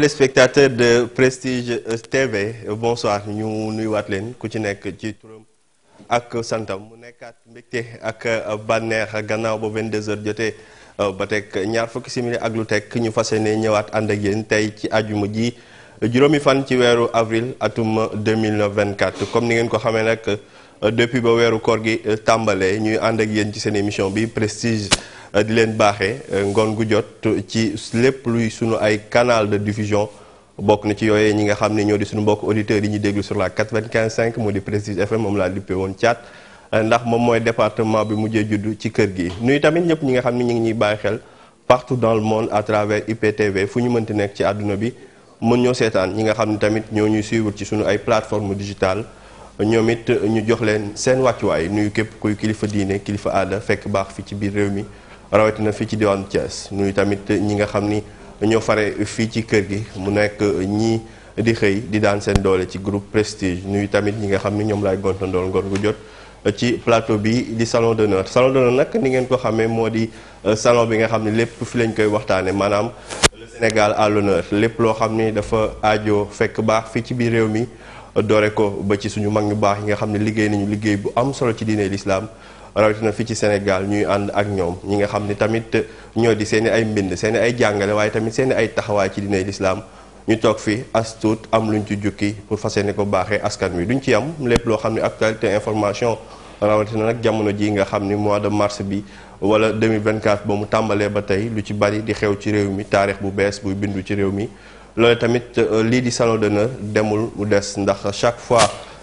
téléspectateurs de Prestige TV bonsoir ñu nuyuwaat leen ku ci nekk ci turam ak santam mu nekkaat mbégte ak bànneex gannaaw ba 22h jotee ba teg ñaar fukki simile ak lu teg ñu fas yéene ñëwaat ànd ak yéen tey ci àjjuma ji juróomi fan ci weeru avril atum 2024 comme ni ngeen ko xamee nag depuis ba weeru koor gi tàmbalee ñuy ànd ak yéen ci seen émission bi Prestige. di leen baaxee euh, Gujot, gu jot ci lépp luy sunu ay canal de diffusion Bok na ci yooyee ñi nga xam ne ñoo di suñu mbokk auditeurs yi ñuy déglu sur la 95.5 mu di Prestige FM moom la duppee woon chat. Euh, ndax moom moy département bi mujjé judd ci kër gi nuy tamit ñëpp ñi nga xam ñi ngi bay xel partout dans le monde à travers IPTV fu ñu mënti nek ci aduna bi mën ñoo sétane ñi nga xam tamit ñoo ñuy suivre ci suñu ay plateforme digitale ñomit ñu jox leen seen waccu way nuy képp kuy kilifa diiné kilifa ala fekk baax fi ci biir réew mi rawatina fii ci diwaanu Thiès nuyu tamit ñi nga xam ni ñoo fare fii ci kër gi mu nekk ñii di xëy di daan seen doole ci groupe Prestige nuyu tamit ñi nga xam ni ñoom laay gontandool ngor gu jot eh, ci plateau bi di salon d'honneur salon d'honneur nag ni ngeen ko xamee moo di eh, salon bi nga xam ne lépp fi lañ koy waxtaane maanaam le Sénégal à l'honneur lépp loo xam ni dafa ajoo fekk baax fii ci biir réew mi eh, doore ko ba ci suñu mag ñu baax yi nga xam ne liggéey nañu liggéey bu am solo ci diine l'islam rawatina fii ci Sénégal ñuy ànd ak ñoom ñi nga xam ne tamit ñoo di seen ay mbind seeni ay jàngale waaye tamit seen i ay taxawaay ci diiney lislaam ñu toog fi astuut am lu ñu ci jukki pour fas yéene ko baaxee askan wi duñ ci am lépp loo xam ne actualité information rawatina nag jamono ji nga xam ni mois de mars bi wala 2024 ba mu tàmbalee ba tey lu ci bari di xew ci réew mi taarix bu bees buy bindu ci réew mi loolu tamit euh, lii di salon d'honneur demul mu des ndax chaque fois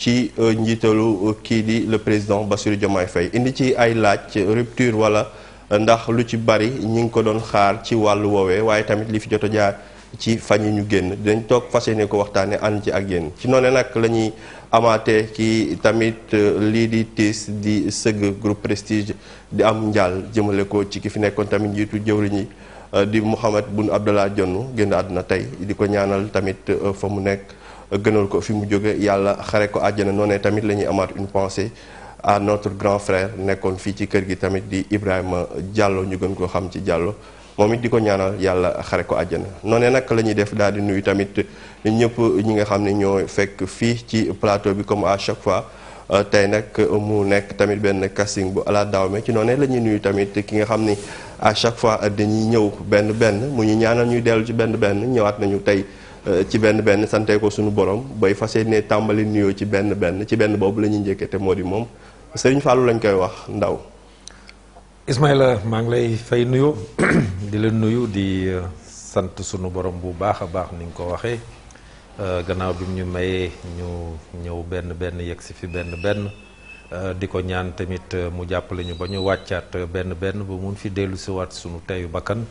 ci euh, njiitalu euh, kii di le président Bassirou Diomaye Faye indi ci ay laaj rupture wala ndax lu ci bari ñi ngi ko doon xaar ci wàll woowee waaye tamit li fi jot a jaar ci fan yi ñu génn dañ toog fas yéene ko waxtaanee ànd ci ak yéen ci noonu nag la ñuy amaatee ki tamit euh, lii di tiis di sëgg groupe prestige di am njaal jëmale ko ci ki fi nekkoon tamit njiitu jëwriñ yi di Mouhamed Boun Abdallah Dionne génn àdduna tey di ko ñaanal tamit fa mu nekk. gënal ko fi mu jóge yàlla xare ko àjjana noonee tamit la ñuy amaat une pensée à notre grand frère nekkoon fii ci kër gi tamit di Ibrahima jàlloo ñu gën ko xam ci Diallo moom it di ko ñaanal yàlla xare ko àjjana noonee nag lañuy def daal di nuyu tamit ñëpp ñi nga xam ne ñoo fekk fii ci plateau bi comme à chaque fois euh, tey nag mu nekk tamit benn casting bu ala daawme ci noonee la ñuy nuyu tamit ki nga xam ni a chaque fois dañuy ñëw benn benn mu ñu ñaanal ñuy dellu ci benn benn ñëwaat nañu tey Eh, ci benn benn sante ko sunu borom bay fasé né tambali nuyo ci benn benn ci benn bobu lañu ñëkke té modi mom serigne fallu lañ koy wax ndaw ismaila ma ngi lay fay nuyo di la nuyu di euh, sant sunu borom bu bah baax ni ko waxé euh gannaaw bi ñu mayé ñu ñëw benn benn yexi fi benn benn euh, di ko ñaan tamit euh, mu jàppale ñu ba ñu wàccaat benn benn ba mun fi dellu si waat sunu teyu bakkan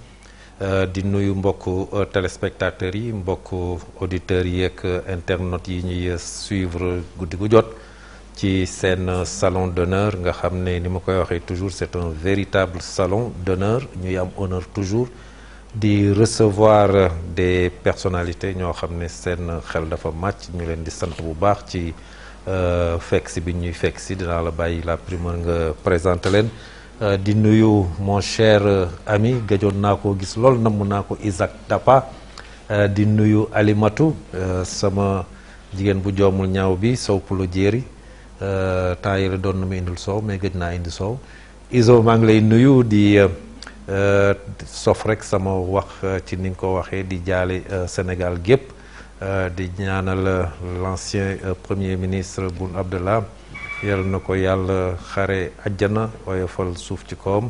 Euh, di nuyu mbokku euh, téléspectateurs yi mbokku auditeurs yi ak euh, internautes yi ñuy suivre guddi gu jot ci seen salon d'honneur nga xam ne ni ma koy waxee toujours c'est un véritable salon d'honneur ñuy am honneur toujours di recevoir des personnalités ñoo xam ne seen xel dafa màcc ñu leen di sant bu baax ci fekk si bi ñuy fekk si dinaa la bàyyi la primeur nga présente leen Euh, di nuyu mon euh, ami gajoon naa ko gis lool namm naa ko Isaac Tapa euh, di nuyu Alimatu sama jigéen bu joomul ñaaw bi sow pulo jéeri temps yi la doon na ma indil soow mais gëj naa indi soow iso maa ngi lay nuyu di sof rek sama wax ci ni nga ko waxee di jaale Sénégal gépp di ñaanal l'ancien premier ministre Boun Abdallah yal na ko yàlla xare àjjana oyofal suuf ci kawam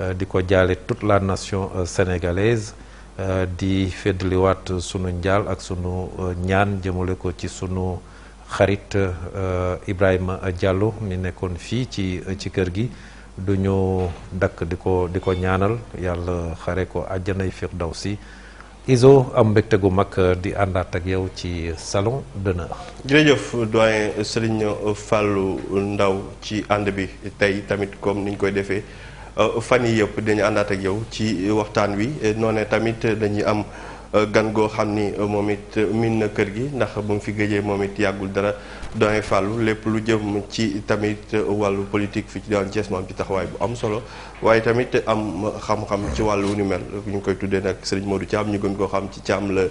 euh, di ko jaale toute la nation euh, sénégalaise euh, di feddliwaat sunu njaal ak sunu ñaan jëmale ko ci sunu xarit Ibrahima Diallo mi nekkoon fii ci ci kër gi du ñu dakk di ko di ko ñaanal yàlla xare ko àjjanay si Izo am mbégte gu mag euh, di àndaat ak yow ci salon d'honneur. jërëjëf doyen Serigne Fallou Ndaw ci ànd bi tey tamit comme niñ koy defee euh, fan yi yëpp dañu àndaat ak yow ci waxtaan wi euh, noonee tamit dañuy am. Euh, gan goo xam ni euh, moom it euh, miin na kër gi ndax bu mu fi géejee moom it yàggul dara doyen fàllu lépp lu jëm ci tamit wàllu politique fi ci daan Thiès moom ci taxawaay bu am solo waaye tamit am xam-xam ci wàllu ni mel bu ñu koy tuddee nag Serigne Modou Thiam ñu gën koo xam ci Thiam la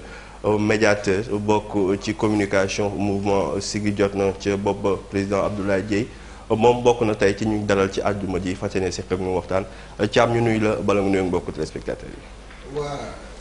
médiateur bokk ci communication mouvement Siggi jot na ca bopp président Abdoulaye Dièye moom bokk na tey ci ñu dalal ci àjjuma ji fas yéene si xëy waxtaan Thiam ñu nuy la bala nga nuyoog mbokku téléspectateurs yi.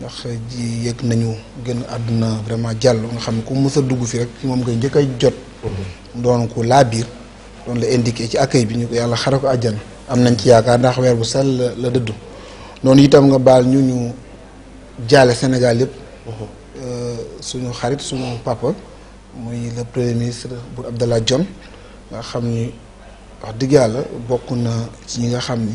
ndax ji yëg nañu gën àdduna vraiment jàll nga xam ne ku mës dugg fi rek moom ngay njëkk a jot. Mhm. doon ko laa biir doon la indike ci accueil bi ñu ko yàlla xare ko àjjan. am nañ ci yaakaar ndax weer bu sell la dëddu noonu itam nga baal ñu ñu jaale Sénégal yëpp. Mhm. Euh, suñu xarit suñu papa muy le premier ministre Boun Abdallah Dionne nga xam ni wax dëgg yàlla bokk na ci ñi nga xam ni.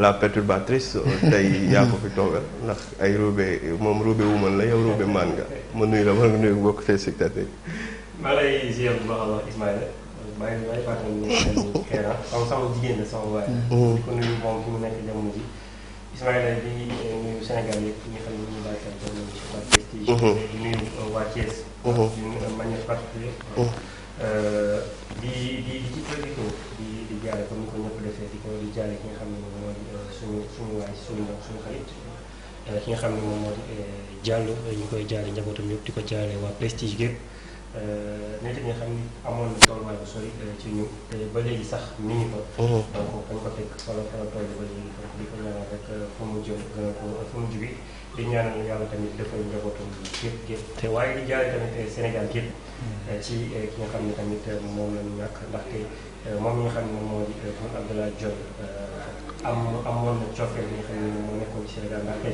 la perturbatrice tey yaa ko fi toogal ndax ay ruube moom ruube wu la yow ruube maan nga ma nuyu la ma nga nuyu bokk tey spectateur maa lay ziar bu baax lay fàttali mm-hmm. mu nekk jamono ji Ismaïla di nuyu Sénégal yëpp nuyu waa Prestige mm-hmm. di nuyu euh, waa jaare comme ni ko ñëpp defee di ko di ki nga xam ne moom moo di euh, suñu suñu waay suñu suñu xarit euh, ki nga xam ne moom moo di euh, Diallo ñu koy jaare njabootam yëpp di ko jaare waa Prestige gépp Euh, nekk nga xam ni amoon na tolluwaay bu sori euh, ci ñu te euh, ba léegi sax mi ngi fa. Mm-hmm. donc ko teg wala fa la toll ba di ko ñaanal rek fu mu jëm gën a ko fu mu jubi di ñaanal yàlla tamit defal di jaale tamit Sénégal gépp mm-hmm. ci ki nga xam ne tamit moom la ñàkk ndaxte moom mi xam ne moo di Boun Abdallah Dionne am amoon na cofe bi nga xam ne moo nekkoon ci Sénégal ndaxte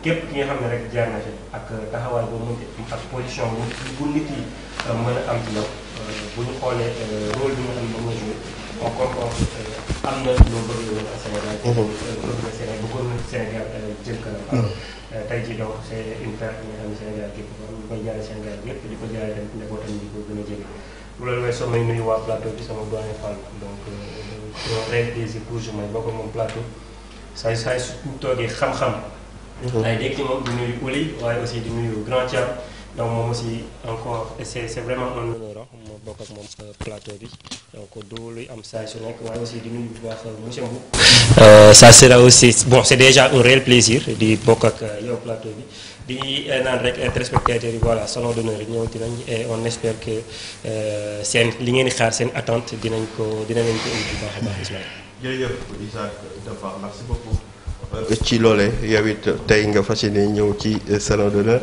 képp ki nga xam ne rek jaar na ci ak taxawaay boobu mu ak position bu nit yi. Euh, mën a am ci yow euh, bu ñu xoolee euh, rôle bi nga xam ne moom la joué on comprend am na loo bëgg yow ak Sénégal. Mhm. bëgg na Sénégal bëggoon Sénégal jëm kanam. Mhm. tey jii donc c' est une perte nga ne Sénégal képp ñu koy jaaree Sénégal ko jaaree a jege. loolu mooy soo may nuyu waa plateau bi sama doyen Fall donc on rêve des écouges moom plateau saa saa su toogee xam-xam. Mhm. ay dégg moom di nuyu Oly waaye aussi di nuyu Grand Thiam. donc moom aussi encore c'est c'est vraiment un honneur hein. ma bokk ak moom euh, plateau bi donc du luy am saa su nekk waaye aussi di nuyu bu baax euh, monsieur Mboup euh, ça sera aussi bon c'est déjà un réel plaisir di bokk ak yow plateau bi di naan rek téléspectateurs yi voilà salon d'honneur ñëw dinañ et on espère que seen li ngeen di xaar seen attente dinañ ko dina leen ko indi bu baax a baax Ismaël jërëjëf Isaac merci beaucoup ci loolee yow it tey nga fas yéene ñëw ci salon d'honneur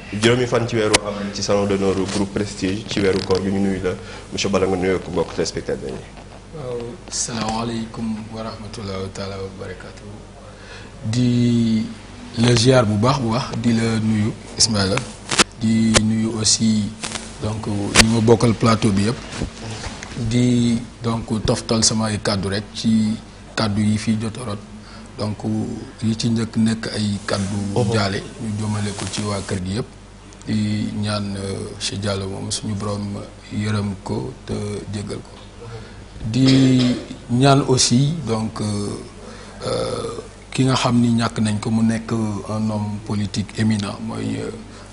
juróomi fan ci weeru avril ci salon d'honneur groupe prestige ci weeru koor gi ñu nuyu la monsieur Bala nga nuyoo ko mbokk téléspectateurs yi. waaw salaamaaleykum wa rahmatulah taala wa barakaatu. di la ziar bu baax bu baax di la nuyu la di nuyu aussi donc ñi ma bokkal plateau bi yëpp. di donc toftal samay kàddu rek ci kàddu yi fii jot donc yi ci njëkk nekk ay kàddu jaale ñu jëmale ko ci waa kër gi yëpp. di ñaan ci eh, Diallo mom suñu borom eh, yeureum ko te djegal ko di ñaan aussi donc euh ki nga xamni ñak nañ ko mu nek un homme politique éminent moy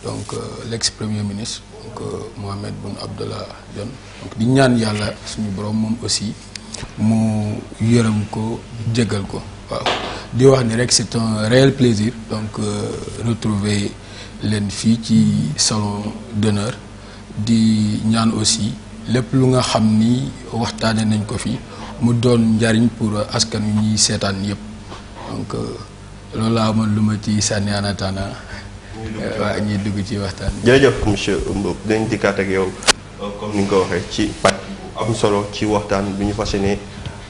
donc l'ex premier ministre donc Mohamed bin Abdallah Dionne donc di ñaan yalla suñu borom mom aussi mu yeureum ko djegal ko waaw di wax ni rek c'est un réel plaisir donc euh, retrouver leen fi, ci salon d'honneur di ñaan aussi lépp lu nga xam ni waxtaane nañ ko fi mu doon njariñ pour askan wi ñuy seetaan yépp donc euh, loolu laa amoon lu ma ci sànni anataana euh, waa ñuy dugg ci waxtaan jërëjëf monsieur Mbop dañ dikkaat ak yow euh, comme ni nga ko ci pàcc am solo ci waxtaan bi ñu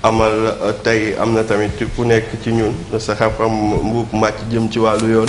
amal tey am na tamit ku nekk ci ñun sa xam-xam mbuub màcc jëm ci wàllu yoon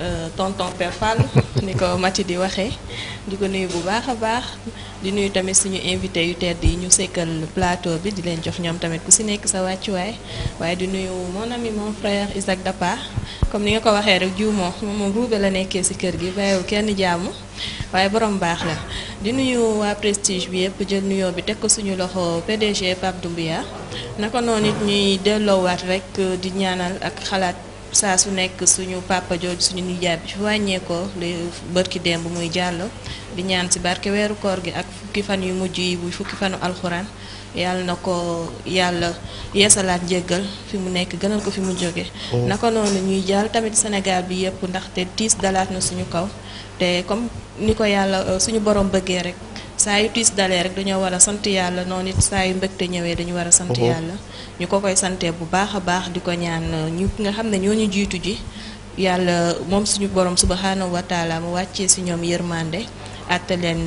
Euh, tonton Père Fall ni ko Mati di waxee di ko nuyu bu baax baax di nuyu tamit suñu invité yu tedd yi ñu sekkal plateau bi di leen jox ñoom tamit ku si nekk sa wàccuwaay waaye di nuyu mon ami mon frère Isaac Dapa comme ni nga ko waxee rek juumoo moom moom ruube la nekkee si kër gi bàyyiwul kenn jaamu waaye borom baax la di nuyu waa prestige bi yëpp jël nuyoo bi teg ko suñu loxo PDG Pape Doumbia naka noonu it ñuy delloowaat rek di ñaanal ak xalaat. saa su nekk suñu papa jooju suñu nijaay bi fi wàññeekoo li bërki démb muy jàllo di ñaan si barke weeru koor gi ak fukki fan yu mujj yi bu fukki fanu alxuraan yàlla na ko yàlla yeesalaat njéggal fi mu nekk gënal ko fi mu jóge oh. naka noonu ñuy jàll tamit Sénégal bi yëpp te tiis dalaat na suñu kaw te comme ni ko yàlla suñu borom bëggee rek saa yu tiis dalee rek dañoo war a sant yàlla noon it saa yu mbégte ñëwee dañu war a sant uh-huh. yàlla ñu ko koy santee bu baax a baax di ko ñaan ñu nga xam ne ñoo ñu jiitu ji yàlla moom suñu borom subhanahu wa taala mu wàccee si ñoom yërmande àtte leen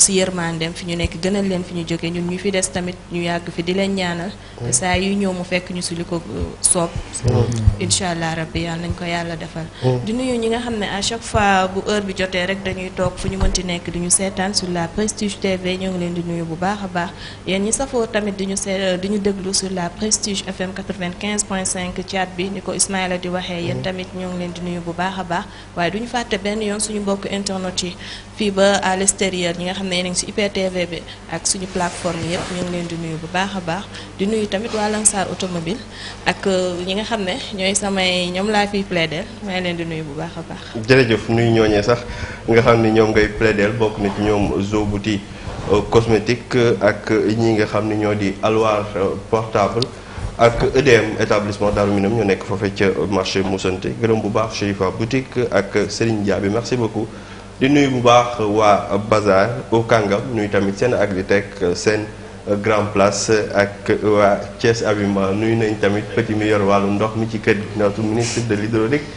si yërmaandeem fi ñu nekk gënal leen fi ñu jóge ñun ñu fi des tamit ñu yàgg fi di leen ñaanal te mm. saa yu ñëw mu fekk ñu si li ko uh, soob mm. incha allah rabbi yàlla nañ ko yàlla defal mm. di nuyu ñi nga xam ne à chaque fois bu heure bi jotee rek dañuy toog fu ñu mënti nekk di ñu seetaan sur la prestige tv ñoo ngi leen di nuyu bu baax a baax yéen ñi safoo tamit di ñu see uh, di ñu déglu sur la prestige fm 95 point 5 chat bi ni ko Ismaïla di waxee yéen tamit ñoo ngi leen di nuyu bu baax a baax waaye du ñu yi ba xam ne bi ak suñu plateforme yépp ñu ngi leen di nuyu bu baax baax di nuyu tamit waa Lansar automobile ak euh, ñi nga ne di nuyu bu baax. nuyu sax nga ne ngay bokk cosmétique ak nga ne di portable. ak EDM établissement marché bu baax boutique ak Serigne merci beaucoup di nuyu bu baax waa Bazar au Kàngam nuyu tamit seen teg seen Grand Place ak waa Thiès Avima nuyu nañ tamit petit mi wàllu ndox mi ci kër gi notre ministre de l'hydraulique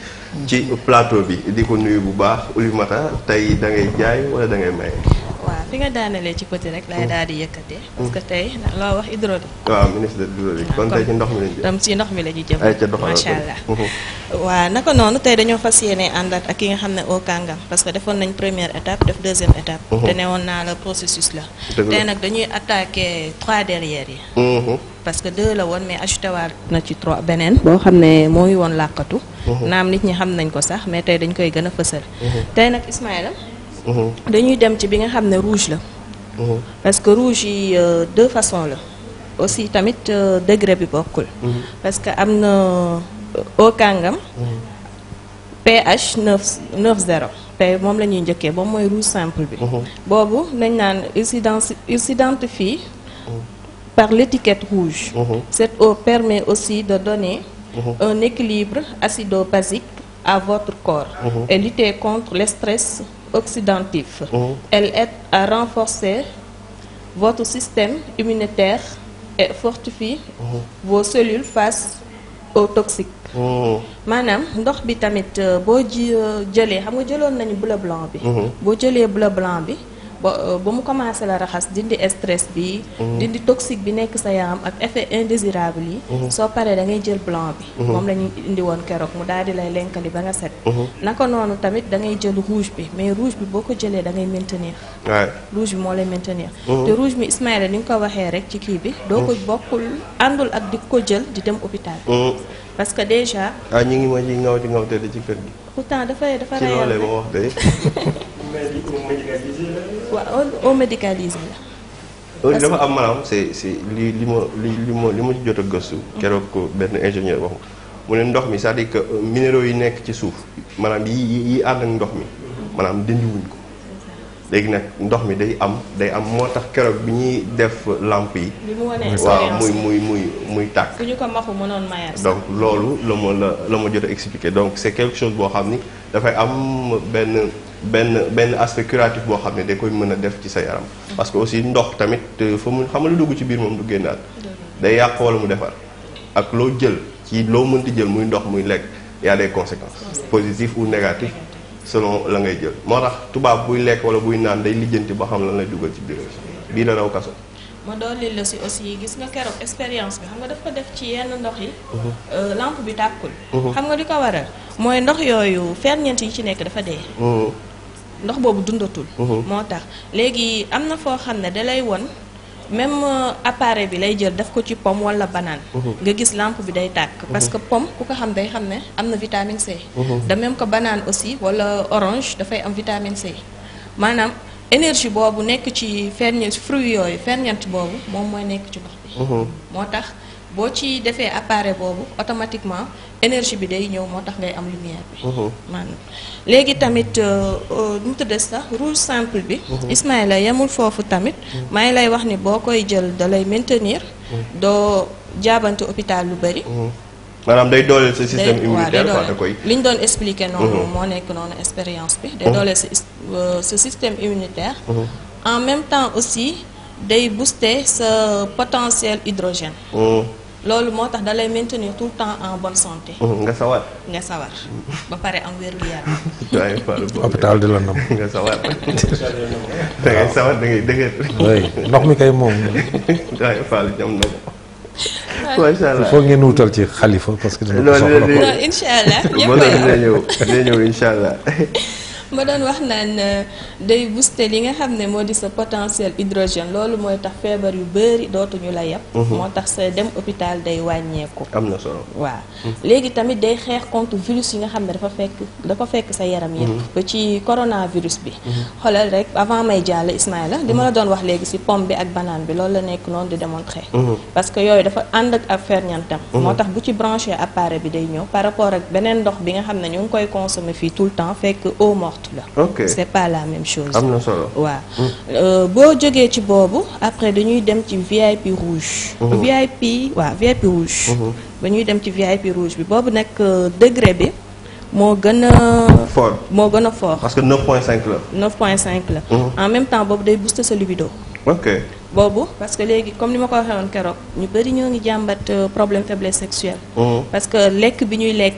ci plateau bi di ko nuyu bu baax Oulimata tey da ngay jaay wala da ngay maye. fi nga daanelee ci côté rek laay mm. daal di yëkkatee. parce tey loo wax hydraulique. waaw ministre de l'hydraulique ah, kon ndox mi la ñu jëm. ci ndox mi la ñu jëm. macha allah. Mm-hmm. waaw naka noonu tey dañoo fas yéene àndaat ak ki nga xam ne au kàngam parce que defoon nañ première étape def deuxième étape. Mm-hmm. te newoon naa la processus la. tey nag dañuy attaque trois derrière yi. Mm-hmm. parce que deux la woon mais ajouté waat na ci trois beneen boo xam ne moo ngi woon làkkatu. naam nit ñi xam nañ ko sax mais tey dañ koy gën a fësal. tey nag Ismaïla Uh-huh. dañuy dem ci bi nga xam ne rouge la. Uh-huh. parce que rouge yi euh, deux façons la. aussi tamit euh, degré bi bokkul. Uh-huh. parce que am au eau pH 9 9 0 tey moom le ñuy njëkkee ba mooy rouge simple bi. boobu nañ naan il s'identifie par l'étiquette rouge. cette eau permet aussi de donner. un équilibre acido-basique à votre corps. et lutter contre le stress oxydantif. Oh. Elle aide à renforcer votre système immunitaire et fortifie oh. vos cellules face aux toxiques. Oh. Madame, ndox bi tamit que euh, ji euh, jëlee xam nga dit bleu blanc bi. Uh-huh. boo jëlee bleu blanc bi. ba eh, ba mu commencé la raxas dindi stress bi. Mhm. dindi toxique bi nek sa yaram ak effet indésirable yi. Mhm. so paree da ngay jël blanc bi. Mhm. moom la ñuy indi woon keroog mu daal di lay lenkali ba nga set. tamit da ngay jël rouge bi mais rouge bi boo ko jëlee da ngay maintenir. rouge bi moo lay maintenir. te rouge bi Ismaïla ni nga ko waxee rek ci kii bi. doo ko bokkul ak di jël di dem hôpital. parce que déjà. ah ñu ngi ma ci ngaw ci ngaw teel ci kër gi. pourtant dafay ci wax waaw au dafa am maanaam c'est c'est li li ma li li ma li ma ci jot a gëstu. Hmm. keroog benn ingénieur wax mu ne ndox mi c'est-à-dire que euh, yi nekk ci suuf maanaam yi yi ànd ak ndox mi. Hmm. maanaam dindiwuñ ko. léegi nag ndox mi day am day am moo tax keroog bi ñuy def làmp yi. waaw muy muy muy muy tàkk. ku donc loolu la ma la la ma jot a expliqué donc c'est quelque chose boo xam ni dafay am benn. ben ben aspect curatif boo xam ne da koy mën def ci sa yaram parce que aussi ndox tamit fa mu xam lu dugg ci biir moom du génnaat day yàq wala mu defar ak loo jël ci jël muy ndox muy a des conséquences positives ou négatives selon la ngay jël moo tax tubaab buy lekk wala buy naan day lijjanti ba xam lan lay dugal ci biir bii la raw kaso ma dolli la si aussi gis nga kérok expérience bi xam nga daf ko def ci yenn ndox yi mhm. euh, lampe bi mhm. xam nga waral ndox ci dafa ndox boobu dundatul. moo tax léegi am na foo xam ne won même euh, appareil bi lay jël daf ko ci pomme wala banane. nga gis lampe bi day tàkk. parce que pomme ku ko xam day xam ne vitamine C. de même que banane aussi wala orange dafay am vitamine C maanaam énergie boobu nekk ci ferñeent fruit yooyu ferñeent boobu moom mooy nekk ci ndox bi. moo tax boo ci defee appareil boobu automatiquement énergie bi day ñëw moo tax ngay am lumière bi. maanaam léegi tamit euh, euh, nu mu tudd sax rouge simple bi. Mhm. Ismaïla yamul foofu tamit. Mhm. maa lay wax ni boo koy jël dalay maintenir. Mhm. doo jaabante hôpital lu bëri. maanaam day dooleel sa système immunitaire quoi da koy. li ñu doon expliqué noonu. moo nekk noonu expérience bi. day dooleel sa euh, sa système immunitaire. en même temps aussi day booster sa potentiel hydrogène. loolu moo tax da lay tout temps en bonne santé. nga sawar. nga sawar ba pare am wér gu yaram. hôpital di la nam nga sawar. da ngay sawar da dëgër. ndox mi kay moom. waaye Fallou jam ngeen wutal ci xalifa parce que. dina soxla ko loolu incha allah ñëpp a ñëw incha allah. ma doon wax naan euh, day booster li nga xam ne moo di sa potentiel hydrogène loolu mooy tax feebar yu bëri dootuñu la yab. Mhm. moo tax sa dem hôpital day wàññeeku. am na solo waaw. Mhm. léegi tamit day xeex contre virus yi nga xam ne dafa fekk dafa fekk sa yaram yëpp. Mhm. ba ci coronavirus bi. xoolal rek avant may jàll Ismaïla li ma la doon wax léegi si pomme bi ak banane bi loolu la nekk noonu di démontrer. parce que yooyu dafa ànd ak ab ferñantam. moo tax bu ci branché appareil bi day ñëw par rapport ak beneen ndox bi nga xam ne ñu ngi koy consommer fii tout le temps fekk eau morte sorte ok c'est pas la même chose am na solo mm. euh, boo jógee ci boobu après dañuy dem ci VIP rouge mm-hmm. VIP ouais, VIP rouge mm-hmm. ba d'un dem ci VIP rouge bi boobu que euh, degré bi moo gën fort fort parce que 9.5 là. 9.5 là. en même temps Bobo day booster sa libido ok Bobo, parce que léegi comme nous, ma ko waxee woon keroog ñu bëri ñoo ngi euh, problème faiblesse sexuelle mm-hmm. parce que les bi ñuy lekk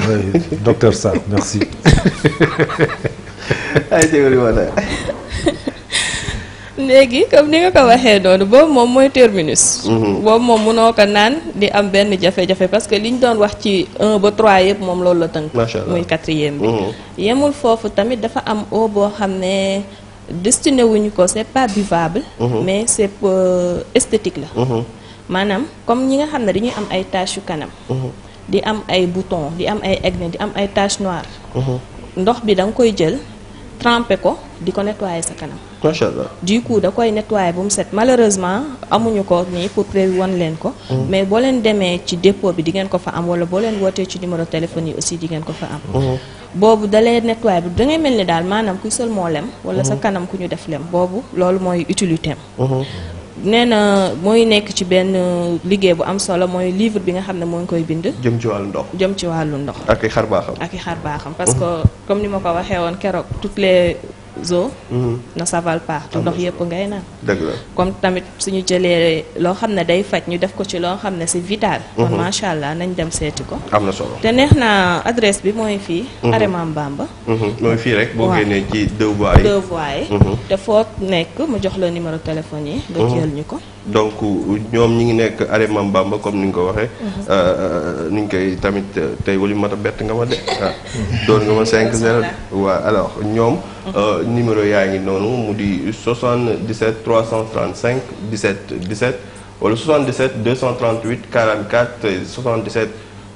Oui, docteur Sarr, merci. léegi comme ni nga ko waxee noonu boobu moom mooy terminus. Mhm. boobu moom munoo ko naan di am benn jafe-jafe parce que li ñu doon wax ci 1 ba 3 yëpp moom loolu la tënk. muy quatrième bi. Mhm. yemul foofu tamit dafa am eau boo xam ne destiné wuñu ko c'est pas buvable. Mhm. mais c'est euh, esthétique la. maanaam comme ñi nga xam ne dañuy am ay taches kanam. di am ay bouton di am ay acné di am ay taches noires. Mhm. ndox bi da nga koy jël trempé ko di ko nettoyer sa kanam. macha allah du coup da koy nettoyer bu mu set malheureusement amuñu ko nii pour prévu wan leen ko. Mhm. mais boo leen demee ci dépôt bi di ngeen ko fa am wala boo leen wootee ci numéro téléphone yi aussi di ngeen ko fa am. Mhm. boobu dalee nettoyer bi da ngay mel ni daal maanaam kuy sël moo lem. wala sa kanam ku ñu def lem boobu loolu mooy utilité am. nee na mooy nekk ci benn liggéey bu am solo mooy livre bi nga xam ne moo ngi koy bind. jëm ci wàllu ndox jëm ci wàllu ndox. ak i xar baaxam ak i xar parce que comme ni ma ko waxee woon keroog tout les zoo mhm. na ça vale pas te ndox yëpp ngay naan comme tamit suñu jëlee loo xam ne day faj ñu def ko ci loo xam ne si vital kon mhm. macha allah nañ dem seeti ko am na solo te neex na adresse bi mooy fii mhm. Arémam Bamba mooy fii rek boo génnee ci deux voies yi deux yi te foo nekk mu jox la numéro téléphone yi nga jël ñu ko donc ñoom ñi ngi nekk arrêt Mame Bamba comme ni nga ko waxee. Mhm. Euh, euh, nu ngi koy tamit tey wala mat a bett nga ma de ah. doon nga ma 5 0 waaw alors ñoom. Euh, numéro yaa ngi noonu mu di 77 335 17 17 wala 77 238 44 77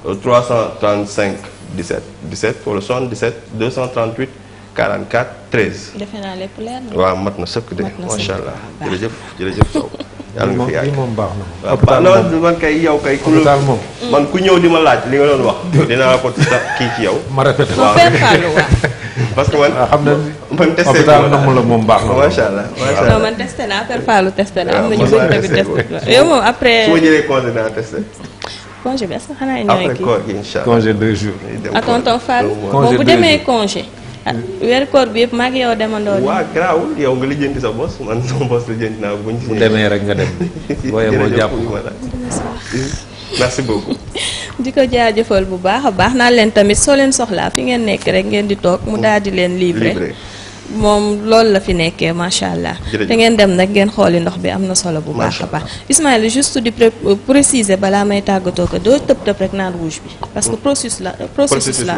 335 17 17 wala 77 238. 44 13. defe naa lépp leer na. waaw mat na sëkk de. macha allah jërëjëf jërëjëf Sow. yàlla na fi yàgg moom baax na. hôpital moom man kay yow kay. ku moom. man ku ñëw di ma laaj li nga doon wax. dinaa ko kii ci yow. ma rafet waaw parce que man. xam na man testé na mu la moom baax na. macha allah macha allah non man testé naa Père Fallou testé na. am na ñu bëri tamit testé yow que congé weer koor bi yëpp maa yow demandoo. waaw garaawul yow nga lijjanti sa bos man sama bos lijjanti naa ko buñ demee rek nga dem. booyee boo jàpp merci beaucoup. ko jaajëfal bu baax a baax naa leen tamit soo leen soxlaa fi ngeen nekk rek ngeen di toog mu daal di leen livré. moom loolu la fi nekkee macha allah. te ngeen dem nag ngeen xooli ndox bi am na solo bu baax a baax. Ismaël juste di euh, préciser balaa may tàggatoo ko doo tëb tëb rek naan rouge bi. parce que hmm. euh, processus la processus la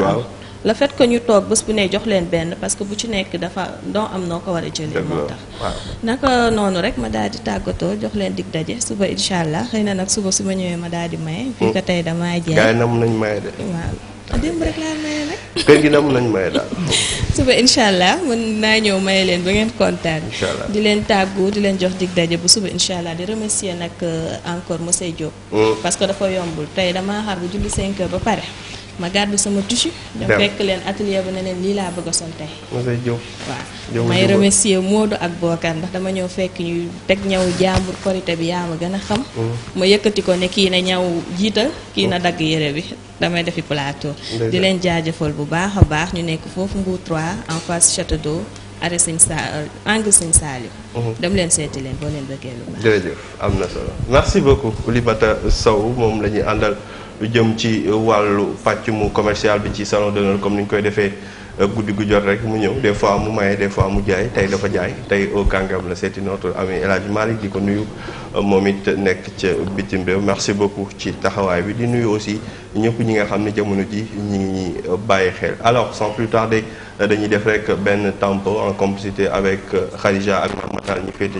le fait que ñu toog bés bu ne jox leen benn parce que bu ci nekk dafa doo am noo ko war a jëlee moo tax naka noonu rek ma daal di tàggatoo jox leen dig daje suba incha allah xëy na nag suba su ma ñëwee ma daal di maye hmm. fii ko tey damay jeex gars yi nam nañ maye ah, incha allah mën naa ñëw leen ba ngeen di leen tàggu di leen jox dig daje bu suba incha allah di remercier nag euh, encore monsieur Diop. Hmm. parce que dafa yombul tey dama xaar bu julli 5 ba pare. ma gàddu sama tissu. dem fekk leen atelier ba ne lii laa bëgg a sol tey. Moussa Diop waaw may remercier Modou ak Bokar ndax dama ñëw fekk ñu teg ñaw jàmbur korité bi yaa ma gën a xam. Mm. ma yëkkati ko ne kii na ñaw jiita kii na mm. dagg yére bi damay defi plateau. di leen jaajëfal bu baax a baax ñu nekk foofu Mbour 3 en face Château d'Eau. are sëñ sa euh, angle sëñ Saliou mm-hmm. dem leen seeti leen boo leen bëggee lu baax am na solo merci beaucoup Oulimata Sow moom la ñuy àndal lu jëm ci euh, wàllu commercial bi ci salon d'honneur comme ni ñu koy euh, rek mu ñëw des fois mu maye des fois mu jaay tay dafa jaay au kàngam la notre ami El di ko nuyu euh, moom it merci beaucoup Chita hawaii bi di nuyu aussi ñëpp ñi nga xam ne ji alors sans plus tarder dañuy def rek ben tempo en complicité avec Khadija ak Matal ñu féete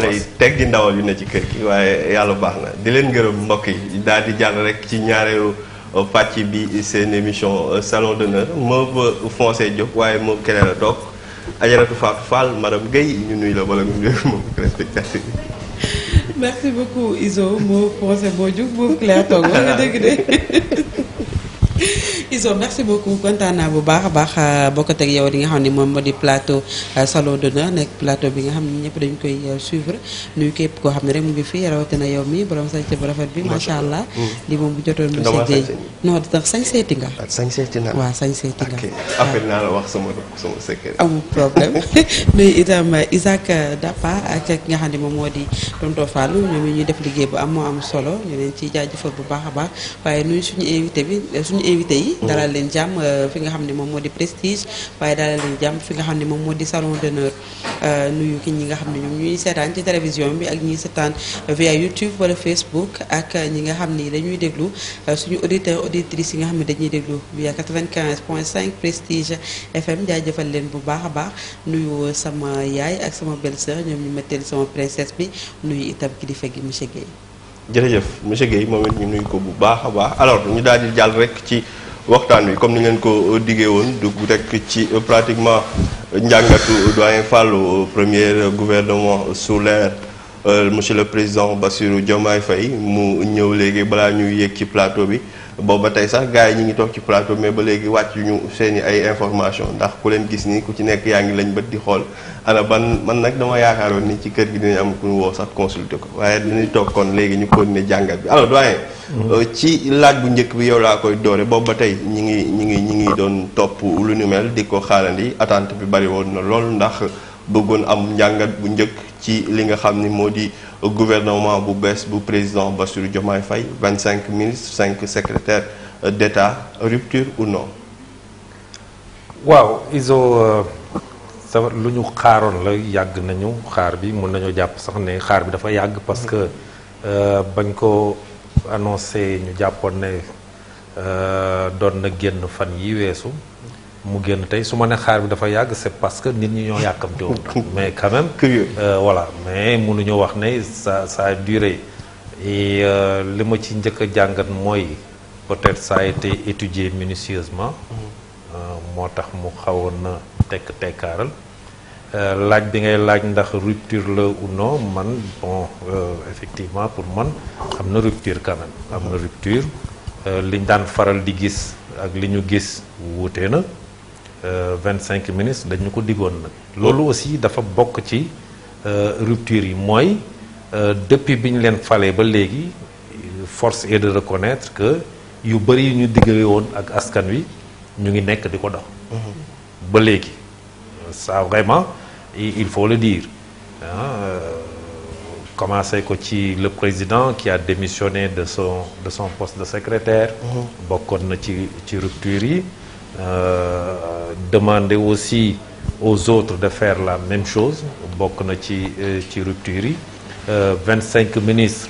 xale yi teg di ndawal yu ne ci kër gi waaye yàlla baax na di leen gërëm mbokk yi daal di jàll rek ci ñaareelu euh, pàcc bi seen émission euh, salon d'honneur mauve foncé jóg waaye mauve keneen la toog Ajaratu Fatou Fall madame Guèye ñu nuyu la bala ñu jóg moom respectateur merci beaucoup Iso mauve foncé boo jóg mauve clair toog nga dëgg de. Izo merci beaucoup kontaan naa bu baax a baax euh, bokk ak yow di nga xam ni moom moo di plateau euh, salon d'honneur nekk plateau bi nga xam ni ñëpp dañ koy euh, suivre nuyu képp koo xam ne rek mu ngi fii rawatina yow mi borom sañse bu rafet bi macha allah. li moom bu jotoon monsieur Dieng non sañ seeti nga. Ah, sañ seeti naa waaw sañ seeti nga. appel naa la wax sama sama secret. amul problème nuyu itam Isaac Dapa ak ki nga xam ne moom moo di tonton Fallou ñoom ñu def liggéey bu am moo am solo ñu leen ciy jaajëfal bu baax a baax waaye nu suñu invité bi suñu invité yi. dalal leen jàmm euh, fi nga xam ne moom moo di prestige waaye dalal leen jàmm fi nga xam ne moom moo di salon d'honneur euh, nuyu ki ñi nga xam ne ñoom ñuy seetaan ci télévision bi ak ñuy seetaan via YouTube wala Facebook ak ñi nga xam ni dañuy déglu euh, suñu auditeurs auditrices yi nga xam ne dañuy déglu via 95.5 prestige FM jaajëfal leen bu baax a baax nuyu sama yaay ak sama belle-sœur ñoom ñu mettel sama princesse bi nuyu itam di gi monsieur Guèye. jërëjëf monsieur Guèye moom it ñu nuyu ko bu baax a baax alors ñu daal di jàll rek ci waxtaan wi comme ni ngeen ko euh, diggee woon dugg rek ci euh, pratiquement euh, njàngatu doyen fallu premier gouvernement sous l'ère monsieur le président Bassirou Diomaye Faye mu ñëw léegi balaa ñuy yéeg ci plateau bi boobu ba tey sax gars yi ñu ngi toog ci plateau mais ba léegi wàcc ñu seen i ay information ndax ku leen gis ni ku ci nekk yaa ngi lañ bët di xool ana ban man nag dama yaakaaroon ni ci kër gi dinañ am ku ñu woo sax consulter ko waaye dinañ toog koon léegi ñu ko continuer jàngat bi alors doyen. Mm-hmm. Euh, ci laaj bu njëkk bi yow laa koy doore boobu ba tey ñu ngi ñu ngi ñi ngi doon topp lu ni mel di ko xaarandi attente bi bari woon na lool ndax bëggoon am njàngat bu njëkk ci li nga xam ni moo di. au gouvernement Boubès, vous président Bassirou Diomaye Faye, 25 ministres, 5 secrétaires d'État, rupture ou non Wow, ils ont... nous avons fait, c'est qu'il y a un peu de temps, parce qu'il a un peu parce que quand euh, annoncé que les Japonais ont peu de temps, mu génn tey su ma ne xaar bi dafa yàgg c' parce que nit ñi ñoo yàkkamti woon mais quand même euh, voilà mais mënuñu wax ne ça ça a duré et euh, ma ci njëkk a jàngat peut être ça a été étudié minutieusement mm-hmm. euh, moo mu euh, laaj bi ngay laaj ndax rupture ou non man bon euh, effectivement pour man am rupture quand même liñ daan faral di gis ak gis na 25 euh, ministres nous ko digone aussi dafa ci euh, rupture yi euh, depuis bi force est reconnaître que yu bari ñu ak askan wi ñu ngi mm-hmm. ça vraiment il faut le dire ah, le président qui a démissionné de son poste de secrétaire. Mm-hmm. bokon na rupture euh, demander aussi aux autres de faire la même chose bokk na ci euh, rupture 25 euh, ministres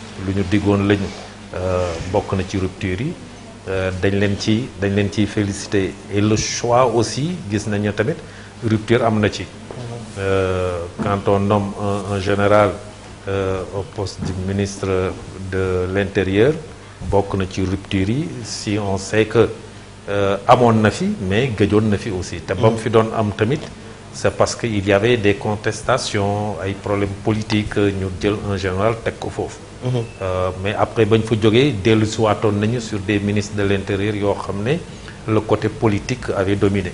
et le choix aussi rupture quand on nomme un, général au poste du ministre de l'intérieur rupture si on sait que à euh, na fi mais gëjoon na aussi tabam fi am tamit c'est parce qu'il y avait des contestations des problèmes politiques ñu jël en général tek ko mhm. euh, mais après bañ le soir dellu siwaatoon nañu sur des ministres de l'intérieur yo xamné le côté politique avait dominé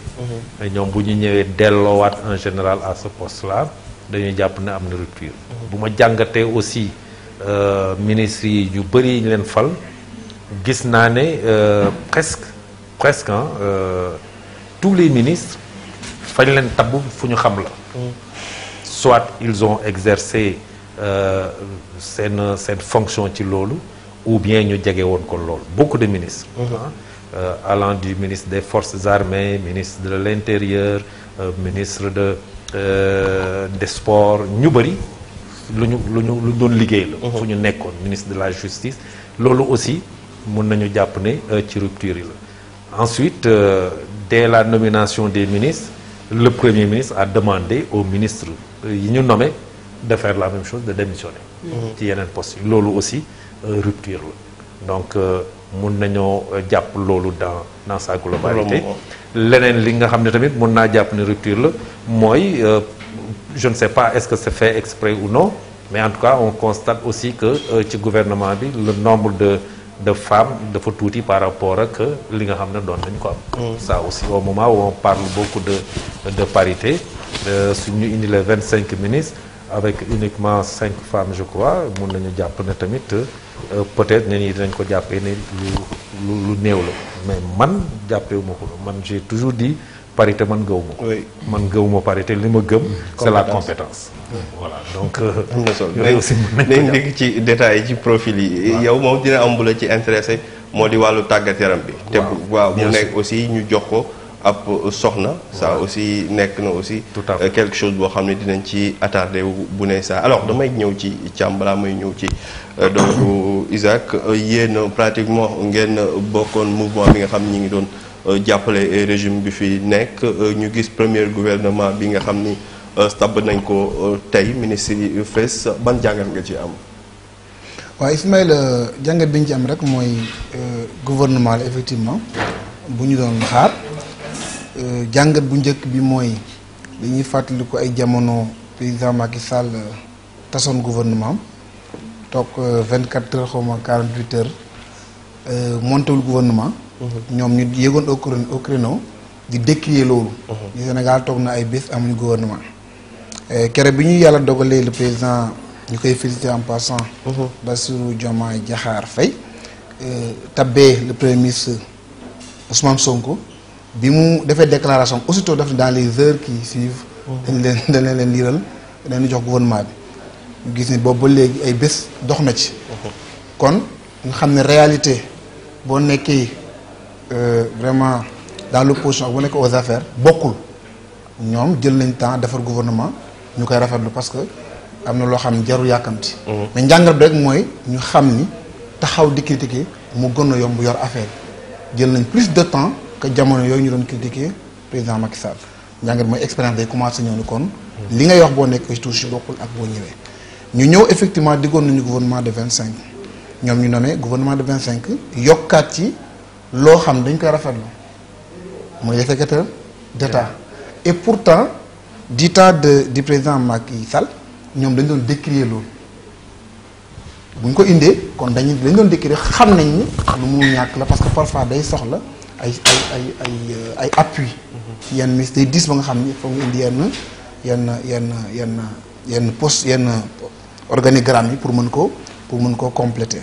mais mhm. ñom bu ñu ñëwee wat en général à ce poste là dañuy japp ne am rupture mhm. buma jangaté aussi euh, ministres ministère ñu bëri ñu len fal gis presque presque hein, euh, tous les ministres fañ leen tabb fu xam la soit ils ont exercé euh, cette cette fonction ci lolu ou bien ñu ont won ko lolu beaucoup de ministres mhm. hein, euh, allant du ministre des forces armées ministre de l'intérieur euh, ministre de euh, des sports ñu bari lu ñu lu doon liggéey la mhm. fuñu ministre de la justice lolu aussi mun nañu japp né euh, ci rupture là. Ensuite, euh, dès la nomination des ministres, le Premier ministre a demandé aux ministres, euh, ils nous nommaient, de faire la même chose, de démissionner. C'est mm. yeneen poste Lolo aussi, aussi euh, rupture -le. donc mun n'a pas lolo dans dans sa globalité L'année li nga xam dit tamit mun rupture je ne sais pas est-ce que c'est fait exprès ou non mais en tout cas on constate aussi que le gouvernement dit le nombre de de femmes dafa tuuti par rapport ak li nga xam ne doon nañ ko am. ça aussi au moment où on parle beaucoup de de parité euh, su ñu indilee vingt cinq ministres avec uniquement cinq femmes je crois mun nañu jàpp ne tamit euh, peut-être ñenn ñi dinañ ko jàppee ne lu lu néew la mais man jàppewuma wu ma ko man j'ai toujours di parité man gëw man gëw ma parité li ma gëm c'est la compétence donc euh, am na ci détails yi ci profil yi yow moom dina am bu la ci intéressé moo di wàllu tàggat yaram bi te waaw mu nekk aussi ñu jox ko ab soxna ça aussi nekk na aussi euh, quelque chose boo xam ne dinañ ci attardé bu ne ça alors damay ñëw ci càmm balaa may ñëw ci euh, donc Isaac yéen pratiquement ngeen bokkoon mouvement bi nga xam ñi ngi doon Euh, jàppale régime bi fi nek euh, ñu gis premier gouvernement bi nga xamni euh, stab nañ ko tay ministre fess ban jàngat nga ci am. wa ismaël jàngat biñ ci am rek moy gouvernement effectivement buñu don doon xaar jàngat bu njëkk bi mooy dañuy fàttaliku ay jamono président Macky Sall gouvernement tok 24 heures xaw 48 heures montewul gouvernement nous ñu nous au créneau Sénégal gouvernement. le président en passant. Mhm. Bassirou Fay, Fay le premier ministre Ousmane Sonko bi mu nous déclaration aussitôt dans les heures qui suivent. Mhm. dañ leen dañ nous avons gouvernement mhm. réalité Euh, vraiment dans l'opposition ak bu nekk aux affaires bokkul ñoom jël nañ temps defar gouvernement ñu koy rafetlu parce que am na loo xam ne jarul yàkkamti. Mhm. mais njàngat bi rek mooy ñu xam ni taxaw di critiquer mu gën a yomb yor affaire jël nañ plus de temps que jamono yooyu ñu doon critiquer président Macky Sall njàngat mooy expérience day commencé ñëw ni kon. li ngay wax boo nekk toujours bokkul ak boo ñëwee. ñu ñëw effectivement diggoon nañu gouvernement de vingt cinq ñoom ñu nommé gouvernement de vingt cinq yokkaat ci. loo xam dañ koy rafetlu mooy le secrétaire d'État et pourtant du de du président Macky Sall ñoom dañ doon décrier loolu buñ ko indee kon dañu dañ doon décrier xam nañ ni lu mu ñàkk la parce que parfois day soxla ay ay ay ay euh, ay appui mm-hmm. yenn ministre day diis ba nga xam ni foog nga indi yenn yenn yenn yenn yenn poste yenn organigramme yi pour mën ko pour mën koo compléter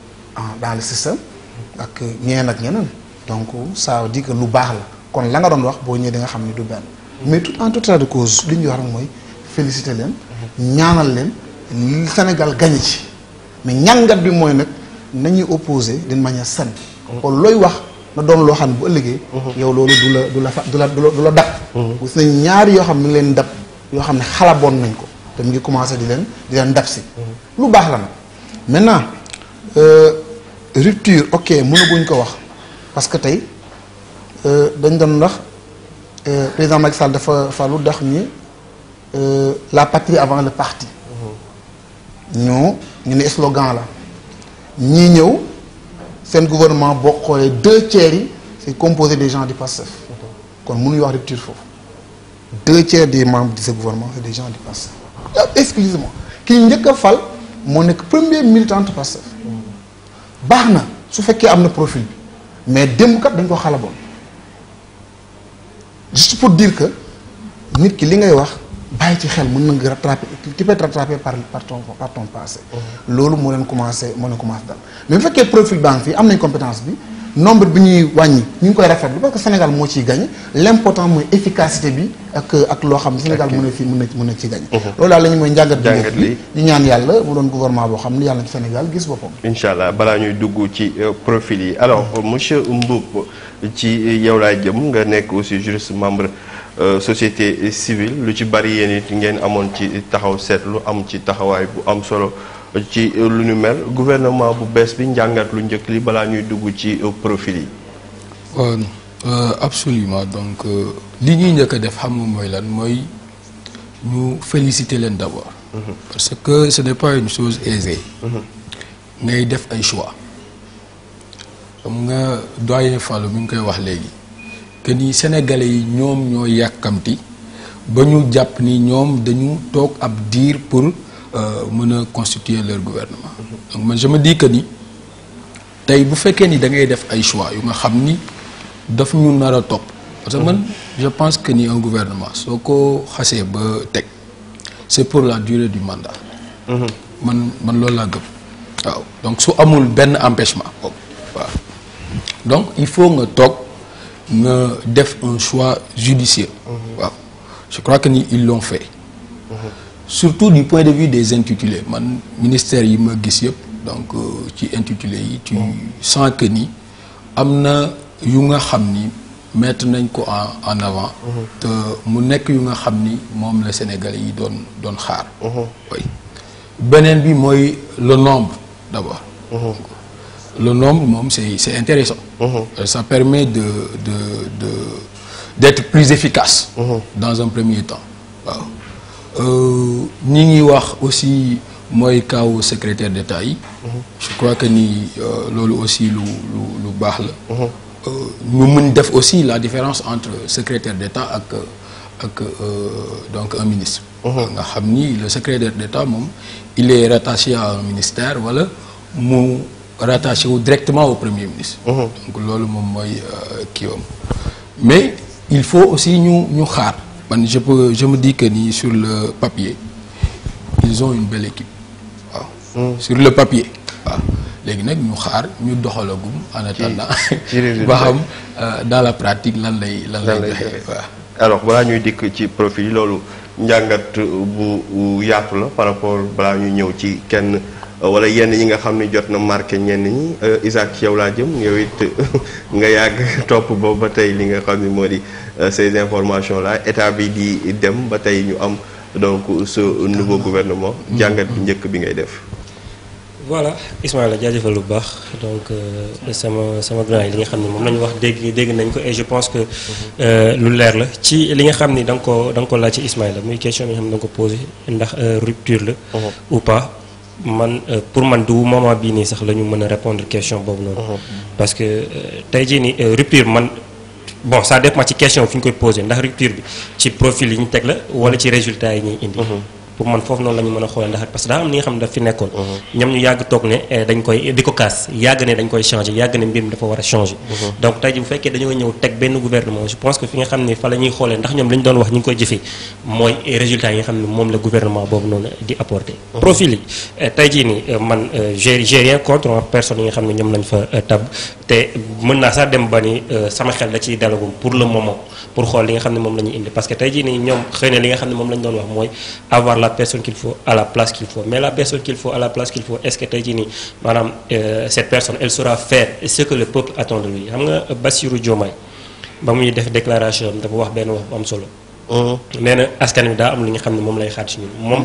dans le système ak ñeneen donc ça veut dire que nous baax la kon mais en tout cas de cause féliciter Sénégal mais bi opposé d'une manière saine maintenant euh, rupture ok pas ko wax parce que tey euh, dañ doon wax euh, président Macky Sall dafa falu euh, la patrie avant le parti. nous mhm. ñu un slogan là. ñii c'est seen gouvernement qui xoolee deux tiers c'est composé des gens du Quand mhm. kon avons wax rupture foofu deux tiers des membres de ce gouvernement c'est des gens du passé ah, moi moi njëkk a fal moo premier militant du passé baax na su fekkee am na profil bi mais démb kat dañ ko xalaboon juste pour dire que nit ki li ngay wax bàyyi ci xel mën na nga rattraper tu peux par par ton par ton passé. Mm-hmm. loolu moo leen commencé moo leen commencé dal mais bu fekkee profil baa ngi fi am nañ compétence bi. nombre bi ñuy wàññi ñu ngi koy rafetlu parce que Sénégal moo ciy gañ limportant important mooy efficacité bi ak ak loo xam ne Sénégal mu na fi mën na mën na ci gañ loolu daal la ñu mooy li di ñaan yàlla mu doon gouvernement boo xam ne yàlla na Sénégal gis boppam incha allah balaa ñuy dugg ci euh, profil yi alors mmh. monsieur Mboup ci euh, yow laay jëm nga nekk aussi juriste membre euh, société civile lu ci bari yéen it ngeen amoon ci taxaw seet lu am ci taxawaay bu am solo ci euh, lu ñu mel gouvernement bu bees bi njàngat lu njëkk li balaa ñuy dugg ci euh, profil yi. Euh, absolument donc li ñuy njëkk a def xam nga mooy lan mooy ñu féliciter leen d'abord. Mhm. parce que ce n'est pas une chose aisée. Mhm. ngay def ay choix. xam nga doyen Fallou mi ngi koy wax léegi que ni sénégalais yi ñoom ñoo yàkkamti ba ñu jàpp ni ñoom dañu toog ab diir pour. Euh, mën constituer leur gouvernement donc man je me dis que ni tey bu fekkee ni da ngay def ay choix yu nga xam ni daf ñu nar parce que man je pense que ni un gouvernement soo ko c'est ba teg c'est pour la durée du mandat man man loolu laa donc su amul ben empêchement donc il faut nga top, nga def un choix judiciaire mhm. je crois que ni ils l'ont fait mhm surtout du point de vue des intitulés le ministère ma donc euh, intitulé tu sens que ni mettre ko en avant mhm. te mu yu nga Sénégalais yi xaar mhm. le nombre d'abord mhm. le nombre c'est intéressant euh, ça permet d'être plus efficace dans un premier temps nous euh, ngi aussi mooy le secrétaire d'État mhm. je crois que ni euh, aussi lu lu lu mhm. euh, aussi la différence entre secrétaire d'État et donc un ministre. Mhm. le secrétaire d'État il est rattaché à un ministère voilà, rattaché directement au premier ministre. donc c'est ce mais il faut aussi nous ñu man je peux je me dis que ni sur le papier ils ont une belle équipe hmm. sur le papier waaw. léegi nous ñu xaar ñu doxalagum. en attendant euh, dans la pratique lan lay. lan lay Alors, voilà, alors balaa ñuy dikk ci profil yi loolu njàngat bu par rapport à ñuy ñëw ci kenn. wala yenn yi nga xam ne jot na marqué ñenn ñi euh, Isaac yow laa jëm yow it nga yàgg topp boobu ba tey li nga xam ne moo di euh, ces informations là état bi di dem ba tey ñu am donc ce nouveau gouvernement. jàngat bi njëkk bi ngay def. voilà Ismaïla jaajëfal bu baax donc euh, sama sama grand yi li nga xam ne moom la ñu wax dégg dégg nañ ko et je pense que lu leer la ci li nga xam ni da nga ko da ko laaj ci la muy question bi nga xam ne da nga ko posé ndax rupture la uh-huh. ou pas man euh, pour man du moment bii nii sax la ñu mën a répondre question boobu noonu. Uh-huh. parce que euh, tey jii nii euh, rupture man bon ça ma ci question fi ñu koy posé ndax rupture bi ci profil yi ñu teg la wala ci résultat yi ñuy indi. Uh-huh. pour man foofu noonu la mën a xoolee ndax parce que daa am ni nga xam ne fi nekkoon mhm. ñoom li nga xam ne moom la indi parce que tey jii ni ñoom xëy na li nga xam ne moom lañ doon wax mooy avoir la personne qu'il faut à la place qu'il faut mais la personne qu'il faut à la place qu'il faut est-ce que tu jii euh, cette personne elle saura faire ce que le peuple attend de lui xam nga Bassirou Diomaye ba def déclaration am dafa wax benn wax bu am solo. Uh-huh. nee na askan wi daa am lu ñu xam lay xaar ci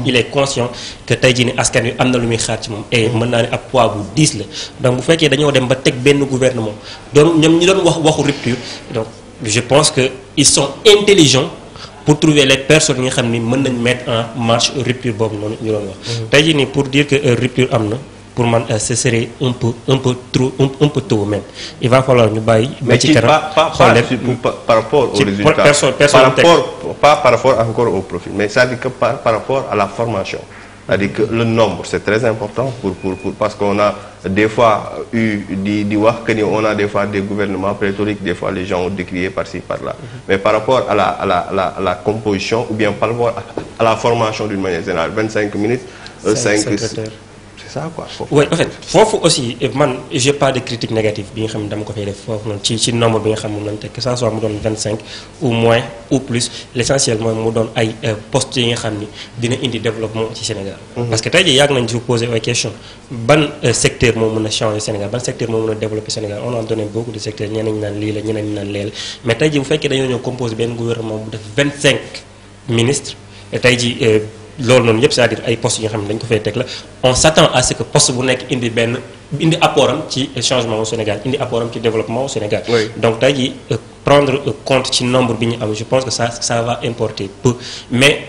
il est conscient que tey jii askan am lu xaar ci et mën na ni ab poids bu 10 la donc bu fekkee dañoo dem ba teg benn gouvernement doon ñi doon wax waxu rupture donc je pense que ils sont intelligents pour trouver les personnes qui vont nous mettre en marche rupture bob non ñu doon wax. Mhm. tay jii pour dire que euh, rupture amna pour man euh, ce serait un peu un peu trop un peu tôt même il va falloir nous bàyyi. mais ci kanam par rapport au résultat par rapport pas par rapport encore au profil mais ça dit que par par rapport à la formation. C'est-à-dire que le nombre, c'est très important pour, parce qu'on a des fois eu dit on a des fois des gouvernements prétoriques, des fois les gens ont décrié par-ci, par-là. Mhm. Mais par rapport à la, composition ou bien par rapport à la formation d'une manière générale, 25 minutes, 5, euh, 5 ça quoi. oui en fait faut aussi eh, man j'ai pas de critique négative bi nga xam ne dama ko fay def foofu noonu ci ci nombre bi nga que ça soit mu donne 25 ou moins ou plus l'essentiel, essentiel mooy mu doon ay euh, poste yi nga dina indi développement ci Sénégal. Mhm. parce que tey je yàgg nañ si poser ay question ban euh, secteur moo mën changer Sénégal ban secteur moo mën développer Sénégal on a donné beaucoup de secteurs ñeneen ñi naan lii la ñeneen ñi naan lee la mais vous jii bu d'ailleurs, dañoo ñëw composé benn gouvernement bu def vingt ministres tey jii. Euh, loolu noonu yëpp c'est-à-dire ay postes yi nga xam ne dañ ko fay teg la on s'attend à ce que poste bu nekk indi benn indi apport ci changement au Sénégal indi apport ci développement au Sénégal. donc tey jii euh, prendre euh, compte ci nombre bi ñu am je pense que ça ça va importer peu mais.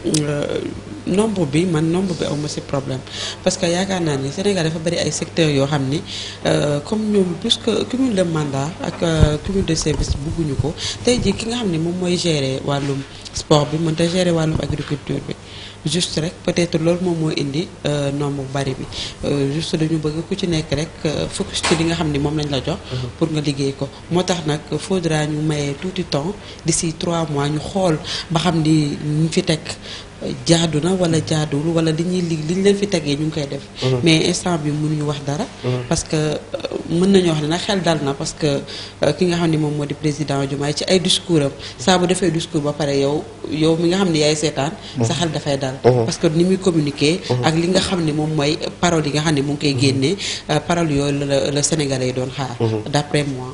nombre bi man nombre bi aw ma si problème parce que yaakaar naa ni Sénégal dafa bëri ay secteurs yoo xam ni euh, comme ñoom puisque cumul de mandat ak euh, cumul de service bugguñu ko tey jii ki nga xam ne moom mooy gérer wàllum sport bi mën ta gérer wàllum agriculture bi juste rek peut-être loolu moom moo indi euh, nombre bu bari bi euh, juste dañu bëgg ku ci nekk rek euh, focus ci li nga xam ni moom lañ la jox. Mhm. pour nga liggéey ko moo tax nag faudra ñu maye tuuti temps si trois mois ñu xool ba xam ni ñu fi teg. jaadu na wala jaaduwul wala li ñuy leen fi ñu ngi koy def mhm. mais instant bi wax mhm. parce que euh, mën nañu wax ne xel dal na parce que euh, ki nga xam ne moom président Jumaay ci ay discours bu discours ba yow yow mi nga parce que ni muy communiquer mhm. ak li nga xam ne moom sénégalais d'après moi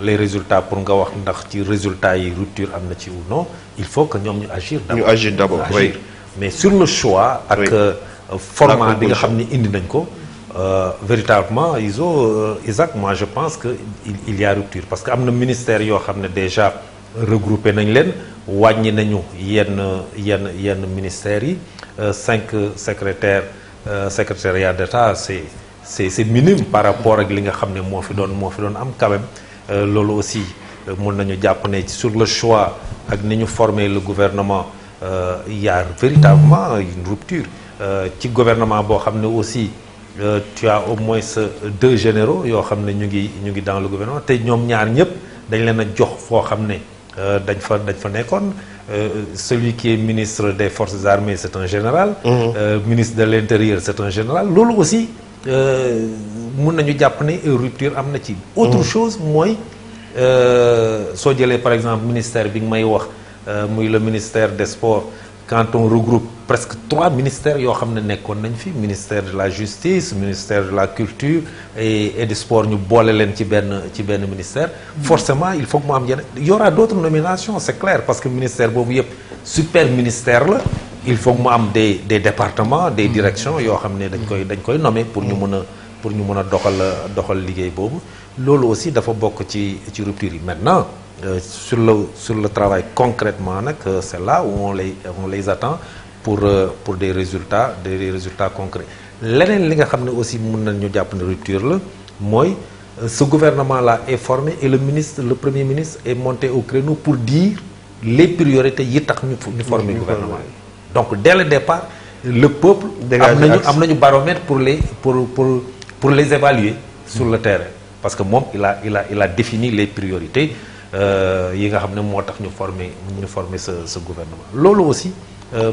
les résultats pour nous wax ndax résultats yi rupture am ou non il faut que nous ñu agir. agissons, oui. mais sur le choix. ak euh, format bi nga xam ni indi nañ euh, véritablement euh, Isaac moi je pense que il y a rupture parce que am ministère déjà regroupé les gens il y a yenn yenn ministères cinq secrétaires secrétariat c'est d'État, c'est minime par rapport à ce que vous ne moo quand même. Euh, loolu aussi euh, mon nañu jàpp ne sur le choix ak ni former le gouvernement il euh, y a véritablement une rupture ci gouvernement bo xamné aussi tu as au moins deux généraux yo xamné ñu ngi ñu ngi dans le gouvernement te ñom ñaar ñëpp dañ leena jox fo xamné dañ fa dañ fa euh, celui qui est ministre des forces armées c'est un général. Mm-hmm. ministre de l'intérieur c'est un général lolu aussi. Nous nañu jàpp rupture autre mmh. chose mooy euh, soo jëlee par exemple ministère bi may euh, le ministère des sports quand on regroupe presque trois ministères yoo xam ne nekkoon nañ fi ministère de la justice ministère de la culture et et du sport ñu boole leen ci mmh. forcément il faut que mu am y aura d'autres nominations c'est clair parce que ministère boobu yëpp super ministère il faut que mu am des des départements des mmh. directions yoo xam ne dañ koy dañ koy nommer pour ñu mën pour nous mën a doxal doxal liggéey boobu aussi dafa bok ci ci rupture maintenant euh, sur le travail concrètement euh, c'est là où on les on les attend pour euh, pour des résultats des résultats concrets L'année li nga aussi ñu rupture ce gouvernement-là est formé et le ministre le premier ministre est monté au créneau pour dire les priorités yi tax ñu ñu gouvernement donc dès le départ le peuple a un un baromètre pour les pour pour pour les évaluer sur le terrain parce que moi il a il a il a défini les priorités il a un ne former ñu former ce ce gouvernement Lolo aussi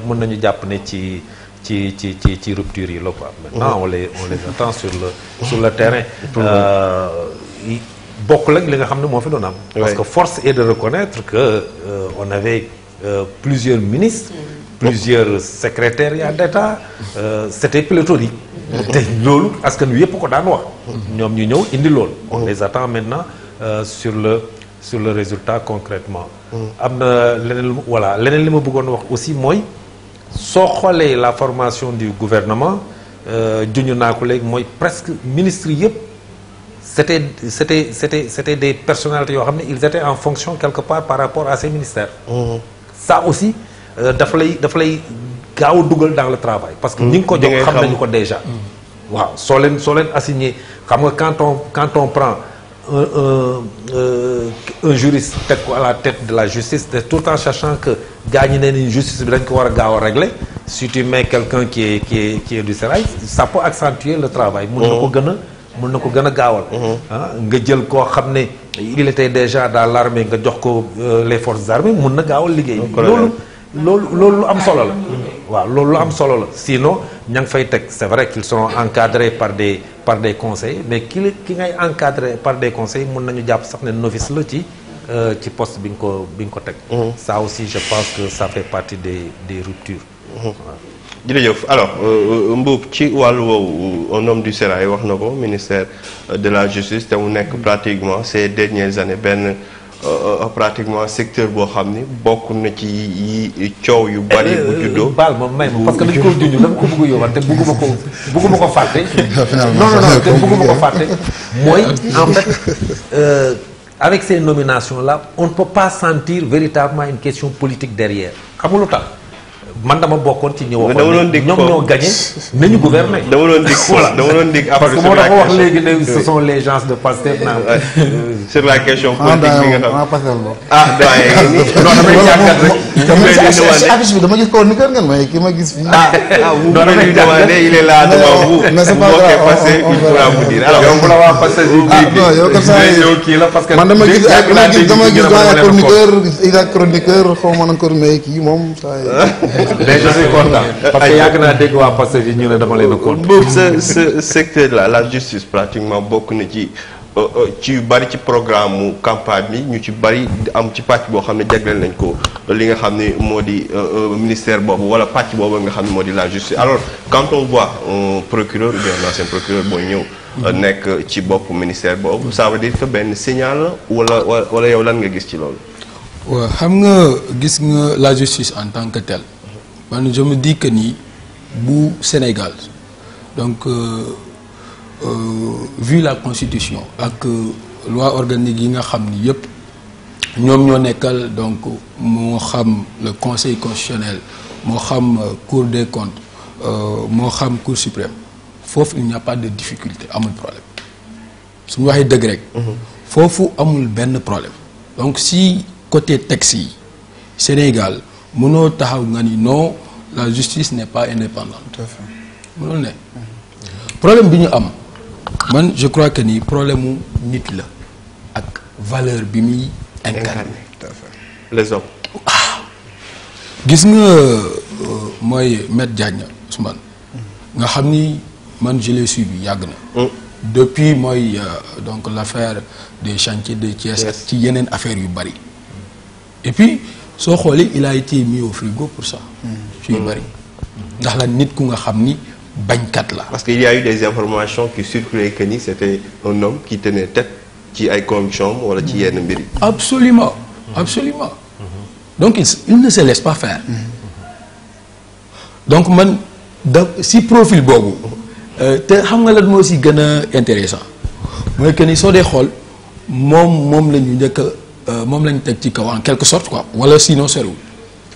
mon ami Japonais, qui ci ci ci rupture yi maintenant on les on les attend sur le sur le terrain beaucoup euh, lañ li nga xam de nom parce que force est de reconnaître que euh, on avait euh, plusieurs ministres mm-hmm. plusieurs secrétaires d'État euh, c'était pléthorique te loolu askan wi yëpp ko daan wax. ñoom ñu ñëw indi loolu. on mm. les attend maintenant euh, sur le sur le résultat concrètement mm. leneen voilà leneen li ma wax aussi mooy soo xoolee la formation du gouvernement euh, juñu naa ko léegi mooy presque ministre yëpp c'était c'était c'était c'était des personnalités yoo ils étaient en fonction quelque part par rapport à ces ministères. Mm. ça aussi euh, dafa lay gaaw a dans le travail. parce que ñi ngi ko jox mm. ko déjà. Mm. waaw so len so len assigné xam nga quand on quand on prend un euh, juriste tek ko à la tête de la justice de tout en sachant que gañi ñi justice bi dañ ko wara a gaaw régler si tu mets quelqu'un qui est qui est du sérail ça peut accentuer le travail. mën na ko mm-hmm. gën a mën na ko mm-hmm. ah, nga jël ko xam il était déjà dans l'armée nga jox ko euh, les forces armées mun na gaawal liggéey. loolu loolu loolu am solo la. Mm-hmm sinon c'est vrai qu'ils sont encadrés par des par des conseils mais qui qui encadré par des conseils mun nañu des novices qui qui euh, poste bi mm-hmm. ça aussi je pense que ça fait partie des des ruptures. Mm-hmm. alors un euh, euh, ci ou un homme du sérail wax ministère de la justice c'est un pratiquement ces dernières années euh, pratiquement secteur bo ne na ci yu bari bu euh, parce que non non en fait euh, avec ces nominations là on ne peut pas sentir véritablement une question politique derrière man dama bokkoon ci ñi waxoon ñoom ñoo gagné nañu gouverner. dama doon dig voilà dama doon dig après. parce que moo tax wax léegi ne ce sont les gens de Pastef naan. sur la question ah, politique bi nga xam ah affiche bi dama gis ko ni kër ngeen may ki ma gis. ah ah wu il est là devant vous. mais c'est pas grave man dama ah, gis dama gis doyen chroniqueur il a chroniqueur xaw ma na ko mais kii moom mais je suis content parce que yàgg naa dégg waa Pastef yi ñu ne dama leen a compte. boobu ce secteur là la justice pratiquement bokk na ci euh, euh, ci bari ci programme mu campagne bi ñu ci bari am ci pàcc boo xam ne jagleel nañ ko li nga xam ne moo di euh, ministère boobu wala pàcc boobu nga xam ne moo di la justice alors quand on voit un procureur ou bien un ancien procureur booy ñëw. Mm-hmm. nekk ci bopp ministère boobu ça veut dire benn signal la wala wala yow lan nga gis ci loolu. waaw xam nga gis nga la justice en tant que telle. je me dis que ni bu Sénégal donc euh, euh, vu la constitution la euh, loi organique nous avons le conseil constitutionnel la xam cour des comptes la xam cour suprême Fofu il n'y a pas de difficulté amul problème suñu waxee il n'y a pas de problème donc si côté taxi, Sénégal mënoo taxaw nga non la justice n'est pas indépendante. tout à fait mënul problème biñu am man je crois que ni problème nit la ak valeur bi mi incarné. les hommes. Ah! gis nga euh, moy Maître Diagne Ousmane nga xamni man je l'ai suivi yàgg na. Mm. depuis mooy euh, donc l'affaire des chantiers de Thiès. ci yenen affaire yu bari et puis so xoolee il a été mis au frigo pour ça. suy hmm. bëri ndax la nit ku nga xam parce qu'il y a eu des informations qui circulaient que ni c'était un homme qui tenait tête ci comme chambre wala ci yenn mbir yi. absolument hmm. absolument hmm. donc il il ne se laisse pas faire. donc man si profil boobu. Euh, te xam nga si intéressant mooy que ni soo dee xool moom moom la euh, mom lañ tek ci kaw en quelque sorte quoi wala sinon soriwul.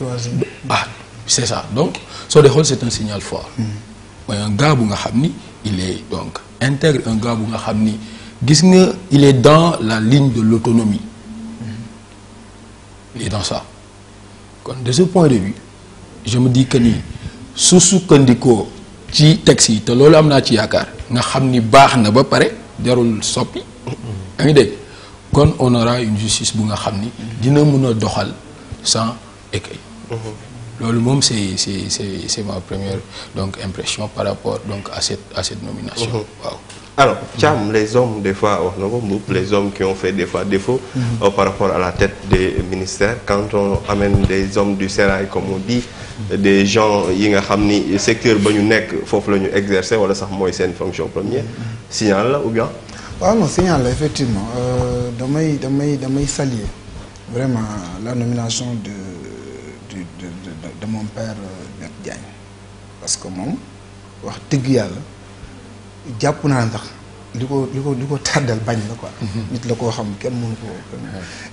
ah Bah, c'est ça donc so de xool c'est un signal fort. Hmm. mooy un gars bu nga xamni il est donc intègre un gars bu nga xamni gis nga il est dans la ligne de l'autonomie. Hmm. il est dans ça kon de ce point de vue je me dis que ni sous kandiko ci texte te loolu amna ci yakar nga xamni ni na ba pare jarul soppi. Hmm. yaa ngi quand on aura une justice bu nga xam dina sans écueil c'est ma première donc impression par rapport donc à cette à cette nomination mhm. alors les hommes des fois on les hommes qui ont fait des fois défaut mhm. euh, par rapport à la tête des ministères quand on amène des hommes du sérail comme on dit des gens qui nga secteur il faut nekk exercer wala sax fonction première mhm. signal ou bien waaw non signal effectivement damay euh, damay vraiment la nomination de mon père euh, parce que quoi. Mhm.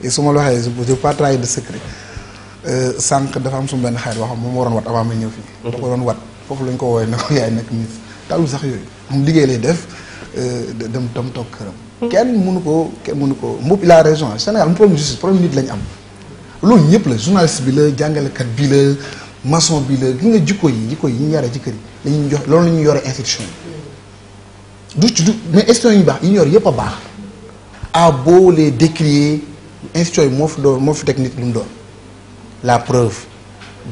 je pas de secret euh, dafa am euh, dam dam tok këram kenn mënu ko kenn mënu ko mbuub il a raison hein. Sénégal mu problème justice problème nit lañ am lool ñëpp la journaliste bi la kat bi la maçon bi la gi nga jikko yi jikko yi ñu yore ci kër yi lañuy jox loolu la ñuy yore institution yi du du mais institution yu baax yi ñu yore yëpp a baax à beau les décrier institution yi moo fi doon moo fi teg nit lu mu doon la preuve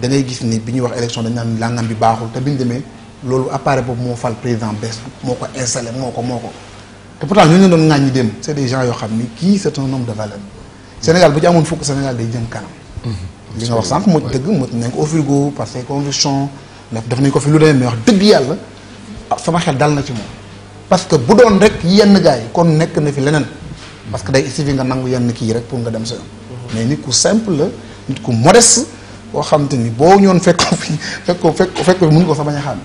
da ngay gis ni bi ñuy wax élection dañ naan langam bi baaxul te bi ñu demee loolu appareil boobu mo fal président bees moko installer moko moko et pourtant ñu ñu don ñooñu dem c'est des gens yo xamni ni c'est un homme de valeur. Sénégal bu ci amoon fuk Sénégal day jëm kanam. Mhm. li nga wax sànq mo dëgg mo nañ ko au frigo parce que conviction def nañ ko fi lu demee mais wax dëgg yalla ah, sama xel dal na ci mo parce que bu doon rek yenn gaay yi kon nekk na fi lenen parce que day suffi nga nangu yenn ki rek pour nga dem sa mhm. mais nit ku simple nit ku modeste. koo xam bo ñoon fekk ko fi fekk ko fekk ko fekk ko ko sa bañ a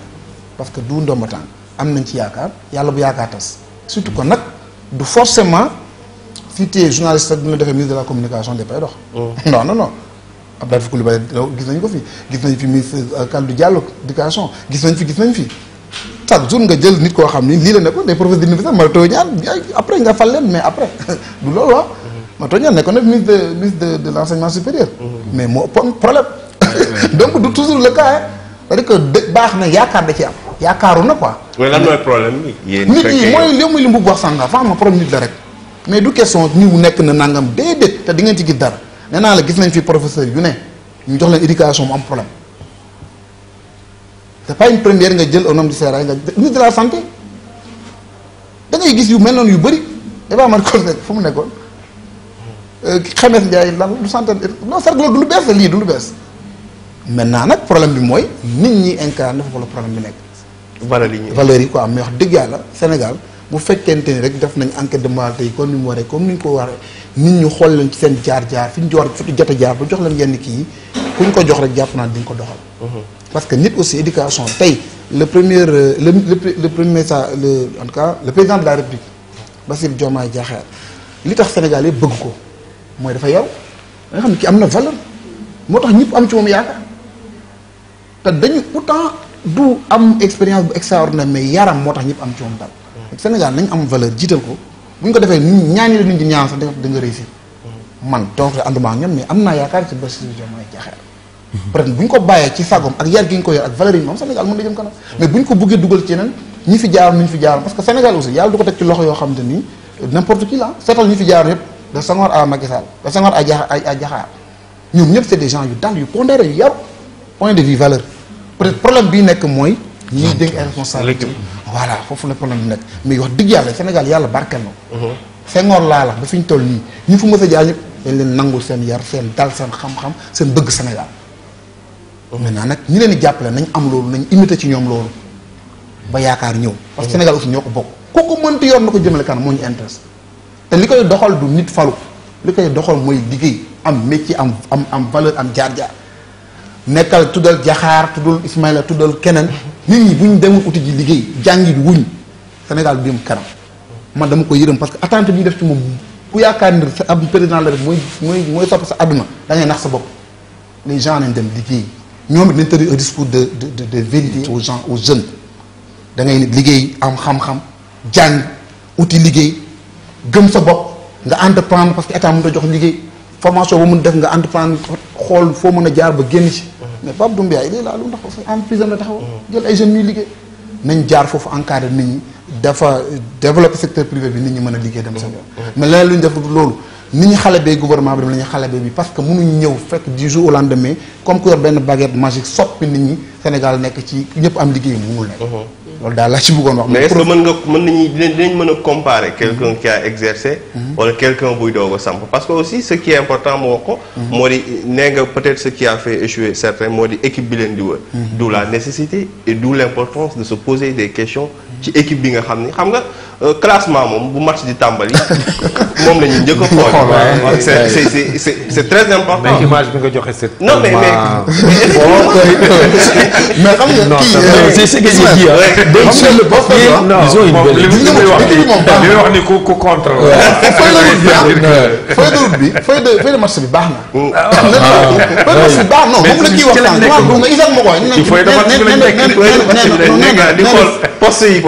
parce que du ndomba tànk am nañ ci yaakaar yàlla bu yaakaar surtout que nag du forcément fii téye journaliste de dina ministre de la communication dafay dox. Oh. non non non Abdoulaye Coulibaly gis nañ ko fi gis nañ fi ministre euh, Kalidou Diallo éducation gis nañ fi gis nañ fi chaque jour nga jël nit koo xam ni lii la nekkoon des professeurs d'université ma tooy ñaan après nga fal mais après du loolu ah. Mm-hmm. ma tooy ñaan nekkoon na ministre de ministre de l'enseignement supérieur. Mm-hmm. mais moo problème mm-hmm. donc du toujours le cas hein. c'est-à-dire que baax na yaakaar da ci am. yaakaaru na quoi. mais lan nit ñi mooy li muy li mu wax sànq dafa am problème nit la rek. mais du question niw nekk na nangam déedéet te di ngeen ci gis dara nee naa la gis nañ fi professeur yu ne ñu jox leen éducation mu am problème c'est pas une première nga jël au nom du CRA nga ministre de la gis yu mel noonu yu bëri Iba Mar Coll fu mu nekkoon xamees euh, Ndiaye lan du santé non cercle du lu bees lii du lu bees maintenant nag problème bi mooy nit ñi incarné foofu la problème bi nekk. valeur yi valeur yi quoi mais wax dëgg yàlla Sénégal bu fekkente ni rek def nañ enquête de moralité yi comme ni mu waree comme ni ñu ko waree nit ñu xool leen ci seen jaar-jaar fiñ jor joor fi ñu jot jaar ba jox lañ yenn ki kuñ ko jox rek japp naa di ko doxal. Mhm. parce que nit aussi éducation tay le premier euh, le le le premier ça le en tout cas le président de la république Bassirou Diomaye Diakhar li tax Sénégal yëpp bëgg ko moy dafa yaw nga xam ki amna valeur motax ñepp am ci mom yaaka ta dañu autant. du am expérience bu extraordinaire mais yaram moo tax ñëpp am ci moom daal. Hmm. Sénégal nañ am valeur jiital ko bu ñu ko defee ñaani la nit ñi ñaan sax da nga réussir. Hmm. man donc ànduma ak ñoom mais am naa yaakaar ci Bassirou Diomaye Diakhar. Hmm. peut être bu ñu ko bàyyee ci sagom ak yar gi ñu ko yor ak valeur yi moom Sénégal mën na jëm kanam. mais bu ñu ko buggee dugal ci yeneen ñi fi jaaroon ñu fi jaaroon parce que Sénégal aussi yàlla du ko ci loxo yoo xam n'importe qui la seetal ñi fi jaaroon yëpp da Senghor à Macky Sall da Senghor à Dia à Diakhar ñoom ñëpp c'est des gens yu dal yu pondéré yu point de vue valeur peut être problème bi nekk mooy. ñiy dénk ay responsabilité voilà foofu la problème bi nekk mais wax dëgg yàlla Sénégal yàlla barkeel na. Mhm. Senghor laa la ba fi ñu toll nii ñu fu mës a jaar ñëpp dañ leen nangul seen yar seen dal seen xam-xam seen bëgg Sénégal. Mhm. maintenant nag ñi leen di jàppale nañ am loolu nañ imité ci ñoom loolu. ba yaakaar ñëw. parce que mhm. Sénégal aussi ñoo ko bokk. ku ko mënti yor na ko jëmale kanam moo ñu intéresse te li koy doxal du nit falu li koy doxal mooy liggéey am métier am am am valeur am jaar-jaar. nekkal tuddal jaxaar tuddal Ismaïla tuddal keneen nit ñi bu ñu demul uti ji liggéey jàngi bi wuñ Sénégal bi dem kanam man dama ko yërëm parce que attente bi ñu def ci moom ku yaakaar ni sa ab président la rek mooy mooy mooy sopp sa àdduna da nax sa bopp les a nañ dem liggéey ñoom it nañ tëdd un de de de vérité aux gens aux jeunes da ngay nit liggéey am xam-xam jàng uti liggéey gëm sa bopp nga entreprendre parce que état mënut a jox liggéey formation ba mun def nga entreprendre xool foo mën a jaar ba génn ci mais Pape Doumbia il est là lu mu taxaw sa entreprise am la taxaw mm-hmm. jël ay jeunes ñuy liggéey nañ jaar foofu encadré nit ñi dafa développer secteur privé bi nit ñi mën a liggéey dem seen yoon mm-hmm. mais leneen lu ñu def loolu nit ñi xale bee gouvernement bi dem la ñuy parce que mënuñ ñëw fekk du jour au lendemain comme ku yor benn baguette magique soppi nit ñi Sénégal nekk ci ñëpp am liggéey mu mënul nekk mais est-ce que mën nga mën ni comparer. quelqu'un qui a exercé. ou mhm. quelqu'un qui a samp parce que aussi ce qui est important c'est ko. Mhm. peut-être ce qui a fait échouer certains modi équipe bi di mhm. d'où la nécessité et d'où l'importance de se poser des questions. ci équipe bi nga xam ni xam nga classement moom bu match di tàmbali moom la ñuy njëkk a xool. c'est c'est c'est c'est très important. mais image bi nga joxe c'est. non mais mais xam nga kii c'est ce que j'ai dit donc sur le bopp ils ont une belle li muy wax li muy wax ni ku ku contre. feuille de route bi feuille de feuille de match bi baax na. feuille de match bi baax na moom la kii waxtaan. waaw nga Isaac ma ko wax. il faut que dafa ci lañ nekk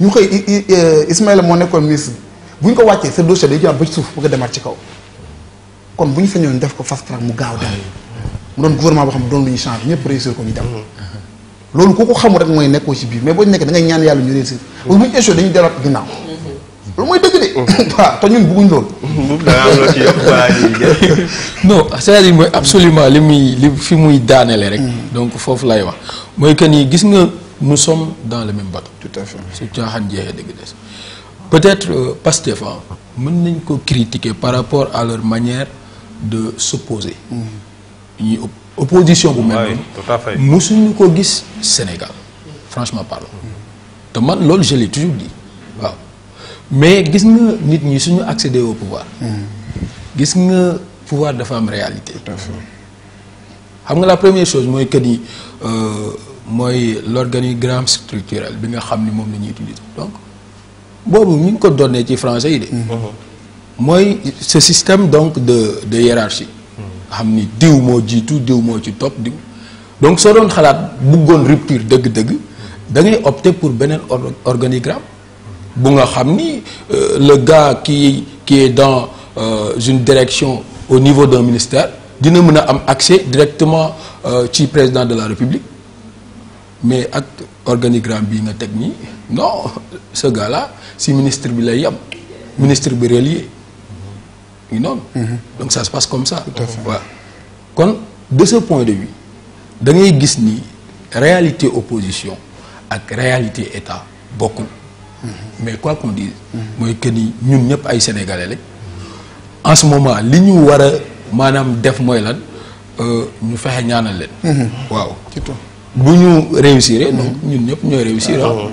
ñu xëy euh, Ismaïla moo nekkoon ministre bu ñu ko wàccee sa dossier dañu ci am ba ci suuf bëgg a demaat ci kaw kon bu ñu sañoon def ko fast track mu gaaw dal mu doon gouvernement boo xam ne doon lu ñu changé ñëpp réussir ko ñu dem loolu ku ko xamul rek mooy nekkoo ci biir mais boo ñu nekkee da ngay ñaan yàlla ñu réussir parce que bu ñu échoué dañuy delluwaat ginnaaw loolu mooy dëgg de waaw te ñun loolu non li muy li fi muy daanele rek mm. donc foofu lay wax mooy que ni gis nga nous sommes dans le même bateau. tout à fait C'est un peut-être Stéphane, que, nous ko critiquer par rapport à leur manière de s'opposer mm-hmm. opposition ou même. Oui, tout à fait Nous sommes au Sénégal franchement parlant. Mm-hmm. te man je l'ai toujours dit mais nous avons nit ñi suñu accéder au pouvoir. Mm-hmm. gis nga pouvoir de femme réalité. tout à fait la première chose c'est que Euh, moy l'organigramme structurel bi nga xamni ni moom la utiliser donc bobu ñu ko donné ci français yi de. Mm-hmm. Mm-hmm. ce système donc de de hiérarchie. xamni mm-hmm. xam ni diw moo jiitu diw mo ci top, diw. donc soo doon xalaat bëggoon rupture deug deug da ngay opter pour benen organigramme bu nga xamni euh, le gars qui qui est dans euh, une direction au niveau d'un ministère dina mëna am accès directement euh, ci président de la République mais ak organigramme bi nga non ce gars là le ministre bi lay ministre bi relié mhm. donc ça se passe comme ça. de ce point de vue da ngay ni réalité opposition ak réalité état beaucoup. Mhm. mais quoi qu'on dise. nous mhm. que ni ñun ñep ay sénégalais en ce moment ce ñu nous a def nous lan euh, ñu fexé ñaanal buñu ñu réussir donc ñun ñep ñoy réussir ah. Ah.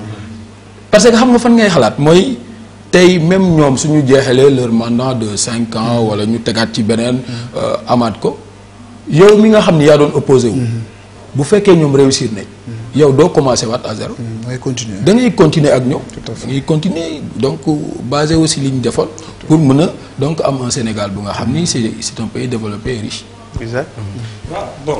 parce que xam nga fan ngay xalat moy tay même ñom suñu jeexalee leur mandat de cinq ans mm-hmm. wala ñu tegaat ci benen euh, amad ko yow mi nga xam ni yaa doon opposé wu mm-hmm. bu féké ñom réussir nañ mm-hmm. yow do commencé wat à zéro dangay continuer da ngay continuer ak ñom da ngay continuer donc basé aussi liñ ñu pour mëna donc am un Sénégal bu nga xam ni c'est c'est un pays développé riche exact ah, bon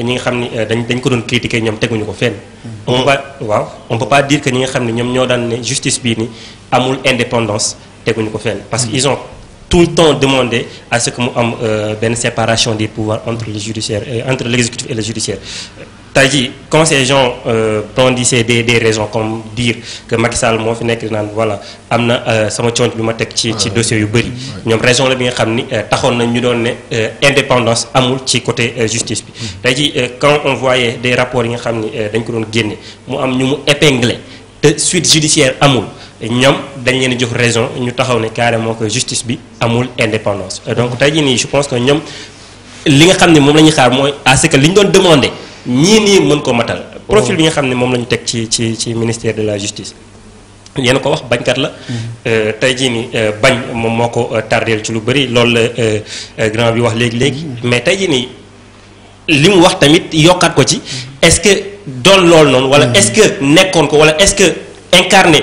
ñi nga xam ni euh, dañ dañ ko doon critiquer ñoom teguñu ko fenn. on peut pas waaw on peut pas dire que ñi nga xam ne ñoom ñoo daan ne justice bii ni amul indépendance teguñu ko fenn parce que ils ont tout le temps demandé à ce que mu am euh, benn séparation des pouvoirs entre le judiciaire euh, entre l'exécutif et le judiciaire Taji, jii quand ces gens brandissaient euh, des des raisons comme dire que Macky Sall moo fi nekk voilà amna na euh, sama conc bi ma ci ci ah, dossier yu bëri ñom raison la bi nga xamni ni euh, ñu doon né indépendance amul ci côté justice bi mm-hmm. tey quand on voyait des rapports yi nga xamni dañ ko doon génne mu am ñu mu épinglé te suite judiciaire amul ñom dañ leen jox raison ñu taxaw né carrément que justice bi amul indépendance donc tey ni je pense que ñom li nga xamni mom moom xaar moy à ce que liñ ñu doon ñii nii mën ko matal. Oh. profil bi nga xam ne moom la ñu teg ci ci ci ministère de la justice. yéen ko wax bañkat la. Mm-hmm. Euh, tey jii nii euh, bañ moom moo ko euh, tardeel ci lu bëri lool la grand bi wax léegi léegi mm-hmm. mais tey jii nii li mu wax tamit yokkaat ko ci mm-hmm. est-ce que doon loolu noonu. wala est-ce que nekkoon ko wala est-ce que incarné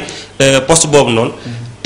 poste boobu noonu.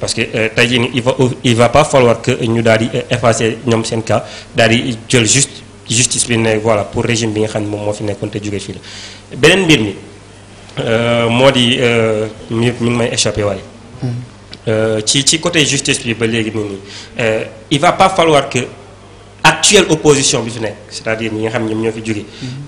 parce que euh, tey il va il va pas falloir que ñu daal di euh, effacer ñom sen cas daal di jël juste justice bi ne voilà pour régime bi nga xam mom mo fi nekkon te jógee fi la beneen mbir mi euh, moo di mi mi ngi may échappé hmm. ci ci côté justice bi ba légui nii euh il va pas falloir que actuelle opposition bi fi nekk c'est-à-dire ñi nga xam ñom ñoo fi hmm.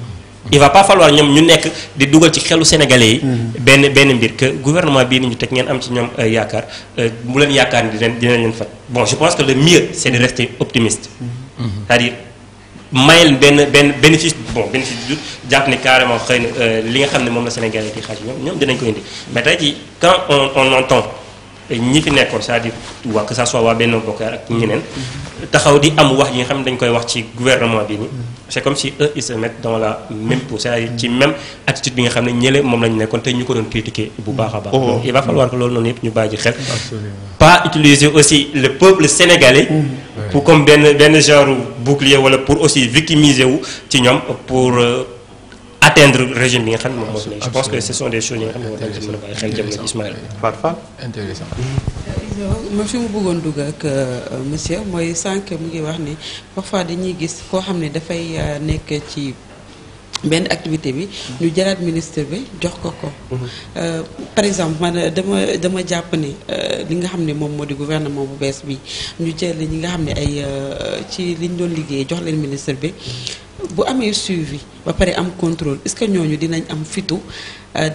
il va pas falloir ñom ñu nekk di duggal ci xelu sénégalais ben ben mbir que gouvernement bi ni ñu teg ngeen am ci ñom euh, yaakar euh, bu leen yaakaar ni dinañ dinañ leen fat bon je pense que le mieux c'est de rester optimiste. Mhm. Mhm. c'est-à-dire mayel ben ben bénéfice bon bénéfice du japp ne carrément xëy na euh, li nga xam mom la sénégalais di xaj ñom ñoom dinañ ko indi mais tay ci quand on on entend ñi fi nekkoon c'est-à-dire waa que ça soit waa benn bokkaar ak ñeneen taxaw di am wax yi nga xam dañ koy wax ci gouvernement bi ni c'est comme si eux ils se mettent dans la même peau cest à même attitude bi nga xam ne ñële moom lañu nekkoon te ñu ko critiquer bu baax a baax oh. il va falloir que loolu noonu yëpp ñu bàyyi xel pas utiliser aussi le peuple sénégalais mmh. pour comme benn benn genre bouclier wala pour aussi victimiser wu ci ñoom pour euh, atteindre régime bi xam mom moom mooy. je pense que ce sont des choses yi nga xam ne war nañu si mën a bàyyi xel jamono Ismaël. Fatou intéressant. Euh, moom fi mu bëggoon dugg ak euh, monsieur mooy sànq mu ngi wax ni parfois dañuy gis koo xam ne dafay euh, nekk ci ben activité bi ñu jëlaat ministre bi jox ko ko euh, par exemple man euh, dama dama jàpp ne euh, li nga xamné mom modi gouvernement bu bees bi ñu jël li nga xamné ay ci liñ doon liggéey jox leen ministre bi bu amé suivi ba paré am contrôle est-ce que ñoñu dinañ am fitu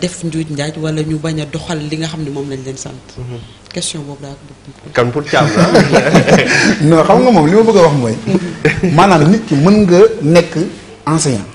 def njuuj ndaj wala ñu baña doxal li nga xamné mom lañ leen sant mhm. question boobu laa ko kan pour Thiam la non xam nga mom li ma bëgg wax moy mhm. maanaam nit ki mën nga nekk enseignant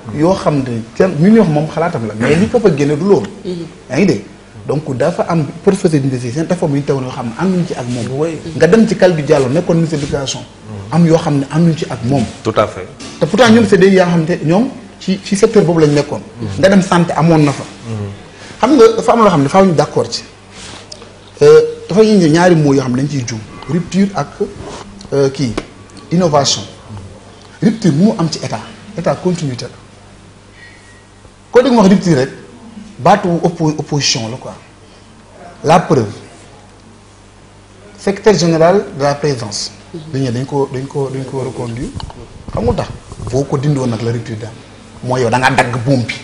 yoo xam ne kenn mi muy wax moom xalaatam la mais li ko fa génne du loolu. Mhm. yaa ngi dégg donc dafa am professeur d'université seen réforme yu ñu tegoon yoo xam ne ànduñ ci ak moom. nga dem ci Kalidou Diallo nekkoon ministre éducation. Mhm. am yoo xam ne ànduñ ci ak moom. tout à fait te pourtant ñoom c'est des yaa xam ne ñoom ci ci secteur boobu lañu nekkoon. Mhm. nga dem santé amoon na fa. xam nga dafa am loo xam ne fa faaw ñu d'accord ci euh, dafa ñu ñaari mots yoo xam ne dañ ciy juum rupture ak euh, kii innovation rupture mu am ci état état continuité la koo dégg ma wax rupture rek baatu oppo opposition la quoi la preuve secrétaire général de la présidence. dañ ne dañ ko dañ ko dañ ko reconduire xam tax boo ko dindoon nag la rupture daal mooy yow da ngaa dagg buum bi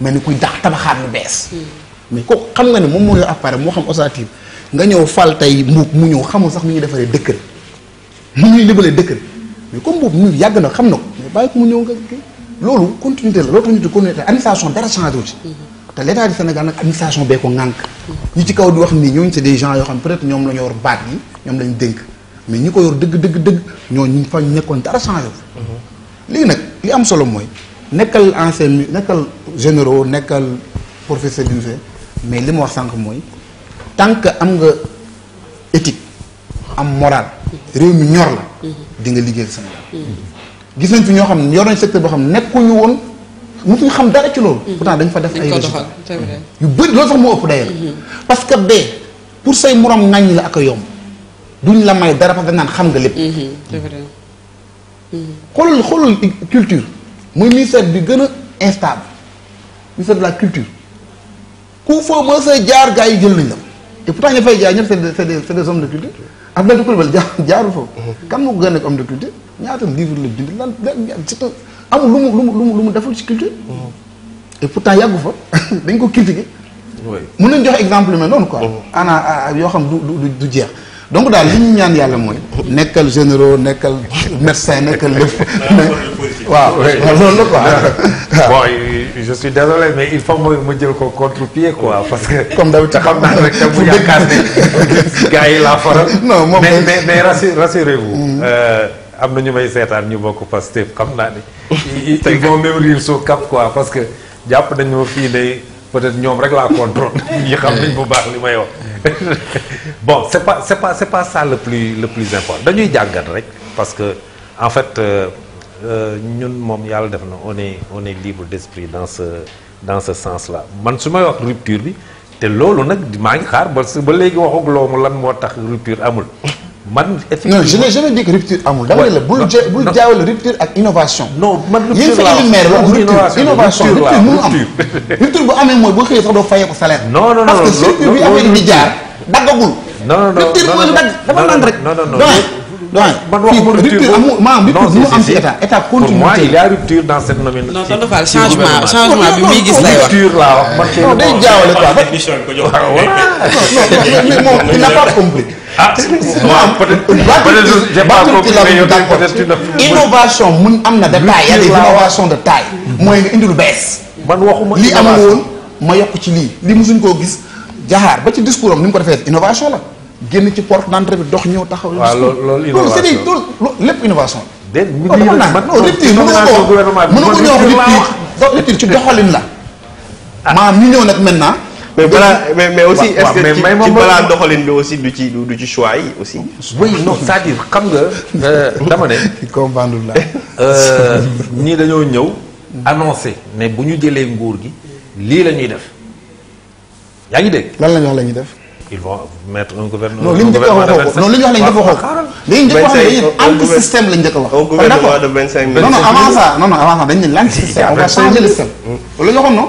mel ni kuy dax tabaxaat lu bees. mais ko xam nga ne moom moo yor appareil moo xam ossative nga ñëw fal tey mbuub mu ñëw xamul sax mu ñuy defaree dëkkër mu ñuy libalee dëkkër mais comme boobu ñun yàgg na xam na ko mais bàyyi ko mu ñëw nga kii. loolu continuité la loolu tax ñu di continuité administration dara changé wu ci. te l' état Sénégal nag administration bee ko ŋànk. ñi ci kaw di wax nii ñooñu c' est des gens yoo xam peut être ñoom la ñu yor baat yi ñoom la ñu dénk mais ñi ko yor dëgg dëgg dëgg ñooñu fa ñu nekkoon dara changé wu. léegi nag li am solo mooy nekkal ancien nekkal généro nekkal professeur d' mais li ma wax sànq mooy tant que am nga éthique am moral réew mi ñor la. di nga liggéeyal Sénégal. gis nañ fi ñoo xam ne yor nañ secteur boo xam ne nekkuñu woon musuñu xam dara ci loolu. pourtant dañ fa def ay résultats yu bëri loolu sax moo ëpp d'ailleurs. Mm-hmm. parce que de pour say moroom nañ la ak yomb duñ la may dara parce que naan xam nga lépp. Mm-hmm, mm-hmm. xoolal xoolal culture muy ministère bi gën a instable ministère de la culture ku foo ba sa jaar gars yi jël nañ la te pourtant ñu fay jaar ñëpp c'est des c'est des hommes de culture Abdoulaye Coulibaly jaar jaarul foofu. kan moo ko gën a homme de culture. ñaata livre la bind lan lan c'est amul lu mu lu mu deful ci culture. Mm-hmm. et pourtant yàggu fa dañ ko critiquer. oui mun nañ joxe exemple mais noonu quoi. Mm-hmm. ana yoo xam du du du jeex. donc daal li ñu ñaan yàlla mooy. nekkal généraux nekkal médecin nekkal lépp. waaw loolu la quoi. bon je suis désolé mais il faut mooy ma jël ko contre-pied parce que. comme d'habitude xam naa rek tam mu yaakaar ne gars yi laa faral. non mais mais rassurez mm-hmm. euh, am na ñu may seetaan ñu bokk Pastef xam naa ne. ils vont même rire sous cap quoi parce que jàpp nañu ma fii ne peut-être ñoom rek laa contrôle. ñi xam nañ bu baax li may wax. bon c'est pas c'est pas c'est pas ça le plus le plus important dañuy jàngat rek parce que en fait euh, euh, ñun moom yàlla def na on est on est libre d'esprit dans ce dans ce sens-là man su may wax rupture bi te loolu nag maa ngi xaar ba ba léegi waxugloo mu lan moo tax rupture amul non je n'ai jamais dit que rupture D'abord, le ne rupture innovation. non man rupture innovation rupture rupture, rupture bu non, non, rupture, non, sax rupture, non, ko non non non parce que rupture non, non, rupture, non, non non non rupture non, non, non non non rupture rupture non, moi il y a rupture dans cette nomination. non ah, non non, changement changement rupture non non non il n'a pas compris. ah innovation mun am na de taille y a de taille. mooy nga indi lu bees. li am woon ma yokk ci lii li musuñ koo gis jaxaar ba ci discours am ni mu ko defee innovation la génn ci porte d'entrée bi dox ñëw taxaw. waaw loolu loolu c'est loolu lépp innovation la. déet ñu ngi man non rupture mënu ko mënu ñëw rupture ci doxalin la. Ah. maanaam ñu nag maintenant. mais mais aussi. est-ce que tu peux la aussi du choix oui non c'est-à-dire xam nga euh, dama né comprendre mais ni annoncé ni nguur gi li lañuy def ngi lan wax ils vont mettre un gouvernement. non wax non anti système wax. gouvernement non non avant ça non non avant ça système on va changer le système. non.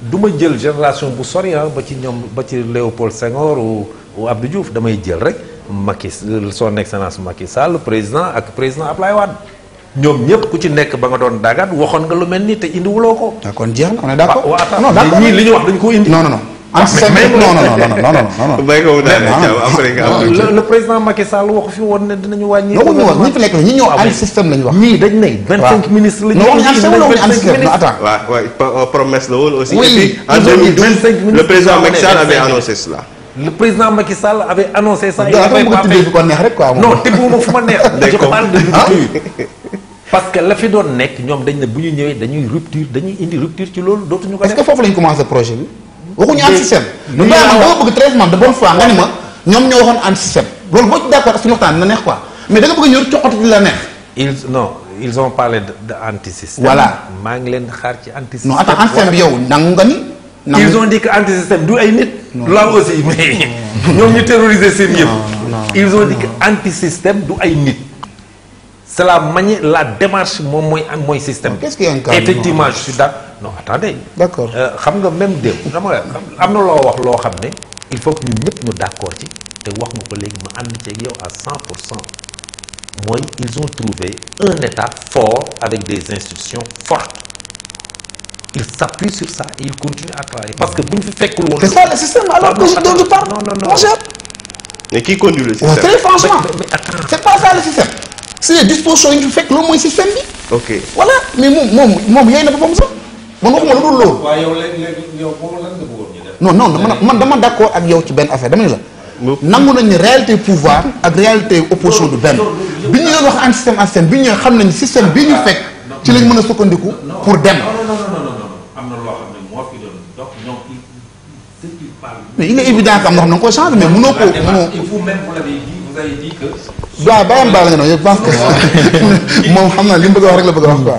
du ma jël génération bu sori ah, ba ci ñoom ba ci Léopold Senghor ou Abdou Diouf damay jël rek Macky euh, son excellence Macky Sall président ak président Ablaye Wade ñoom ñëpp ku ci nekk ba nga doon daagaat waxoon nga lu mel nii te indiwuloo ko. kon jeex na on est d'accord non li ñu wax dañ ko indi. non non en cinq minutes non non non non non non. béy ko après nga am. le président Macky Sall waxu fi woon ne dinañu wàññi. ñoo ñu woon ñi fi nekk ñi ñëw ànd ah, système lañu wax. ñii dañ ne. waaw 25 ministres la ñu. waaw euh, promesse la woon aussi. oui et puis en 2012 le président Macky Sall avait annoncé cela. le président Macky Sall avait annoncé ça. il avait pas fait ko neex rek quoi. non tëbbuuma fu ma neex. je parle de rupture. Ah. parce que la fi doon nekk ñoom dañ ne bu ñu ñëwee dañuy rupture dañuy indi rupture ci loolu dootuñu ko def. est-ce que foofu lañ commencé projet bi. waxuñu anti système. mais yow man dama bëgg traitement de bonne foi nga ni ma ñom ñoo waxon anti système loolu bo ci d' accord ak suñu waxtaan dina neex quoi mais da nga bëgg ñor ci coxatu di la neex. ils non ils ont parlé de de anti système. voilà maa ngi leen xaar ci anti système. non attends anti système yow nangu nga ni. ils ont dit que anti système du ay nit. là aussi mais ñom ñu terroriser seen yëpp. ils ont dit que anti système du ay nit. c'est la manière la démarche moom mooy am mooy système. qu'est-ce qu'il y a effectivement je suis d'accord non attendez. d'accord euh, xam nga même déw dama nga am na loo wax loo il faut que nous ñëpp d'accord ci te wax nga ko léegi ma ànd yow à 100%. pour cent ils ont trouvé un état fort avec des institutions fortes ils s'appuient sur ça et ils continuent à travailler parce que bu ñu fi fekkul woon. c'est ça le système alors que je donne pas non non non non mais qui conduit le système. très franchement c'est pas ça le système. c'est les dispositions yi ñu fi fekk loolu le système ok voilà mais moom moom moom yey na boppam sax. man waxuma lu dul loolu. waaw yow léegi yow moom lan non non dama d'accord ak yow ci benn affaire dama ne la. nangu nañ ne réalité pouvoir ak réalité opposition du benn bi ñu doon wax an système en bi ñu xam nañ système bi ñu ah, fekk ci lañ mën a sukkandiku pour dem. mais il est évident que am na xam na nga koy changer mais ko mënoo. il faut même baa l'avez dit vous avez dit nga noonu je pense moom xam naa li mu bëgg a wax rek la bëgg wax quoi.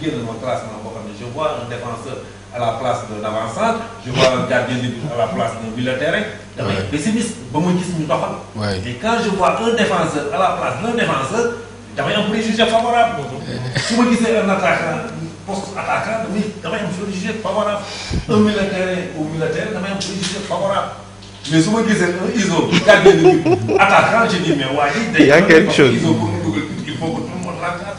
génn ma classement boo je vois un défenseur à la place d'un avant-centre je vois un gardien de but à la place d'un milieu de terrain damay pessimiste ba ma gis ñu doxal et quand je vois un défenseur à la place d'un défenseur on am préjugé favorable Si vous gisee un attaquant poste attaquant damay on am préjugé favorable un milieu de terrain au milieu de terrain on am préjugé favorable mais su ma gisee un iso gardien de but attaquant je dis mais waa il y a quelque chose il faut que tout le monde l'encadre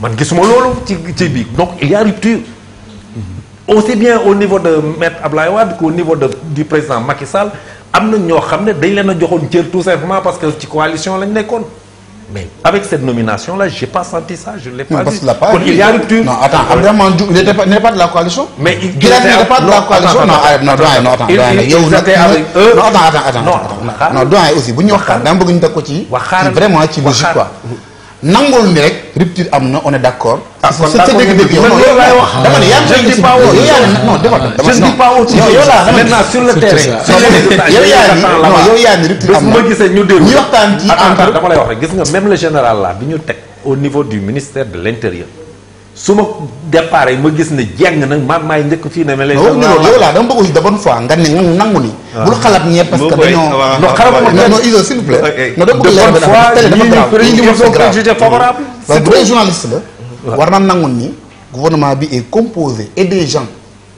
man gisuma loolu ci ci bi donc il y a rupture mm-hmm. aussi bien au niveau de maître Ablaye Wade qu'au niveau de du président Macky Sall amna ño xamné dañ leen a joxoon tout simplement parce que ci coalition lañ nekkoon mais avec cette nomination là j'ai pas senti ça je l'ai pas vu kon il y a rupture non attends vraiment, euh, Diouf n'est pas de la coalition mais il n'est pas de la coalition non non doyen non attends ah, doyen yow non attends attends non non, aussi bu ñu waxtaan dama bëgg ñu teg ko ci vraiment ci logique quoi nangul ni rek rupture am na one est d'accord. ah kon d'accord mais loolu laay wax. dama ne yaa ngi ci Pao yow yaa yaa ni non yow yaa ni rupture am na bés ma gisee ñu déglu. ñi waxtaan ci entre dama lay wax rek gis nga même le général là bi ñu teg au niveau du ministère de l'intérieur su ma départ ma gis ne jeng na man maay njëkk fii ne. ma lay wax loolu laa dama bëgg aussi ah. ma non ni gouvernement bi est composé et des gens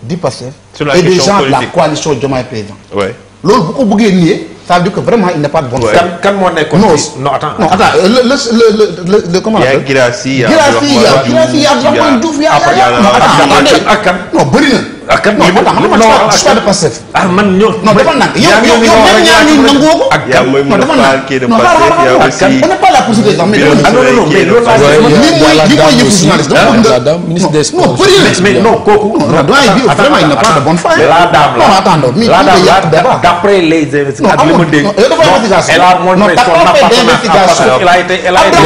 du Pastef. et des gens de bu ko bëggee nier ça veut dire que vraiment il n'est pas de bonne foi. kan kan moo nekkoon ci non attends non attends le le le le comment on appelle. Guirassy Abdourahmane Diouf yaa Guirassy yaa Abdourahmane Diouf yaa yaa non attends non bëri na. ah kat non man xam nga man histoire de Pastef. ah man ñoo. non dafa nag yow yow même ñaar ñuy nangoo ko. ak yow mooy mën a faal kii de Pastef yow aussi. on n'est pas là pour se dire sax mais ah, loolu laa lii mooy lii mooy yëfu journaliste dama bëgg nga. ministre des sports non bëri na. mais non kooku. non doyen bi vraiment il n'a pas de bonne foi. la dame la non attendons. mais la dame la d'après les investigations. ak li ma dégg non elle a montré son appartenance à elle a été elle a été.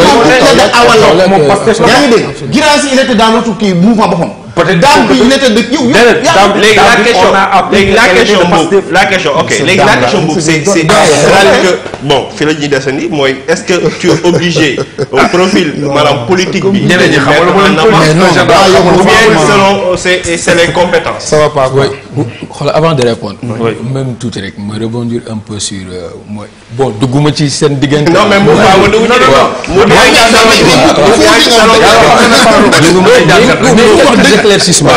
yaa ngi dégg. Guirassy il était dans l'autre kii mouvement boppam peut-être daan bi ñette dëkk yow yow léegi la question la question boobu la question ok la question boobu c'est c'est c'est que bon fi la ñuy desandi mooy est-ce que tu es obligé au ah. profil maanaam politique bi ñeneen ñi xamal non ou bien selon c'est c'est les compétences ça va pas xool avant de répondre même tuuti rek ma rebondir un peu sur mooy bon dugguma ci seen diggante. non mais wax d'éclaircissement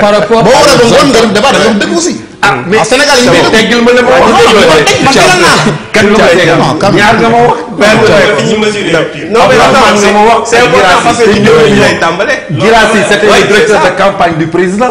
par rapport boo war a débat dafa am dëgg aussi. ah mais Sénégal yi mais teggil ma leen wax. ñaar nga ma wax. non mais c'est important parce que ñu lay tàmbale. Guirassy c'était le directeur de campagne du président.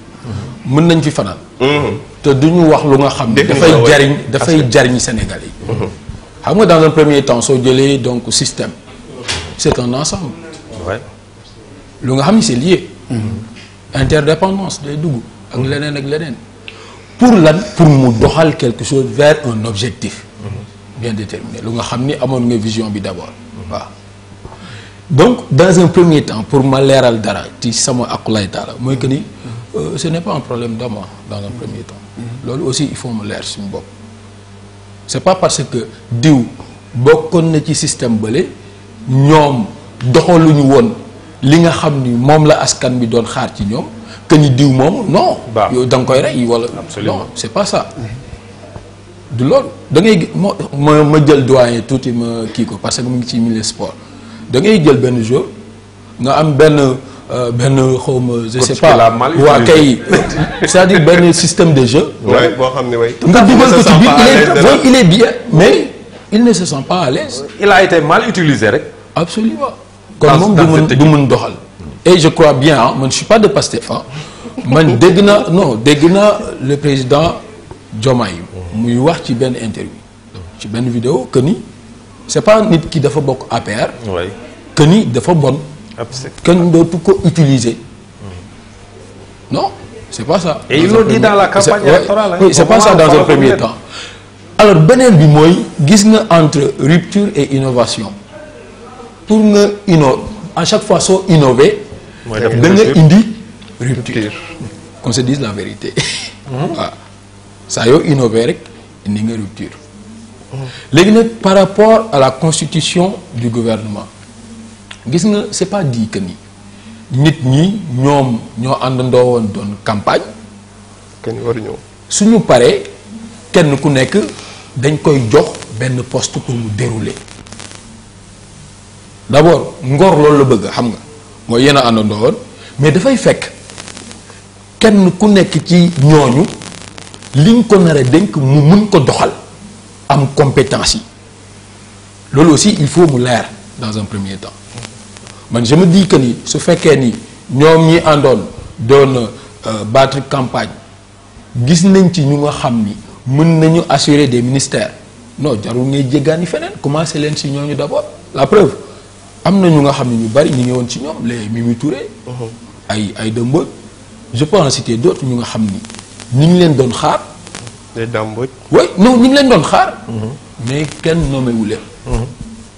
mën nañ fi mhm. te wax lu nga ne. dans un premier temps soo jëlee donc système. c'est un ensemble. lu c'est lié. Mhm. interdépendance day pour lan pour mu quelque chose vers un objectif. Mhm. bien déterminé lu nga xam nga vision bi d'abord. donc dans un premier temps pour ma leeral dara sama euh, ce n'est pas un problème d'homme hein, dans un premier temps. Mm-hmm. loolu aussi il faut me l'air sur bopp. c' pas parce que Dieu bokkoon na ci système bële ñoom dans woon li nga xam ni la askan bi don xaar ci que ni Dieu moom non. Bah. yow quoi il koy rey wala. non c'est pas ça. Mm-hmm. du loolu da ngay ma ma jël doyen tout ma kii ko parce que mu ngi ci milieu sport da ngay jël ben jour nga am ben euh, ben comme je sais pas ou kay c'est-à-dire le système de jeu. il est bien mais il ne se sent pas à l'aise il a été mal utilisé absolument comme et je crois bien hein, je suis pas de pas stéphane hein. man degna non degna le président Diomaye muy wax ci ben interview ci ben vidéo que ni c'est pas nit qui dafa bon APR. que ni dafa bon nous devons tout utiliser non c'est pas ça. et ils l'ont dit dans la campagne électorale. Hein. oui c'est pas ça dans un premier temps. alors Benel Bimoy, guise entre rupture et innovation pour à chaque fois ça innover. da indique rupture. qu'on se dise la vérité. Ça y est, innover, rek indi rupture. Mhm. Les par rapport à la constitution du gouvernement gis nga c'est pas dit que ni nit ñi ñom ñoo àndandoo woon doon campagne. kenn waru ñoo suñu paré kenn ku nekk dañ koy jox ben poste pour mu dérouler d'abord ngor loolu la bëgg xam nga mooy yéen a àndandoo woon mais dafay fekk kenn ku nekk ci ñooñu liñ ko nar a dénk mu mun ko doxal am compétences yi loolu aussi il faut mu leer dans un premier temps man je me dis que ni su fekkee ni ñoom ñi donne euh, battre campagne gis nañ ci ñu nga xam ni mën nañu assurer des ministères non jarul ngay jéggaani feneen commencé leen si ñooñu d'abord la preuve am na ñu nga xam ni ñu bari ñi ngi won ci ñoom les Mimi Touré uh-huh. ay ay dëmboj je peux en citer d'autres ñu nga xam ni ñu ngi leen doon xaar les dëmboj oui non ñu ngi leen doon xaar uh-huh. mais ken nommé wu leen uh-huh.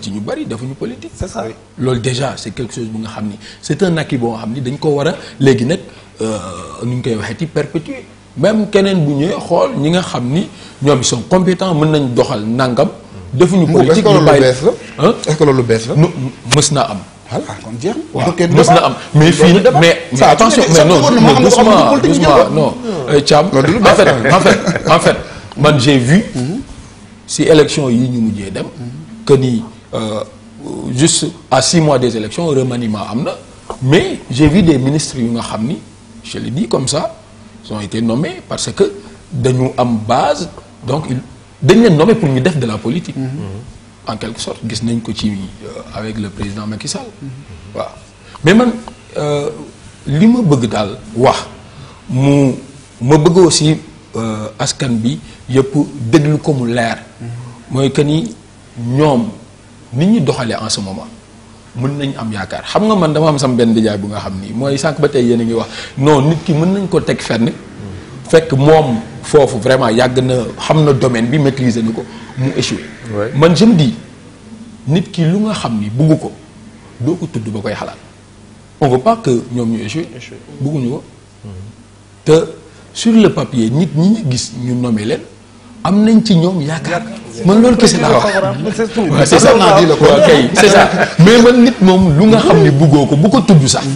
ci ñu politique. c'est ça déjà c'est quelque chose nga c'est un acquis dañ ko euh, ñu koy même keneen bu sont compétents doxal nangam. politique est-ce que la am. mais mais. attention non non doucement euh, non. non. en fait j'ai vu. Non. élections, Non. Non que euh, juste à six mois des élections remaniement amna. mais j'ai vu des ministres je le dis comme ça ils ont été nommés parce que de nous en base donc ont été nommés pour une def de la politique. Mhm. en quelque sorte nañ euh, avec le président Macky Sall. Mhm. voilà mais man euh, li ma bëgg me wax mu ma bëgg aussi askan bi yëpp déglu ko mu leer. Je mhm. que ñoom nit ñi doxalee en ce moment mën nañ am yaakaar xam nga man dama am sama benn dijaay bu nga xam nii mooy sànq ba tey yéen a ngi wax non nit ki mën nañ ko teg fenn fekk moom foofu vraiment yàgg na xam na domaine bi maîtriser na ko mu échoué. man je me nit ki lu nga xam ni bugg ko doo ko tudd ba koy xalaat on veut pas que ñoom ñu échoué. bugguñu ko mhm. te sur le papier nit ñi gis ñu nommé leen. am nañ ci ñoom yaakaar man loolu kese laa wax c'est ça kay c'est ça mais man nit moom lu nga xam ne buggoo ko bu ko tudd sax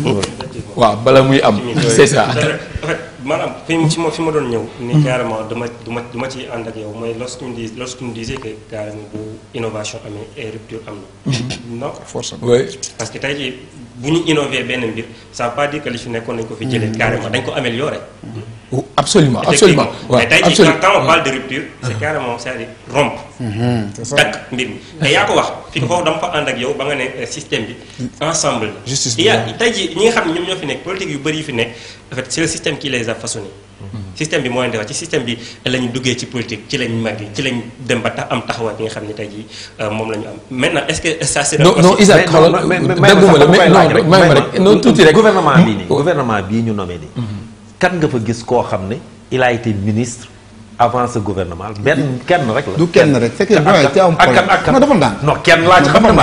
waaw bala muy am c'est ça am fi ci ma fi ma doon ñëw ni hmm. carrément dama duma du ma ci ànd ak yow mooy lorsqu'on dit lorsqu'on disait que carrément bu innovation amee et am na hmm. bu ñu innové benn mbir ça pas dire que li fi nekkoon nañ ko fi jëlee mm. carrément dañ ko amélioré. absolument absolument mais tey jii quand on parle de rupture. c' est mm-hmm. carrément c'est-à-dire rompre. Mm-hmm. takk mbir mi te yaa ko wax. fi foofu dama fa ànd ak yow ba nga ne euh, système bi. ensemble la. justice bi tey jii ñi nga xam ñoom ñoo fi nekk politique yu bëri yu fi nekk en fait c' est le système qui les a façonné. Mm-hmm. système bi moo leen defar ci système bi lañu duggee ci politique ci lañ màgg ci lañ dem ba tax am taxawaay bi nga xam ne tey jii euh, moom la ñu am maintenant est-ce que ça c'est non non Isaac xoolal dégguma la gouvernement bii nii mm-hmm. gouvernement bii ñu nommé nii mm-hmm. kan nga fa gis koo xam ne il a été ministre avant gouvernement benn kenn rek la du kenn rek c'est que ak kan ak kan non dafa ndànk non kenn laa xam ne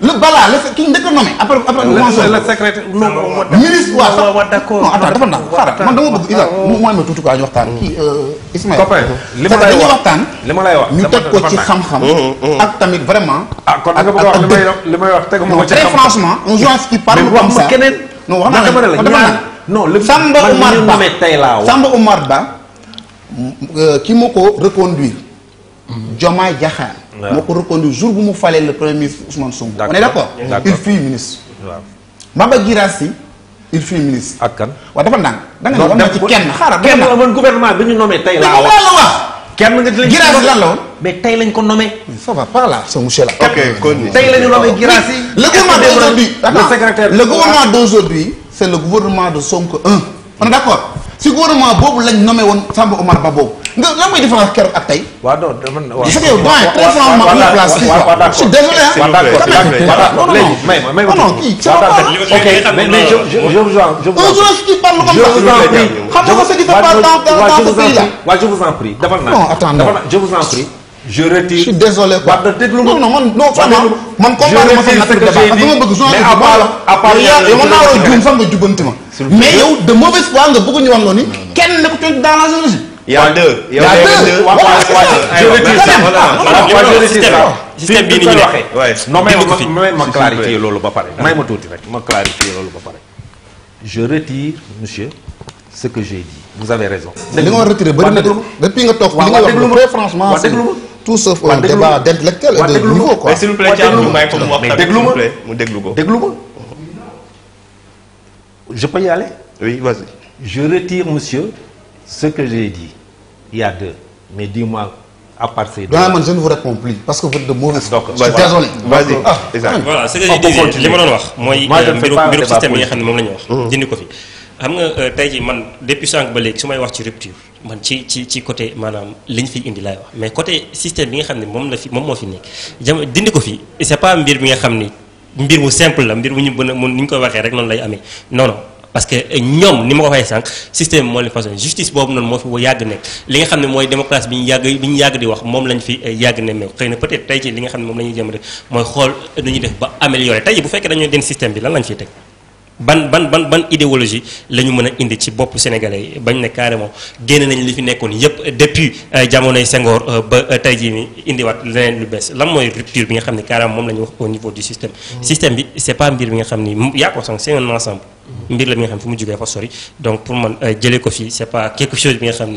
le balaa la ki njëkk a nommé après après. le secrétaire non ah, ministre waaw waaw d'accord non attends dafa ndax xaaral man dama bëgg Isa mu mooy ma tuuti quoi ñu waxtaan. kii euh, Ismaël. copain li ma lay wax waxtaan. li ma lay wax ñu teg ko ci xam-xam. ak tamit vraiment. ah kon nga bëgg a wax li may li may wax tegu ma ko ci xam-xam très franchement. on joue qui parle comme ça keneen. non wax dama la ñaar non Samba Omar Ba euh, ki moo ko reconduire. Joma mm-hmm. Jaxaar. Je suis reconnu le jour bu mu fallait le premier ministre Ousmane Sonko. on est d'accord il fut ministre. waaw Girassi, il fut ministre. À kan waaw dafa Il da nga ne ci kenn xaaral kenn la woon gouvernement bi ñu nommé tey laa wax kenn nga di mais lañ nommé. ça va pas là ce monsieur là. nommé le gouvernement ah. d'aujourd'hui c'est le gouvernement de Sonko 1. on est d'accord Si le gouvernement est lañ nommé il Samba Omar Babo, nga lan mooy différence keroog ak tey. waaw non dama ne waaw. waaw waaw waaw waaw place je suis désolé ah. waaw d'accord léegi may ma may ma. non kii ça va ok mais je je je vous en je vous en prie. eu, nga ce eu, se passe eu, dans ce eu, là. waaw je vous en prie defal naa. non attends je vous en prie. je retire je suis désolé quoi eu, déglu ma non man non eu, man comparé eu, seen affaire eu, parce que eu, bëgg su eu, la jublu à part yow mën eu, war a eu, sax nga eu, ma mais de mauvaise foi nga bëgg ñu wax noonu ni kenn nekkul dans la géologie Il y a deux. Il y a Je retire monsieur ce que j'ai dit. Vous avez raison. tout sauf un débat d'intellectuel et de nouveau. Je peux y aller? Oui, vas-y. Je retire monsieur ce que j'ai dit il y a deux. Mais dis-moi, à partir de deux. Non, je ne vous réponds plus parce que vous êtes de mauvais. Donc, je suis Vas-y. Ah, voilà, c'est que ah, je Je Moi, je ne fais pas le système Je hum. xam nga euh, man depuis sànq ba léegi su wax ci rupture man ci ci côté mais côté système bi nga xam ne la fi c'est pas mbir bi nga xam mbir simple la mbir mu ñu bën koy non non parce que ñom ni ma fay système mo le façon justice bobu non mo fi nek li nga démocratie ils ont biñu di wax ont lañ fi eh, ne peut-être tay ci li nga jëm rek améliorer bu système bi lan ban ban ban ban idéologie lañu mëna indi ci bop sénégalais yi bañ ne carrément génné nañ li fi nékkone yépp depuis euh, jamonoy Senghor euh, ba euh, tey jii nii indiwaat leneen lu bees lan moy rupture bi nga xam carrément mom lañu wax au niveau du système. Mm. système bi c'est pas mbir bi nga xam ni ko sànq c'est un ensemble. Mm. mbir la bi nga xam ne fu mu jógee fa sori donc pour man jëlé ko fi c'est pas quelque chose bi nga xam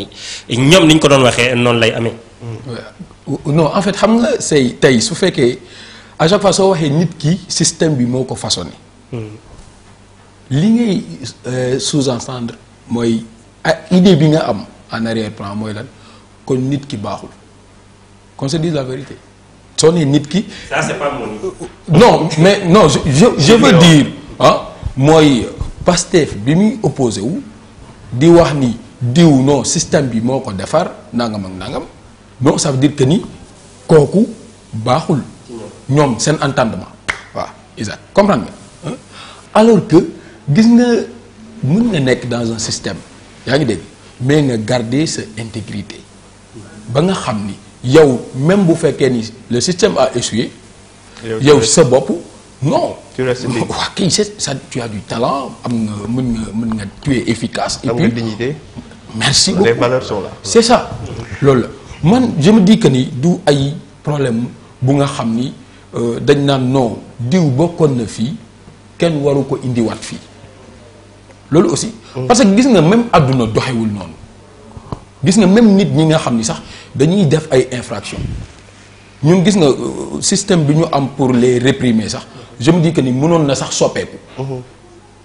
ñom niñ ko doon waxé non lay amé mm. non en fait xam nga c'est tay su féké à chaque fois soo waxee nit ki système bi moko façonné li euh, sous-entendre moi ah, idée bi am en arrière-plan moi là, qu'on nit ki qu'on se dise la vérité nit ça c'est pas mon non mais non je je, veux dire hein, hein pasteur opposé wu di wax ni non système bi nangam nangam non ça veut dire que ni non C'est un entendement Voilà, comprendre hein? alors que gis nga mën nga nekk dans un système yaa ngi dégg mais nga garder sa intégrité ba nga xam ni yow même bu fekkee ni le système a essuyé. yow sa bopp non. tu restes ça tu as du talent am nga mën nga nga tu es efficace. et puis dignité. merci beaucoup les valeurs sont là. c'est ça loolu man je me dis que ni du ay problème bu nga xam ni euh, dañ naan non diw bokkoon na fii kenn waru ko indiwaat fii loolu aussi parce que gis nga même aduna doxewul non gis même nit ñi nga sax dañuy def ay infraction ñun nga euh, système bi am pour les réprimer je me dis que ni mënon na sax pas,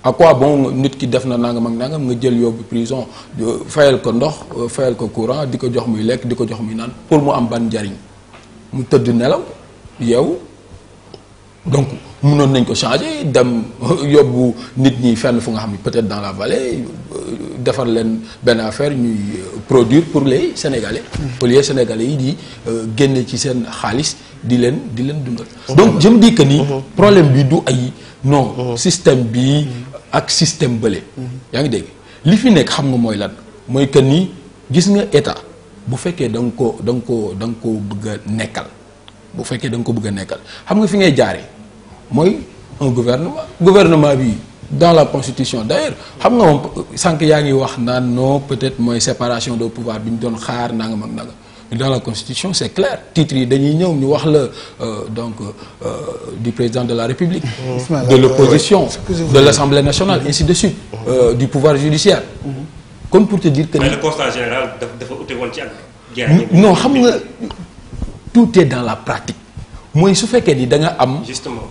à quoi bon nit ki def na nangam ak nga jël prison euh, fayal ko ndox euh, fayal ko courant diko jox muy di jox muy nan pour mu am ban jariñ mu nelaw donc nous avons ko changer peut-être dans la vallée nous euh, affaires affaire euh, produire pour les sénégalais. pour hmm. les sénégalais yi di euh, génne ci des di hmm. donc je me dis que le hmm. problème bi du le non. système bi ak système Ce ngi li fi que a nekkal bu moi, un gouvernement gouvernement dans la constitution d'ailleurs sans nga y ait non peut-être une séparation de pouvoir mais dans la constitution c'est clair titre de euh, donc euh, du président de la république de l'opposition de l'assemblée nationale ainsi de suite euh, du pouvoir judiciaire mm-hmm. Comme pour te dire que mais le constat général dafa que ci non tout est dans la pratique moi su fekkee ni da nga am. justement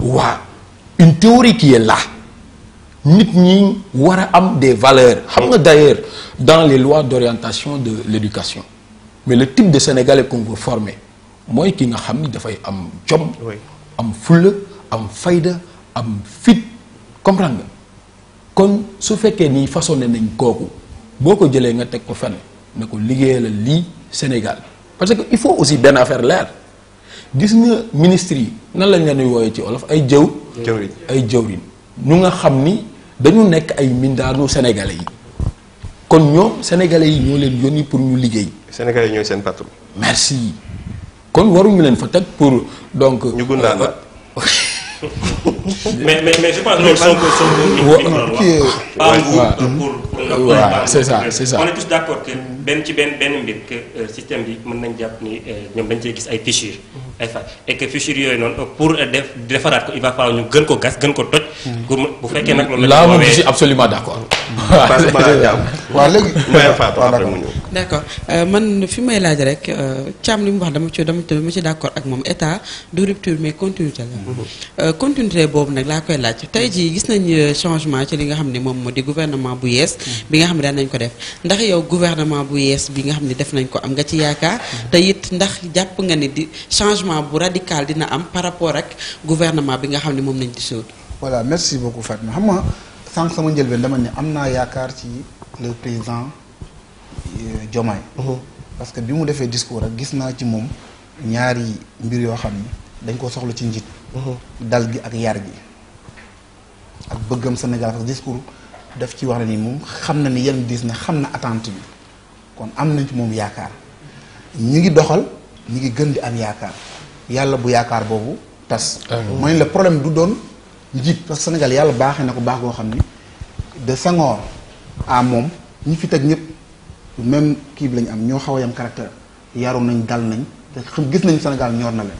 une théorie qui est là nit ñi war am des valeurs xam nga d'ailleurs dans les lois d'orientation de l'éducation mais le type de sénégalais qu'on veut former moi ki nga xam ni faire am job am full am fayda am fit comprendre nga kon su fekkee ni façon nañ kooku beaucoup de gens nga te ko ne ko le lit Sénégal parce que il faut aussi bien affaire l'air gis nga ministre yi nan lañ leen di wooyee ci olof ay jëw ay jëwriñ ñu nga xam ni dañu nekk ay mindaanu sénégalais yi kon ñoom sénégalais yi ñoo leen yónni pour ñu liggéey sénégalais ñooy seen patron merci kon waruñu leen fa teg pour donc ñu gundaandaat mais mais mais je pense loolu Sonko Sonko kii pour waaw c'est ça c'est ça on est tous d'accord que benn ci benn benn mbir que euh, système bi mën nañ jàpp ni euh, ñoom dañ cee gis ay fissures ay failles et que fissures yooyu noonu euh, pour def defaraat ko il va falloir ñu gën ko gas gën ko toj. pour bu fekkee nag loolu la. moom je suis absolument d'accord. waaw léegi. d'accord man fi may laaj rek Thiam li mu wax dama ci dama ci d'accord ak moom état de rupture mais continuité la mm-hmm. continuité boobu nag laa koy laaj tey jii gis nañ euh, changement ci li nga xam ne moom moo di gouvernement bu yees mm. bi nga xam ne daan nañ ko def ndax yow gouvernement bu yees bi nga xam ne def nañ ko am nga ci yaakaar mm. te it ndax jàpp nga ne di changement bu radical dina am par rapport ak gouvernement bi nga xam ne moom nañ di sóot voilà merci beaucoup Fatma xam nga sànq sama njëlbeen dama ne am naa yaakaar ci le président euh, Diomaye mm-hmm. parce que bi mu defee discours rek gis naa ci moom ñaari mbir dañ ko soxla ci njit mhm. dal gi ak yar gi ak bëggam sénégal sax discours daf ci wax ni moom xam na ni dis na attente bi kon am nañ ci moom yaakaar ñi ngi doxal ñi ngi gën am bu tas mooy le problème du doon njit parce que sénégal yàlla baaxee na ko baax goo xam ni de sangoor à moom ñi fi teg ñëpp même kii lañ am ñoo xaw a yam caractère nañ dal nañ te gis nañ sénégal ñor na leen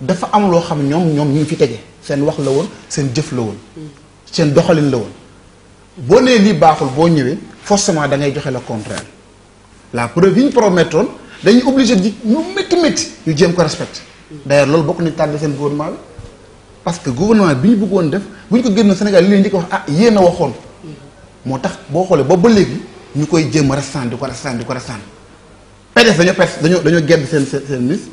dafa am loo xam ñoom ñoom ñu fi tege seen wax la woon seen jëf la woon seen doxalin la woon boo nee lii baaxul boo ñëwee forcément da ngay joxe le contraire la preuve yi ñu promettoon dañuy obligé di ñu métti métti ñu jéem ko respecté d'ailleurs loolu bokk nañ tànn seen gouvernement bi parce que gouvernement bi ñu bëggoon def bu ñu ko génnoon Sénégal li leen di ko wax ah yéen a waxoon moo tax boo xoolee ba ba léegi ñu koy jéem a restant di ko restant di ko restant PDS dañoo perte dañoo dañoo gedd seen seen ministre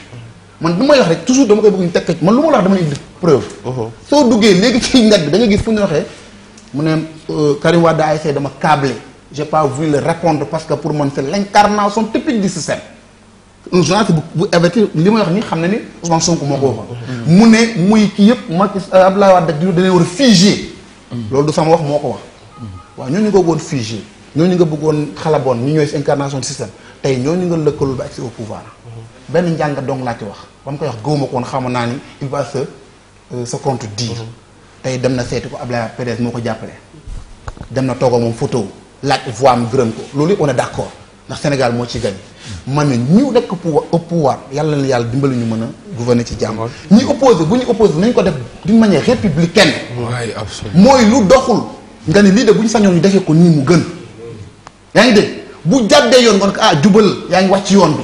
man du wax rek toujours dama koy bëgg ñu tek man lu ma wax dama lay indi preuve. soo duggee léegi ci net bi da nga gis fu ñu waxee mu ne euh, Karim Wade ASC dama câblé j'ai pas voulu le répondre parce que pour man c'est l'incarnation typique du système. un journaliste bu bu avertir li may wax ni xam na ni Ousmane Sonko moo ko waxoon. mu ne muy kii yëpp Macky euh, Abdoulaye Wade di dañoo war a figé. loolu du sama wax moo ko wax. waaw ñooñu nga bëggoon figé ñooñu nga bëggoon xalaboon ñi ñooy incarnation du système tey ñooñu nga lëkkaloo ba accès au pouvoir. benn njàngat dong laa ci wax ba mu koy wax gëwuma ko woon xamoon naa ni il va se euh, se contredire mhm. tey dem na seeti ko Ablaye Pérez moo ko jàppale dem na toogoo moom photo laaj voix am gërëm ko loolu yëpp on est d'accord ndax Sénégal moo ci gagné mhm. man na ñu nekk pouvoir au pouvoir yàlla na yàlla dimbali ñu mën a gouverner ci jàmm ñi opposé bu ñu opposé nañ ko def d'une manière républicaine mooy lu doxul nga ni lii de bu ñu sañoon ñu defee ko nii mu gën yaa ngi dégg bu jàddee yoon nga ne ko ah, jubal yaa ngi wàcc yoon bi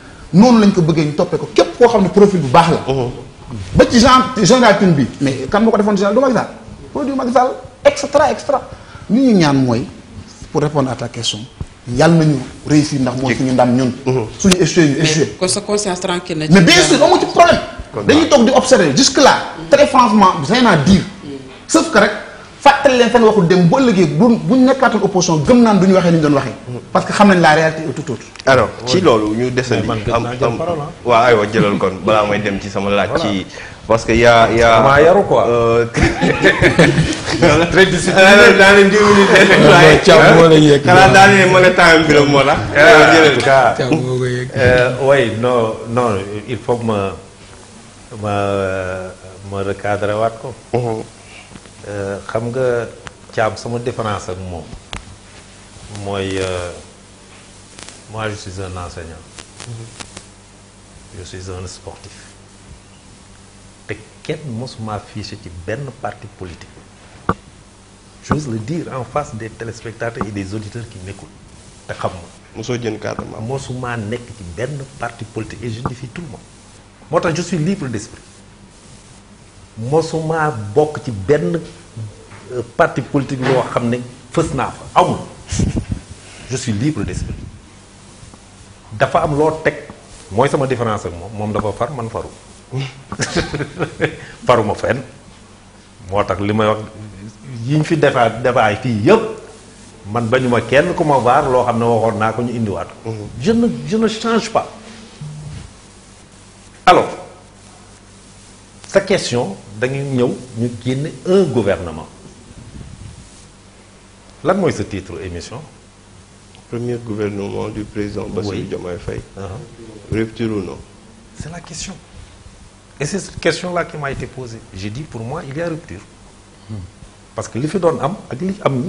noonu lañ ko bëggee ñu toppee ko képp koo xam ne profil bu baax la. Uh-huh. ba ci genre général tun bi mais kan moo ko defoon général du Macky Sall produit Macky Sall et cetera ñu ñaan mooy pour répondre à ta question yàlla nañu réussir ndax mooy suñu ndam ñun. Uh-huh. suñu échoué ñu échoué. kon sa conscience tranquille na ci mais bien sûr amu ci problème. dañuy toog di observer jusque là. très franchement rien à dire mm. sauf que rek. fàttali leen seen waxul dem bu ëllëgee bu nekkaatul opposition gëm naan du ñu waxee ni ñu doon waxee. parce que xam nañ la réalité tout autre. alors ci loolu ñu desandi. am am waaw aywa jëlal kon balaa may dem ci sama laaj. ci parce que yaa yaa. maa yaru quoi. Euh, très discipliné daa waaye càmm moo il faut ma ma ma recadré waat ko. Mhm. xam nga caam sama différence ak moom mooy euh, moi je suis un enseignant mhm. je suis un sportif te kenn mosuma fiche ci benn parti politique chose le dire en face des téléspectateurs et des auditeurs qui m'écoutent te xam ma mosoo jën carrément mosuma nekk ci benn parti politique et je défie tout le monde moo tax je suis libre d'esprit mosuma bok ci ben parti politique lo xamné feus na fa amul je suis libre d'esprit dafa am lo tek moy sama différence ak mom mom dafa far man faru faruma fenn moo tax li wax yiñ fi defaa defaay fi yépp man bañuma kenn ku ma vaar loo xam ne waxoon naa ko ñu indiwaat ko mm-hmm. je ne je ne change pas alors sa question d'un de ñu un gouvernement lan moi ce titre émission. premier gouvernement du président Bassi Diomaye uh-huh. rupture ou non. c'est la question et c'est cette question là qui m'a été posée j'ai dit pour moi il y a rupture. Hmm. parce que li fi doon am ak li am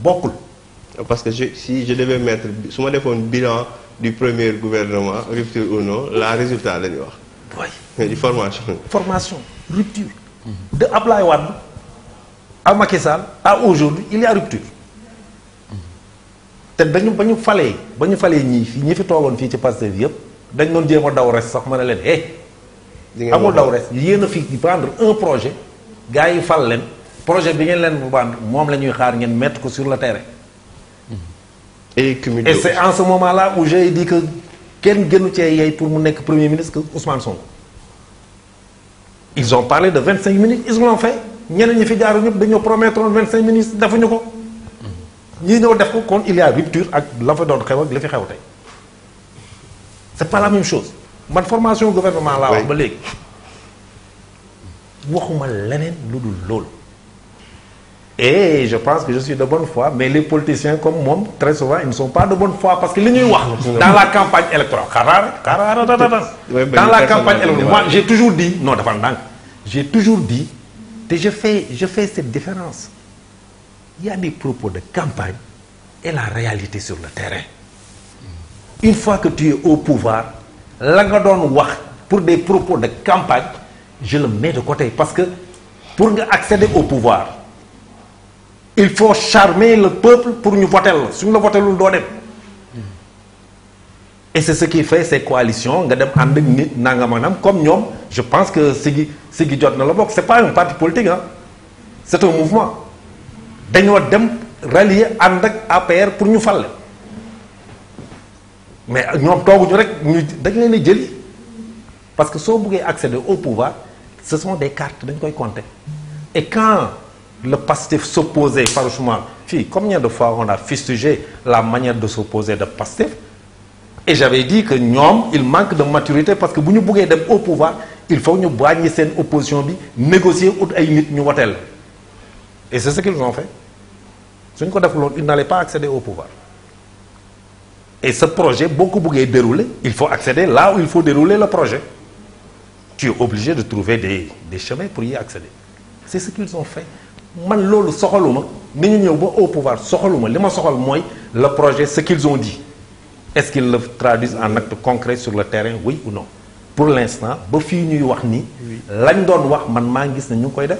Beaucoup, hmm. parce que si je devais mettre su faire un bilan du premier gouvernement rupture ou non la résultat allait y oui formation. rupture. de Ablaye Wade à Macky à aujourd'hui il y a rupture. te dañu ba ñu fallait, ba ñu fallait ni, fii ñi fi toogoon fii ci Pastef yëpp dañ doon jéem a daw res sax ma ne leen eh. amul daw res yéen a fi vendre un projet gars yi fal leen projet bi ngeen leen vendre moom la ñuy xaar ngeen mettre ko sur la terre. et cumulé et c'est en ce moment là où j'ai dit que. Quel est le pour mon premier ministre Ousmane Son Ils ont parlé de 25 minutes, ils l'ont fait. Ils ont fait des de promettre 25 minutes, Ils ont fait des Il y a rupture avec l'enfant de de Ce n'est pas la même chose. Ma formation au gouvernement, là, je ne sais pas. Je ne sais et je pense que je suis de bonne foi mais les politiciens comme moi très souvent ils ne sont pas de bonne foi parce que les nuits, dans la campagne électorale dans la campagne électorale moi j'ai toujours dit non j'ai toujours dit Et je fais cette différence il y a des propos de campagne et la réalité sur le terrain une fois que tu es au pouvoir la pour des propos de campagne je le mets de côté parce que pour accéder au pouvoir il faut charmer le peuple pour nous voter la nous voter, le et c'est ce qui fait ces coalitions comme nous, je pense que qui, qui c'est pas un parti politique hein. c'est un mouvement Nous dem rallier APR pour nous fal mais nous, devons rek ñu parce que vous voulez accéder au pouvoir ce sont des cartes dañ koy et quand le PASTEF s'opposait franchement. Fille, combien de fois on a fustigé la manière de s'opposer de PASTEF Et j'avais dit que nous, il manque de maturité parce que si nous voulons être au pouvoir, il faut nous bagner cette opposition, négocier les nous Et c'est ce qu'ils ont fait. ils n'allaient pas accéder au pouvoir. Et ce projet, beaucoup voulaient dérouler, il faut accéder là où il faut dérouler le projet. Tu es obligé de trouver des, des chemins pour y accéder. C'est ce qu'ils ont fait man loolu soxaluma ni ñu ñëw ba au pouvoir soxaluma li ma soxal mooy le projet ce qu'ils ont dit est-ce qu'ils le traduisent en acte concret sur le terrain oui ou non pour l'instant ba fii ñuy wax ni lañ doon wax man maa gis ne ñu ngi koy def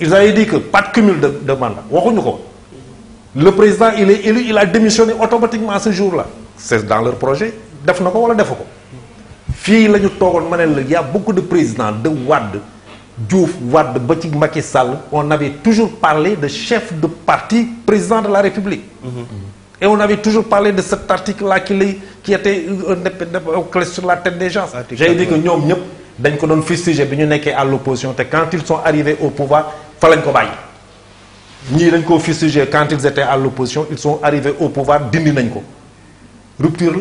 ils avaient dit que pas de cumul de de mandat waxuñu ko le président il est élu il a démissionné automatiquement à ce jour-là c'est dans leur projet def na ko wala defu ko fii la ñu toogoon ma ne y a beaucoup de présidents de wadd Diouf, Macky on avait toujours parlé de chef de parti, président de la République. Mhm. Et on avait toujours parlé de cet article-là qui, qui, était sur la tête des gens. J'ai dit que nous, nous, nous avons nous, nous à l'opposition. Quand ils sont arrivés au pouvoir, il fallait qu'on Nous avons quand ils étaient à l'opposition, ils sont arrivés au pouvoir, nous. Rupture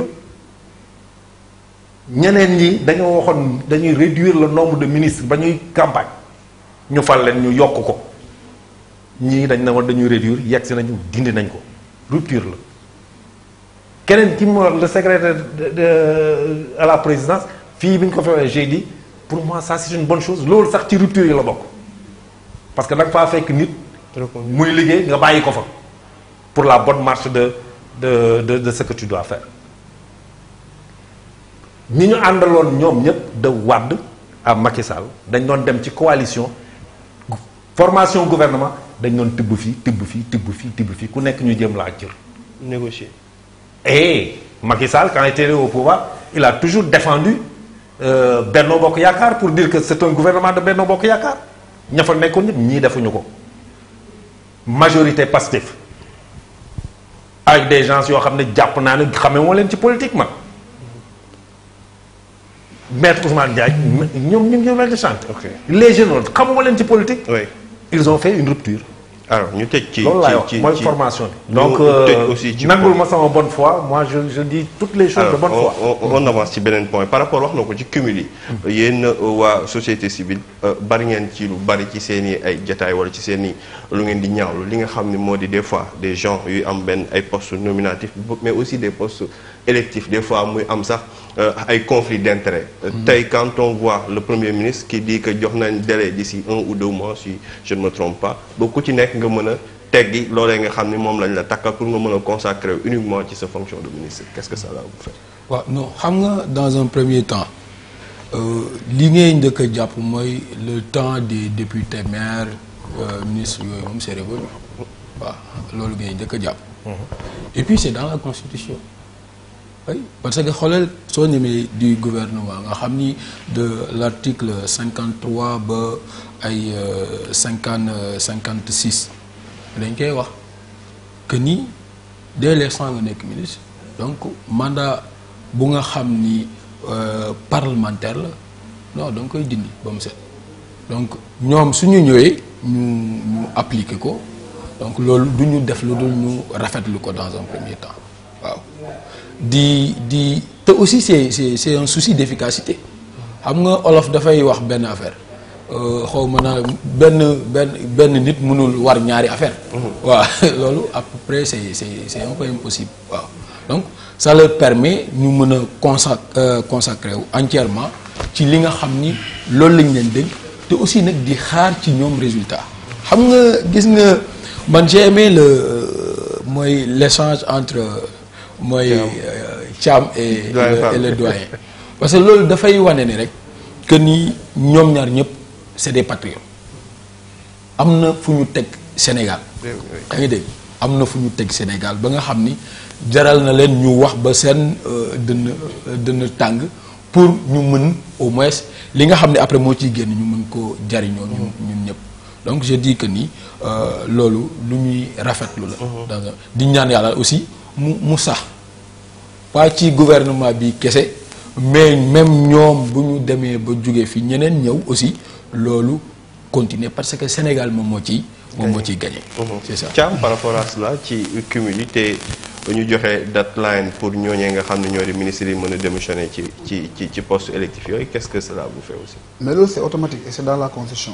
ñeneen ñi dañoo waxoon dañuy réduire le nombre de ministres ba ñuy campagne ñu fal leen ñu yokk ko ñii dañ ne woon dañuy réduire yegg si nañu dindi nañ ko rupture la keneen ki mu le secrétaire de à la présidence fii bi ñu ko fewee j'ai dit pour moi ça c'est une bonne chose loolu sax ci rupture yi la bokk parce que da nga faa fekk nit muy liggéey nga bàyyi ko fa pour la bonne marche de de de de ce que tu dois faire ñi ñu àndaloon ñoom de Wad à Macky Sall dañ doon dem ci coalition formation gouvernement dañ doon tibb fi tibb fi tibb fi tibb fi ku nekk ñu jëm laa jër. négocier. et Macky Sall quand il était au pouvoir il a toujours défendu euh, Benno Bokk pour dire que c'est un gouvernement de Benno Bokk Yaakaar ña fa nekkoon ñi ñii defuñu ko majorité Pastef Avec des gens qui ont japp jàpp naa ne xamee pas leen ci politique maître Ousmane Diagne ñoom ñu ngi ñoom de sant les jeunes comme leen ci politique. ils ont fait une rupture. alors ñu tëj ci formation donc nangul ma sama bonne foi moi je je dis toutes les choses de bonne foi. on avance ci beneen point par rapport wax na ko ci cumul yi. yéen euh, waa société civile euh, bari ngeen ci lu bari ci seen i ay jataay wala ci seen i lu ngeen di ñaawlu li nga xam ne des fois des gens yu am benn ay postes nominatifs mais aussi des postes électifs des fois muy am sax un euh, conflit d'intérêts. Euh, mhm. quand on voit le premier ministre qui dit que a un délai d'ici un ou deux mois si je ne me trompe pas beaucoup de gens nekk nga mën pour consacrer uniquement à cette fonction de ministre qu'est-ce que ça va vous faire. non dans un premier temps euh, li ngay le temps des députés maires ministres c'est révolu bah et puis c'est dans la constitution parce que regardez, soit nommé du gouvernement, on a de l'article 53 b à 56. Donc, que ni dès l'élection de ministre, donc mandat bon à hamni euh, parlementaire, non donc il dit bon c'est donc nous on s'ennuie nous nous appliquer donc nous devons nous refaire le quoi dans un premier temps. di di te aussi c'est c'est c'est un souci d'efficacité xam nga olof dafay wax benn affaire euh, xaw ma naa benn benn benn nit mënul war ñaari affaire mhm. waaw loolu à peu près c'est c'est c'est impossible waaw donc ça leur permet ñu mën a consac euh, consacré wu entièrement ci li nga xam ni loolu lañ leen dégg te aussi nag di xaar ci ñoom résultat xam nga gis nga man j'ai aimé euh, mooy l'échange entre mooy Thiam euh, et le doyen parce que loolu dafay wane ni rek que ni ñoom ñaar ñëpp c'est des patriotes am na fu ñu teg Sénégal da am na fu ñu teg Sénégal ba nga xam ni jaral na leen ñu wax ba seen euh, dënn euh, dënn tàng pour ñu mën au moins li nga xam ne après moo ciy génn ñu mën ko jariñoo ñun ñun ñëpp donc je di que ni loolu lu ñuy rafetlu la mm-hmm. di ñaan yàlla aussi mu mu sax pas ci gouvernement bi kessé mais même ñom bu ñu demee ba jóge fi ñeneen ñew aussi lolu continuer parce que Sénégal moom mo ci moom mo ci gagné c'est ça par rapport à cela ci communauté ñu joxé deadline pour nous nga xam ne di ministres yi démissionner ci ci ci poste électif yoy qu'est-ce que cela vous fait aussi mais c'est automatique et c'est dans la constitution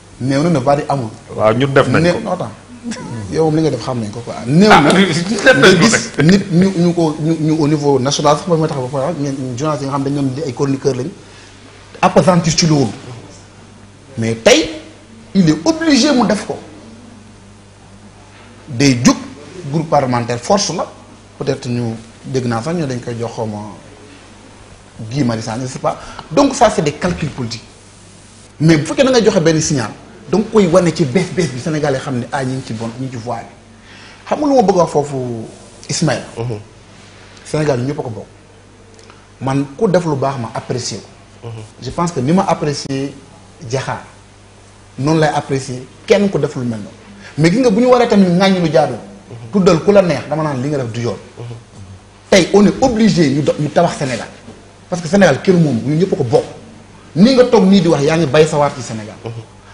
ne ne ah, def nañ ko yow au niveau national ne tax ba yi nga xam Il mais il est obligé de faire. Des groupes parlementaires groupe peut-être ñu nous naa des ñu dañ koy jox je ne sais pas donc ça c'est des calculs politiques mais pourquoi que da ngay bien des signal. da nga koy wane ci bees bees bi Sénégalais xam ne ah ñu ngi ci bon ñu ngi ci voie xam nga lu ma bëgg wax foofu Ismaël. Mhm. Sénégal ñëpp ko bokk. man ku def lu baax ma apprécier ko. Mhm. je pense que ni ma apprécier jaxaar noonu lay apprécier kenn ku def lu mel noonu mais gis nga bu ñu waree tamit ŋàññi lu jaadu. Mhm. tuddal ku la neex dama naan li nga def du yoon. tey on est obligé ñu ñu tabax Sénégal parce que Sénégal kenn moom ñu ñëpp ko bokk ni nga toog nii di wax yaa ngi bay sawaar ci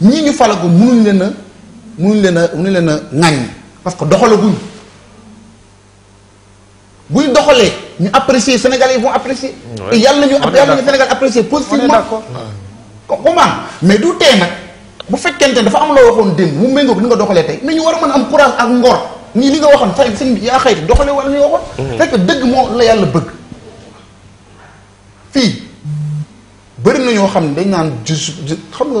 ñii ñu falagu mënuñ leen a mënuñ leen a mënuñ leen a ŋàññ parce que doxalaguñ buñ doxalee ñu apprécier Sénégalais yi vont apprécier. te yàlla nañu na nañu Sénégal apprécier positivement. comment mais du tee nag bu fekkente ne dafa am loo waxoon démb mu méngook ni nga doxalee tey mais ñu war a mën am courage ak ngor ñi li nga waxoon sa yaa xëy doxalee wala li nga waxoon. Mm-hmm. fekk dëgg moo la yàlla bëgg. fii bëri na ñoo xam ne dañ naan ju xam nga.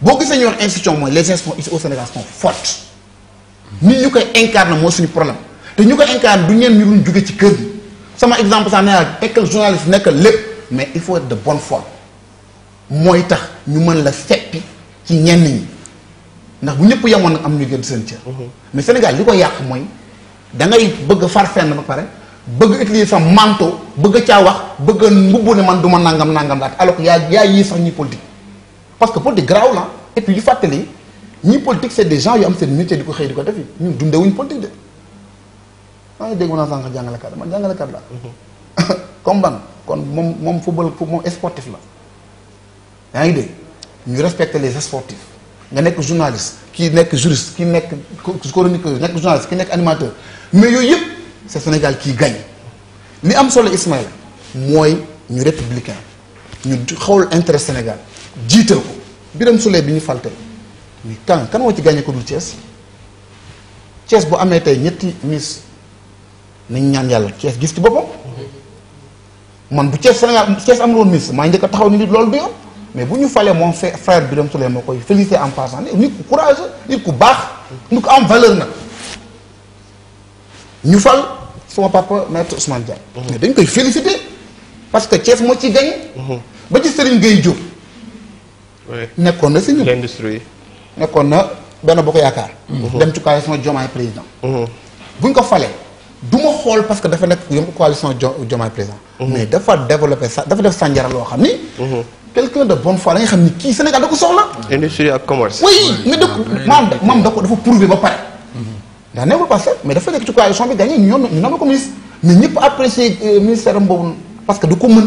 boo gisee ñuy wax institution mooy les institutions ici au Sénégal sont fortes nit ñu koy incarne moo suñu problème te ñu koy incarne du ñeen ñu luñ jóge ci kër gi sama exemple sax nee naa nekkal journaliste nekkal lépp mais il faut être de bonne foi mooy tax ñu mën la seppi ci ñenn ñi ndax bu ñëpp yemoon nag am ñu gën seen cër mhm. mais Sénégal li ko yàq mooy da ngay bëgg far fenn ba pare bëgg utiliser sa manteau bëgg caa wax bëgg mbubb ne man du nangam nangam laat alors que yaa yaa sax ñi politique parce que pour être là et puis li que ni politique c'est des gens qui ont métier qui politique de la ah, mhm. comme football sportif la les sportifs nga journaliste qui que juriste chroniqueur journaliste qui animateur mais c'est Sénégal qui gagne Mais Amsole solo Ismaël nous, républicains, républicain ñu avons intérêt Sénégal jiital ko Birame Souleye bi ñu falte mais kan kan moo ci gagné ko dul cees Thiès bu amee tey ñetti miss nañ ñaan yàlla Thiès gis ci boppam man bu Thiès Sénégal Thiès amul woon miss maa njëkk a taxaw ni nit loolu du yoon mais bu ñu falee moom frère Birame Souleye moo koy félicité en passant nit ku courageux nit ku baax nit ku am valeur nag ñu fal sama papa maître Ousmane Dia mhm. mais dañ koy félicité parce que Thiès moo ci gagné mhm. ba ci Serigne Gueye Diop nekkoon na si ñun l'industrie nekkoon na benn boo ko yaakaar mhm. dem ci coalition Diomaye président mhm. bu ñu ko falee du xool parce que mhm. dafa def sànjara loo xam ni quelqu'un de bonne foi da xam ni kii Sénégal da ko soxla industrie ak commerce oui da ko dafa prouvé ba pare daa nekkul passé mais dafa nekk ci coalition bi gagné ñu ñoom ñu nommé ko ministre mais ñëpp apprécié euh, ministère am parce que du ko mën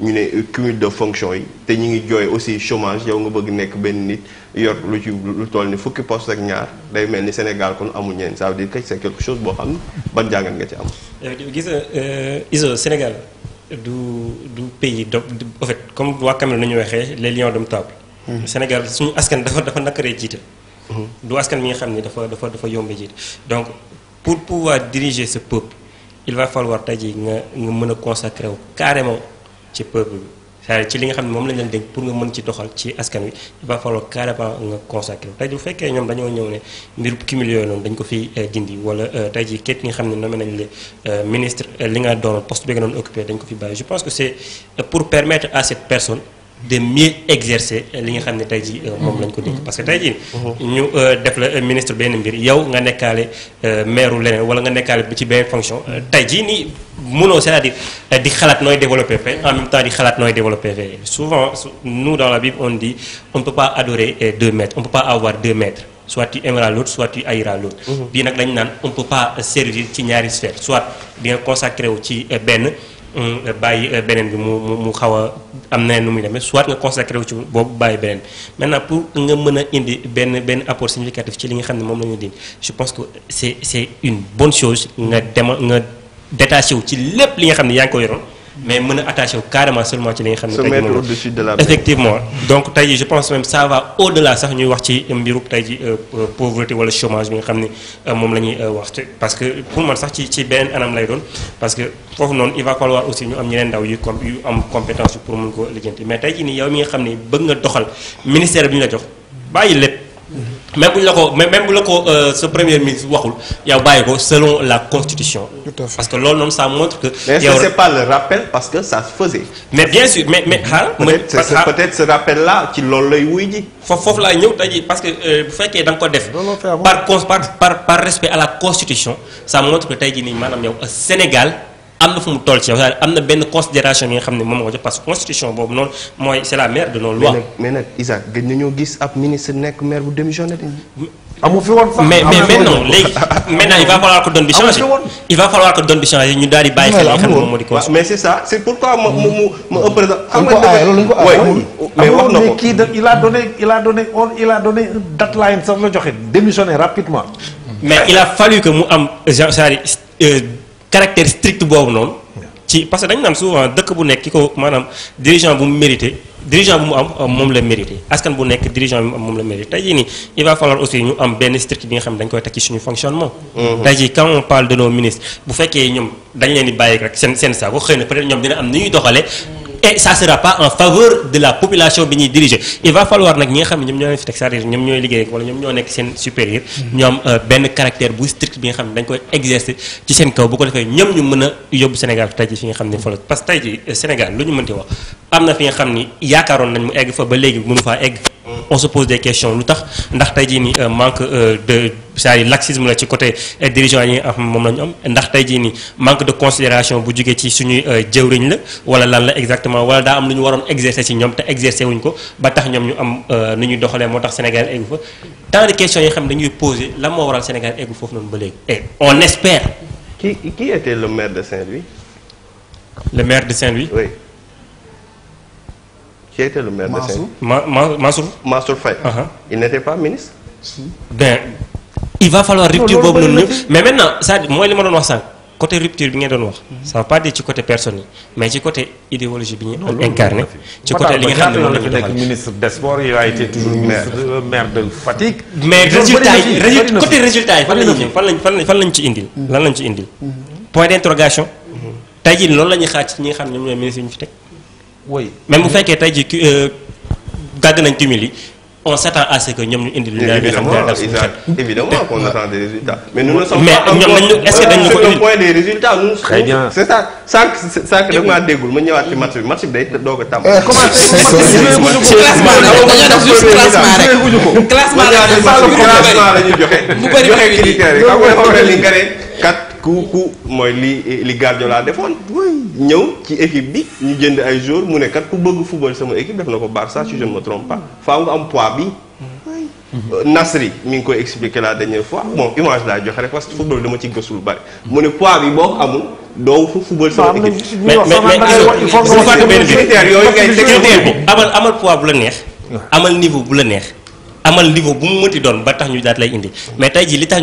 ñu ne cumul de fonction yi te ñu ngi jooy aussi chômage yow nga bëgg nekk benn nit yor lu ci lu toll ni fukki poste ak ñaar day mel ni Sénégal kon amu ñeen ça veut dire que c'est quelque chose boo xam ne ban jàngat nga ci am. gis nga euh, ISO Sénégal du du pays do en fait comme waa Cameroun nañu waxee les lions de table. Hmm. Sénégal suñu askan dafa dafa nakkaree jiite. Hmm. du askan mi nga xam ni dafa dafa dafa yombee jiite donc pour pouvoir diriger ce peuple il va falloir tey jii nga nga mën a consacrer wu carrément. ci peuple bi cest à ci li nga xam ne moom lañ leen dénk pour nga mën ci doxal ci askan wi il va falloir nga consacré tey bu fekkee ñoom dañoo ñëw ne mbiru cumul yooyu noonu dañ ko fi euh, dindi wala euh, tey jii képp nga xam ne nommé nañ la euh, ministre li nga doonoon poste bi nga doon occupé dañ ko fi bàyyi je pense que c'est pour permettre à cette personne de mieux exercer li nga xamné ne euh, lañ ko parce que tey jii mhm. ñu euh, def la euh, ministre benn mbir yow nga nekkaale maire leneen wala nga nekkaale ci benn fonction tey ni nii mënoo c'est-à-dire di xalat noy développé fait en même temps di xalat noy développer souvent nous dans la Bible on dit on ne peut pas adorer deux maîtres on ne peut pas avoir deux maîtres soit tu aimeras l'autre, soit tu haïras l'autre. bien nak lañ on ne peut pas servir ci ñaari sphère soit bien nga consacré wu ci ben Euh, bàyyi euh, beneen bi mu mu mu xaw a am na nu muy demee soit nga consacré wu ci boobu bàyyi beneen bi maintenant pour nga mën a indi benn benn apport significatif ci li nga xam ne moom la ñu di je pense que c' est c' est une bonne chose nga dema nga détaché wu ci lépp li nga xam ne yaa ngi ko yoroon. mais mën a attaché carrément seulement ci li nga xam ne. se mettre effectivement donc tey jii je pense même ça va au-delà sax ñuy wax ci mbiru tey ji euh, euh, pauvreté wala chômage bi nga xam ne euh, moom la ñuy wax parce que pour man sax ci ci benn anam lay doon parce que foofu noonu il va falloir aussi ñu am ñeneen ndaw yu comme yu am compétence pour mën ko lijjanti mais tey jii ni yow mi nga xam ne bëgg nga doxal ministère bi ñu la jox bàyyi lépp même si euh, ce premier ministre y l'a bàyyi selon la constitution. parce que l'homme ça montre que. mais ce n'est pas le rappel parce que ça se faisait. mais bien sûr mais mais ah, peut être ce rappel là qui l'a eu. wuy parce que euh, bu qu'il que dans ko def. par par par respect à la constitution ça montre que tu jii un euh, Sénégal am na fu toll ci amna ben na considération yi nga xam ne moom nga parce que constitution bobu non moy c'est la mère de nos lois. mais nak Isa gëj nañoo gis ab ministre nek maire bu démissionné. amu fi won sax mais mais non léegi maintenant il va falloir que donne bi il va falloir que donne bi ñu daal di bàyyi xel li xam ne moom moo di. mais c'est ça c'est pourquoi ma ma ma ma ëppale mais wax nako ko kii il a donné il a donné on il a donné une deadline sax la joxe démissionner rapidement. mais il a fallu que mu am genre caractère strict pour non parce que nous avons souvent bu dirigeant bu mérité dirigeant bu euh, dirigeant il va falloir aussi ñu am strict nga xam dañ koy fonctionnement. Mm-hmm. quand on parle de nos ministres bu faites ñom dañ leen di rek et ça sera pas en faveur de la population bi ñuy diriger il va falloir nag ñi nga xam ne ñoom ñoo leen fi teg c'est-à-dire liggéey wala ñoom ñoo nekk seen supérieur mm-hmm. ñoom euh, benn caractère bu strict bi nga xam dañ koy exercer ci seen kaw bu ko defee ñoom ñu mën a yóbbu Sénégal tey ji fi nga xam ne fa la parce que euh, Sénégal lu ñu mënti wax am na fi nga xam ni nañ mu egg fa ba léegi mënu faa egg on se pose des questions lu tax ndax tey ni euh, manque euh, de c'est-à-dire laxisme la ci côté euh, dirigeant yi mom xam la ñu am ndax tey ni manque de considération bu jugé ci suñu jëwriñ la wala lan la exactement wala da am lu ñu waroon exercer ci ñom te exercer wuñ ko ba tax ñom ñu am nu ñuy doxalee Sénégal eggu fa tant de questions yi xam dañuy poser lan mo waral Sénégal eggu foofu non ba léegi on espère. qui qui était le maire de Saint-Louis. le maire de Saint-Louis. oui qui était le maire de uh-huh. Il n'était pas ministre. Ben, il va falloir rupture mais maintenant côté rupture mhm. va pas dire du côté personne mais du côté idéologie incarné côté maire de fatigue mais résultat résultat point d'interrogation mhm. oui même bu fekkee tey jii gàgg nañ cumul yi on s'attend à ce que ñoom ñu indi. lu nga xam ne daf ne mais ñoom nañ est-ce dañ ñu ko point des résultats nous. très bien c'est ça sànq déggul ma ñëwaat ci match bi match bi day doog a tàmbali. commencé classement classement la ñu joxe. bu bëri joxe critères yi xam nga li nga ne kat. ku ku mooy li li Guardiola defoon. ñëw ci équipe bi ñu jënd ay joueurs mu ne kat ku bëgg football sama équipe def na ko Barça si je ne me trompe pas faaw nga am poids bi. Euh, Nasri mi ngi koy expliqué la dernière fois bon image laa joxe rek parce que football dama ci gëstu lu bari. mu ne poids bi boo amul doo football sama équipe. mais mais mais critères yooyu ngay amal amal poids bu la neex. amal niveau bu la neex. amal niveau bu mu mënti doon ba tax ñu daat lay indi mais tey jii li tax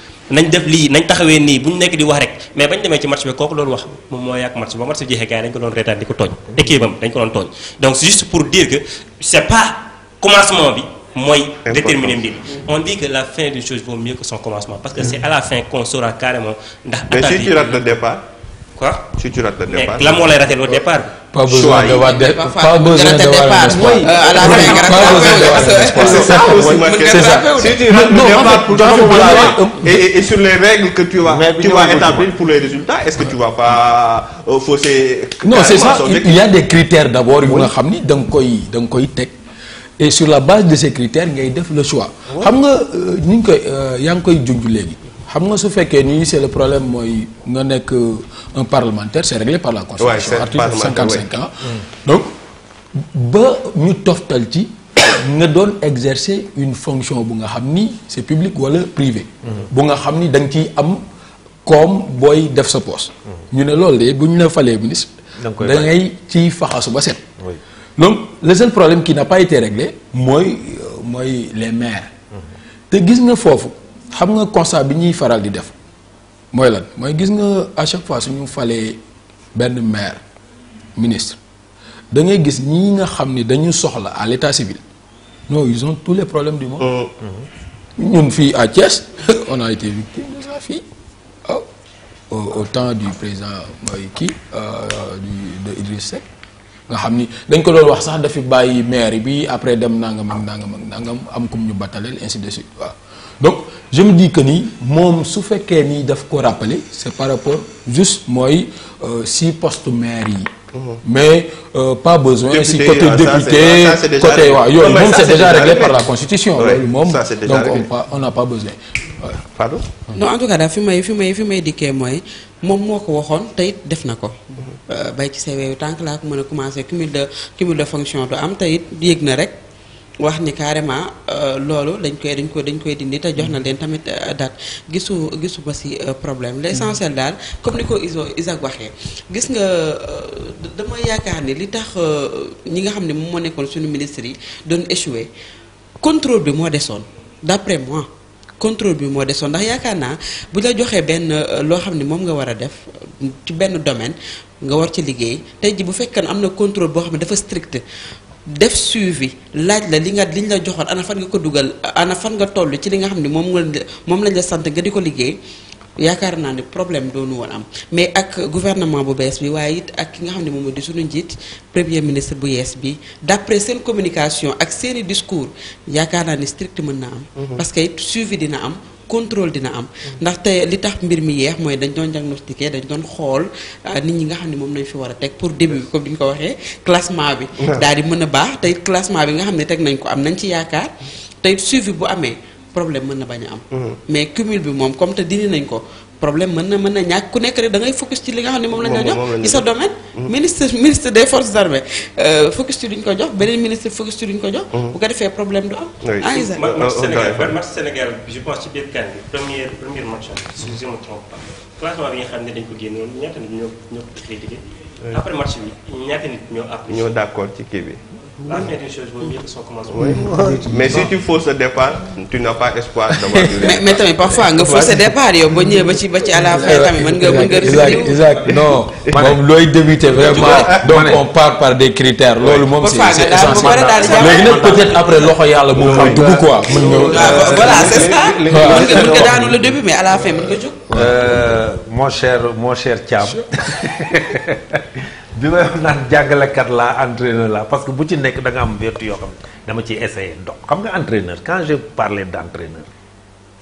nañ def lii nañ taxawee nii bu ñu nekk di wax rek mais bañ demee ci match bi kooku loolu wax moom moo yàq match ba match jeexee gars yi dañ ko doon reetaan di ko tooñ équipe bam dañ ko doon tooñ donc juste pour dire que c'est pas commencement bi mooy déterminer mbir on dit que la fin d'une chose vaut mieux que son commencement parce que mm. c'est à la fin qu'on saura carrément ndax attaque mais si tu rates le départ si tu rates eh, départ départ. pas besoin de pas besoin de euh, et sur les règles que tu vas pour les résultats est-ce que tu vas pas euh, non c'est ça il y a des critères d'abord Il famille d'un ni et sur la base de ces critères y a le choix. Il y a xam nga su fekkee nii c'est le problème mooy nga nekk un parlementaire c'est réglé par la constitution article 55 ans hein. mm. donc ba ñu toftal ci nga exercer une fonction bu nga xam c'est public wala privé mm-hmm. bu nga xam ni ciy am comme boy def sa poste mm-hmm. ñu ne loolu de bu ñu ministre da ngay ciy faxasu ba set donc le seul problème qui n'a pas été réglé moy euh, moy les maires mm-hmm. te gis nga fofu xam nga constat bi faral di def lan gis à chaque fois suñu falee maire ministre da ngay gis ñi nga dañu à l'état civil Nous ils ont tous les problèmes du monde. Euh. ñun fii à Thiès on a été victime de sa fille oh, au temps du président euh, de Idriss nga dañ ko doon maire après dem nangam ak am ainsi de suite donc je me dis que ni mon su que ni rappeler c'est par rapport juste moi, euh, si poste maire mm-hmm. mais euh, pas besoin si côté député côté ah, c'est déjà réglé par la constitution. donc on n'a pas besoin. pardon. non en tout cas la je fi may fi may je je wax ni carrément euh, loolu dañ koy dañ koy dañ koy dindi te jox na leen tamit euh, date gisu gisu ba si euh, problème mm-hmm. l'essentiel daal comme ni ko iso Isaac waxee gis nga dama yaakaar ni li tax ñi nga xam ne moom moo nekkoon suñu ministre yi doon échoué contrôle bi moo desoon d'après moi contrôle bi moo desoon ndax yaakaar naa bu la joxee benn loo xam ne moom nga war a def ci benn domaine nga war ci liggéey tey ji bu fekkee am na contrôle boo xam ne dafa strict def suivi laaj la li nga liñ la joxone ana fan nga ko dugal ana fan nga ci li nga problème am mais ak gouvernement bu premier ministre bu yees bi communication ak discours yaakaar naa ne mhm. parce que suivi dina contrôle dina am ndax te li tax mbir mi yeex mooy dañ doon diagnostiqué dañ doon xool euh, nit ñi nga xam ne moom lañ fi war a teg pour début comme bi ñu ko waxee classement bi daal di mën a baax te classement bi nga xam ne teg nañ ko am nañ ci yaakaar te suivi bu amee problème mën na bañ a am mm-hmm. mais cumul bi moom comme te dindi nañ ko problème mën na mën na ñàkk ku nekk rek da ngay focus ci li nga xam ne moom la ñu jox ci sa domaine mm-hmm. ministre ministre des forces armées euh, focus ci duñ ko jox beneen ministre focus ci duñ ko jox mm-hmm. bu ko defee problème du am Aïssa ah, match Sénégal je pense ci biir kan première première match si je me trompe pas classement bi nga xam ne dañ ko génnoon ñaata nit ñoo ñoo ko critiqué après match nit ñoo apprécié ci kii bi Mais si tu forces le départ, tu n'as pas espoir Mais, parfois, parfois départ à la fin non. on vraiment. donc on part par des critères. c'est peut-être après voilà c'est ça. le début mais à la fin euh, mon cher mon cher bi may wax naan jàngalekat laa entraîneur laa parce que bu ci nekk danga am vertu yoo xam ne dama ciy essayer ndox xam nga entraîneur quand je parlais d' entraîneur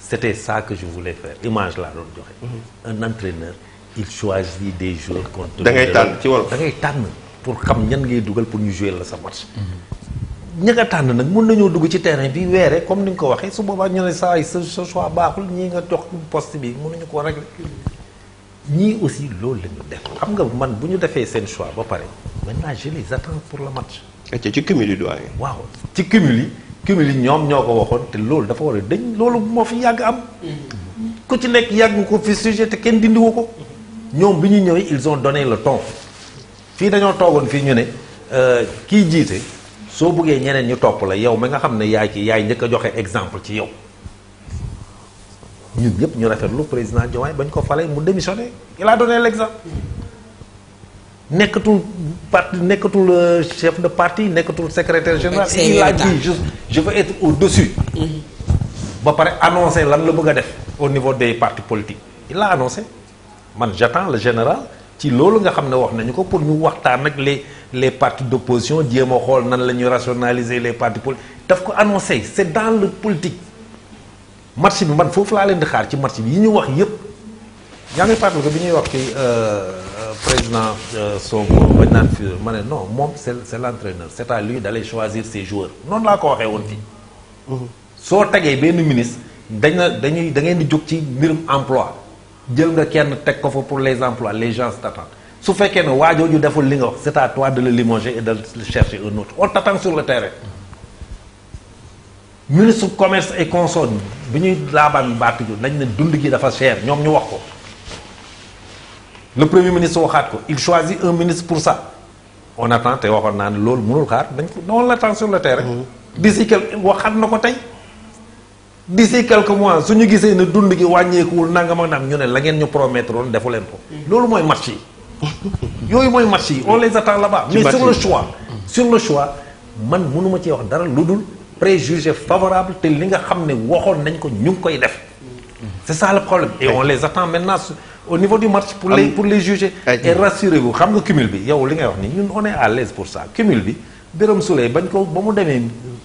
c' était ça que je voulais faire image laa doon joxe. Mhm. un entraîneur il choisit des joueurs contre. da ngay tànn ci wolof da tànn pour xam ñan ngay dugal pour ñu jouer la sa match. Mhm. ñi nga tànn nag mun nañoo dugg ci terrain bi weere comme ni nga ko waxee su boobaa ñu ne saa sa choix baaxul ñii nga jox poste bi mënuñu ko régler. Nous aussi loolu lañu def xam nga man bu ñu choix ba maintenant je les attends pour le match. ci tu doyen. ci ñoom ñoo ko dafa war dañ loolu moo fi yàgg am. ku ci ko fi sujet te kenn dindi ko. ñoom bi ñu ils ont donné le ton fii dañoo toogoon fii ñu ne euh, jiite soo ñeneen ñu la yow nga ne ci yaay njëkk exemple ci ñun ñëpp ñu rafetlu président Diomaye bañ ko falay mu démissionné il a donné l'exemple nekkatul parti nekkatul euh, chef de parti nekkatul secrétaire général. il a dit je je veux être au-dessus. Mm-hmm. ba paré annoncé lan la bëgg def au niveau des partis politiques il l'a annoncé man j'attends le général ci loolu nga xam ne wax nañu ko pour ñu waxtaan ak les les partis d'opposition jéem a xool nan la rationaliser les partis politiques daf ko annoncé c'est dans le politique match bi man foofu laa leen di xaar ci match bi yi ñu wax yëpp yaa ngi fàttali ko bi ñuy wax ci euh, euh, président euh, Sonko bañ naan fi ma ne non moom c'est c'est l'entraîneur c'est à lui d'aller choisir ses joueurs noonu laa ko waxee woon fii mhm. soo tegee benn ministre dañ na dañuy da ngeen di jóg ci mbirum emploi jël nga kenn teg ko fa pour les emplois les gens t'attendent su fekkee ne waajooju deful li nga wax c'est à toi de le limoger et de chercher un autre on t'attend sur le terrain ministre commerce et consomme bi ñuy laabaan baatu ju nañ ne dund gi dafa cher ñoom ñu wax ko le premier ministre waxaat ko il choisit un ministre pour ça on attend te waxoon naa ne loolu mënul xaar dañ ko la l'attend sur le terrain. Mm-hmm. d'ici quelque waxaat na ko tey d'ici quelques mois su ñu gisee ne dund gi wàññeekuwul nga ak nangam ñu ne la ngeen ñu promettre defu leen ko. Mm-hmm. loolu mooy match yi yooyu mooy marché yi on les attend la bas mais sur le mm-hmm. le choix man mënuma ci wax dara lu préjugés favorables te li nga xamné ne nañ ko ñu koy def c'est ça le problème et on les attend maintenant au niveau du match pour les pour les juger et rassurez-vous xam nga cumul bi yow li ngay wax ni ñun on est à l'aise pour ça cumul bi Birame Souleye bañ ko ba mu démé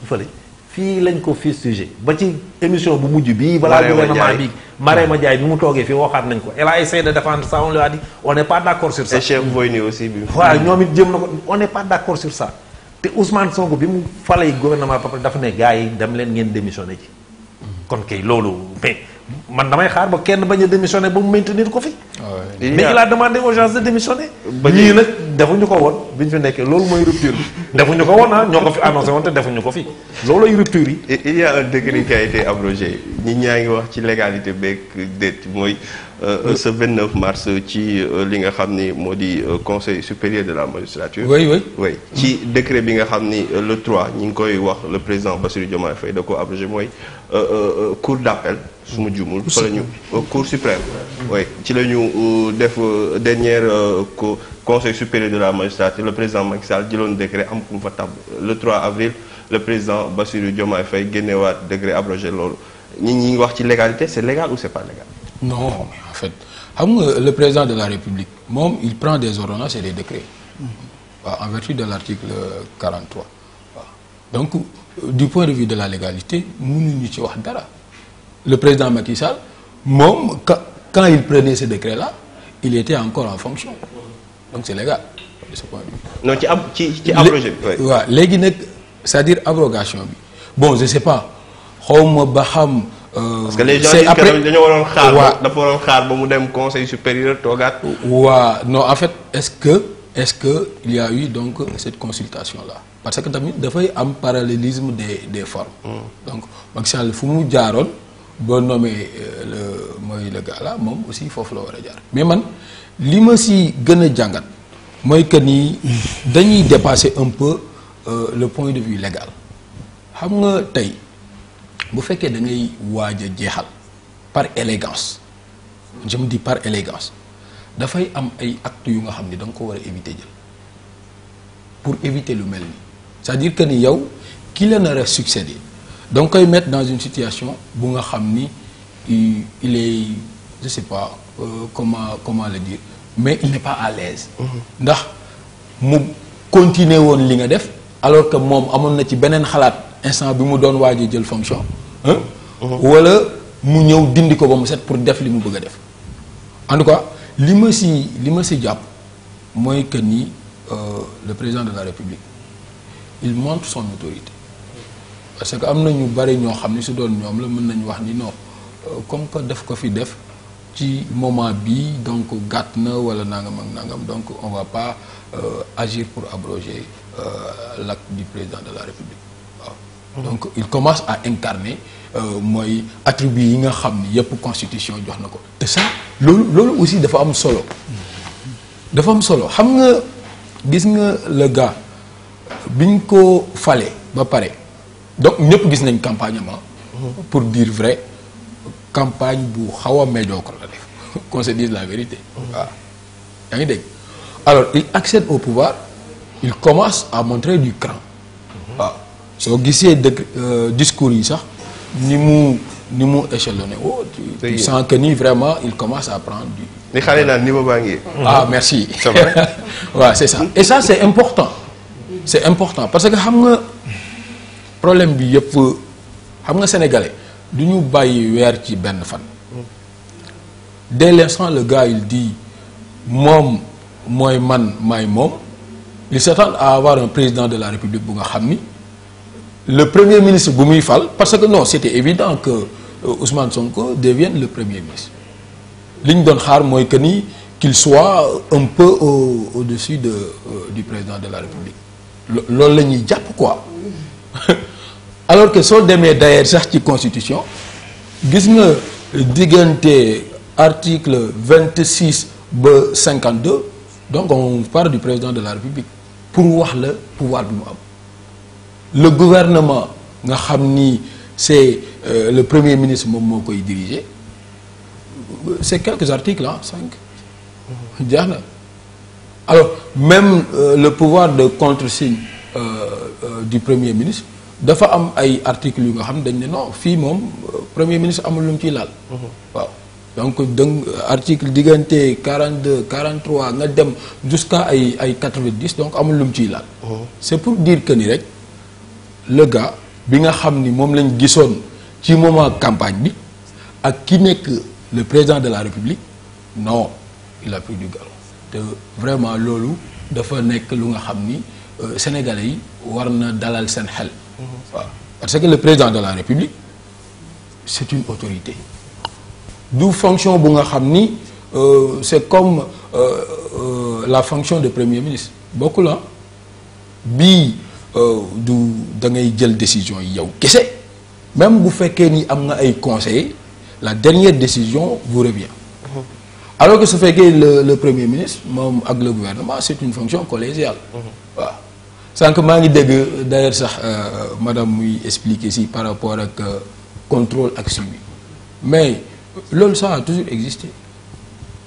fële fi lañ ko fi sujet ba ci émission bu mujj bi balaa gouvernement bi ma jaay bi mu toogee fi waxat nañ ko elle a essayé de défendre ça on lui a dit on n'est pas d'accord sur ça et Cheikh Mboyne aussi bi waaw ñomit it jëm na ko on n'est pas d'accord sur ça te Ousmane Sonko bi mu falay gouvernement papa dafa ne gars yi dem leen ngeen démissionné ci kon kay loolu mais man damay xaar ba kenn bañ a démissionné ba mu maintenir ko fi. mais il a demandé aux gens de démissionner. ba ñii nag defuñu ko woon bi ñu fi nekkee loolu mooy rupture bi. defuñu ko woon ah ñoo ko fi annoncé woon te defuñu ko fi loolooy rupture yi. il y a un décret qui a été abrogé ñi ñaa ngi wax ci légalité beeg déet mooy euh, ce 29 mars ci euh, li nga xam ni moo di euh, conseil supérieur de la magistrature. oui oui oui ci décret bi nga xam ni le 3 ñi ngi koy wax le président Bassirou Diomaye Faye da ko abrogé mooy cour d' appel au euh, cours suprême oui ci lañu euh, def euh, conseil supérieur de la magistrature le président Macky Sall un décret am le 3 avril le président Bassirou a fait un décret abrogé lolu ñi ñi wax légalité c'est légal ou c'est pas légal non en fait le président de la République il prend des ordonnances et des décrets en vertu de l'article 43 donc du point de vue de la légalité n'y ci wax dara le président Macky Sall quand il prenait ce décret là il était encore en fonction donc c'est légal de non ci ci ci abrogé c'est-à-dire abrogation bi bon je sais pas xaw Baham. ba euh, parce que les gens après dañoo waroon xaar. un dafa xaar ba dem conseil supérieur toogaat. non en fait est-ce que est-ce que il y a eu donc cette consultation là parce que tamit dafay un parallélisme des des formes. Hmm. donc Macky Sall Diaron, bon nommé euh, le mooy le gars là moom aussi foofu la war mais man li ma si gën que ni dañuy dépasser un peu euh, le point de vue légal xam nga vous bu que da ngay waaj par élégance je me dis par élégance dafay am ay actes yu nga xam ni ko éviter pour éviter le mel c'est-à-dire que ni yow ki la nar succéder donc ils mettre dans une situation bu nga il est je sais pas euh, comment comment le dire mais il n'est pas à l'aise mhm. ndax mu continuer woon li nga def alors que mom amoon na ci benen xalaat instant bi mu doon waji jël fonction hein? mhm. wala mu ñëw dindi ko ba mu set pour def li mu bëgg def en tout cas lima ci lima ci japp moy que ni euh, le président de la République il montre son autorité parce que am a ñu bari ñoo xam ni doon ñoom la mën nañu wax euh, comme que ko fi moment donc on va pas euh, agir pour abroger euh, l'acte du président de la République donc il commence à incarner mooy attribut yi nga xam constitution jox ko ça loolu aussi dafa am solo dafa am solo xam nga gis le gars biñ ko ba pare donc nous gis une campagne ah. pour dire vrai campagne pour xaw la qu'on se dise la vérité mm-hmm. ah. alors il accède au pouvoir il commence à montrer du cran waaw mm-hmm. ah. vous euh, discours sax ni mu échelonné oh, tu sens que ni vraiment il commence à prendre du li mm-hmm. ah merci c'est vrai c'est ça et ça c'est important c'est important parce que problème bi yëpp xam nga sénégalais nous sommes bàyyi weer ci benn fan. dès l'instant le gars il dit moi, mooy man may moom il s'attend à avoir un président de la république bu nga le premier ministre bu muy parce que non c'était évident que euh, Ousmane Sonko devienne le premier ministre liñ doon xaar qu'il soit un peu au dessus de euh, du président de la république loolu la ñuy quoi. alors que sur d'ailleurs de constitution gis nga l'article article 26 52 donc on parle du président de la république pour wax le pouvoir de le gouvernement c'est euh, le premier ministre qui moo c'est quelques articles hein, cinq alors même euh, le pouvoir de contre-signe euh, du premier ministre dafa am ay articles yu nga xam dañ ne non fii moom euh, premier ministre amul lu mu ciy laal. Mhm. waaw donc donc article diggante 42 43 nga dem jusqu'à ay ay 90 donc amul lu mu ciy laal. Mhm. c'est pour dire que ni rek le gars bi nga xam ni moom lañ gisoon ci moment campagne bi ak ki nekk le président de la république non il a pris du galon te vraiment loolu dafa nekk lu nga xam ni euh, sénégalais yi war na dalal seen xel parce que le président de la république c'est une autorité d'où fonction euh, c'est comme euh, euh, la fonction de premier ministre beaucoup là. Si vous da ngay décision même si même si y ni am la dernière décision vous revient alors que ce fait que le premier ministre même avec le gouvernement c'est une fonction collégiale mhm sans que ngi dégg d'ailleurs sax euh, madame muy expliquer si par rapport ak euh, contrôle ak mais loolu ça a toujours existé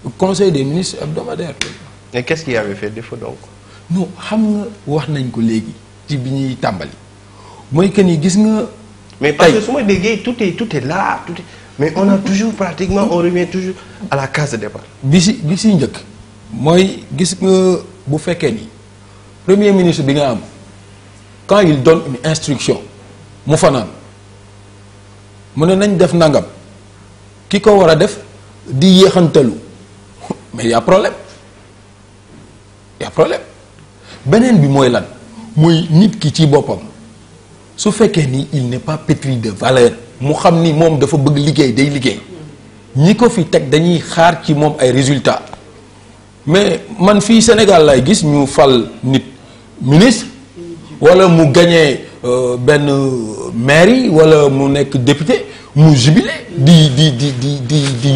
Le conseil des ministres hebdomadaire. mais qu'est-ce qui avait fait défaut donc. non xam nga wax nañ ko léegi ci bi ñuy tàmbali mooy que ni gis nga. mais parce que su ma déggee tout est tout est là tout mais on a toujours pratiquement on revient toujours à la case de départ. bi si bi si njëkk mooy gis nga bu fekkee ni premier ministre bi nga quand il donne une instruction mu fanaan mu ne def nangam ki ko a def di mais y a problème y a problème Benen bi moy lan moy nit ki ci bopam su fekke ni il n'est pas pétri de valeur mu xam ni mom dafa bëgg liggéey day liggéey ñi ko fi tek dañuy xaar ci mom ay résultats mais man sénégalais Sénégal lay gis ñu fal nit ministre wala mu gagné une euh, euh, mairie wala mu nek député mu jubilé di di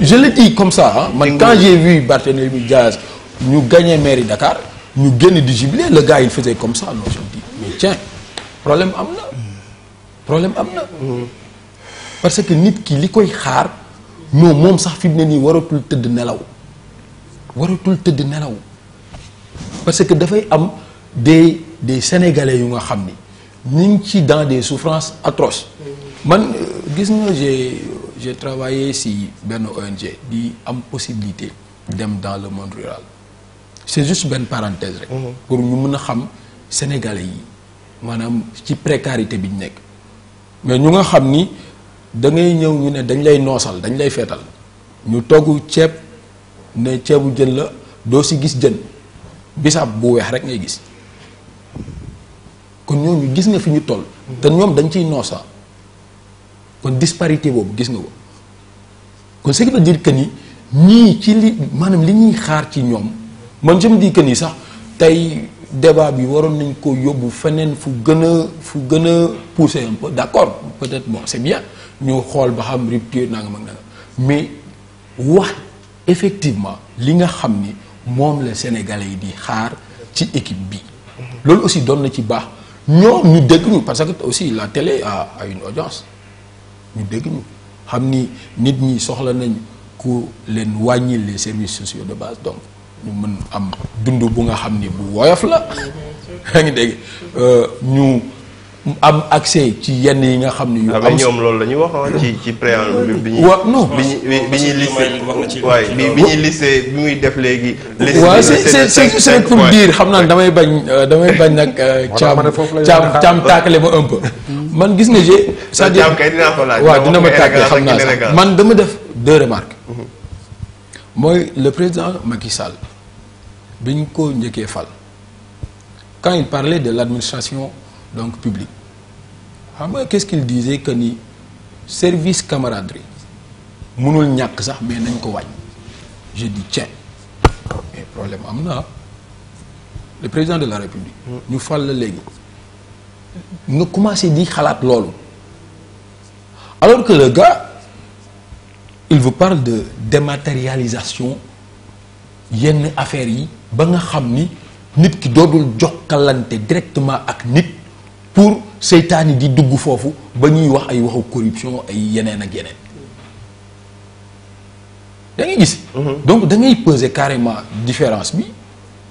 je le dis comme ça hein. quand j'ai vu Barthélémy Diaz nous gagné mairie Dakar nous gagner di jubilé le gars il faisait comme ça non je dis mais tiens problème amna. problème amna. parce que nit ki li koy xaar mom sax parce que dafay am des des sénégalais yu nga xamni ni ci dans des souffrances atroces. man euh, gis nga j'ai j'ai travaillé si ben ONG di am possibilité dem dans le monde rural c'est juste ben parenthèse rek. Mhm. pour ñu mëna xam sénégalais yi manam ci précarité bi ñu mais ñu nga xam ni da ngay ñew ñu ne dañ lay nosal dañ lay fétal ñu togu ciép ne ceebu jën la do ci gis jën. bisaab bu weex rek ngay gis kon ñooñu gis nga fi ñu toll. te ñoom dañ ciy noosa kon disparité boobu gis nga ko kon ce qui dire que ni ñii ci li maanaam li ñuy xaar ci ñoom man je me dis que sax tey débat yi waroon nañ ko yóbbu feneen fu gën a fu gën a poussé un peu d' accord peut être bon c' est bien ñu xool ba xam rupture nangam ak nangam mais wax effectivement li nga xam ni. Moi, les sénégalais dit di xaar ci équipe bi. aussi donne na ci nous ñoom parce que aussi la télé a une audience ñu dégg ñu nit ñi soxla ku les services sociaux de base donc ñu mën am bu nga am accès ci yenn yi nga xam ne. yu ah, am ñoom loolu la ñu wax ah, ci ci préambule bi. bi ñuy bi ñuy liste waay bi bi ñuy liste bi muy def léegi. liste waaw c'est c'est pour dire xam naa damay bañ euh, damay bañ nag. Euh, caam caam caam taakale ma un peu. man gis nga j'ai c'est-à-dire waaw dina ma taakale xam naa man dama def deux remarques. Mhm. mooy le président Macky Sall biñ ko njëkkee fal quand il parlait de l'administration donc public qu'est-ce qu'il disait que ni service camaraderie mounoul mais n'en ko je dis tiens problème le président de la république mm. ñu le la Nous commençons à dire khalat lolo. alors que le gars il vous parle de dématérialisation yenn une yi ba nga ni nit ki doodul jokkalante directement ak nit pour seytaan di dugg fofu ba ñuy wax ay waxu corruption ay yenen ak yenen da ngay gis mhm. donc da ngay peser carrément différence bi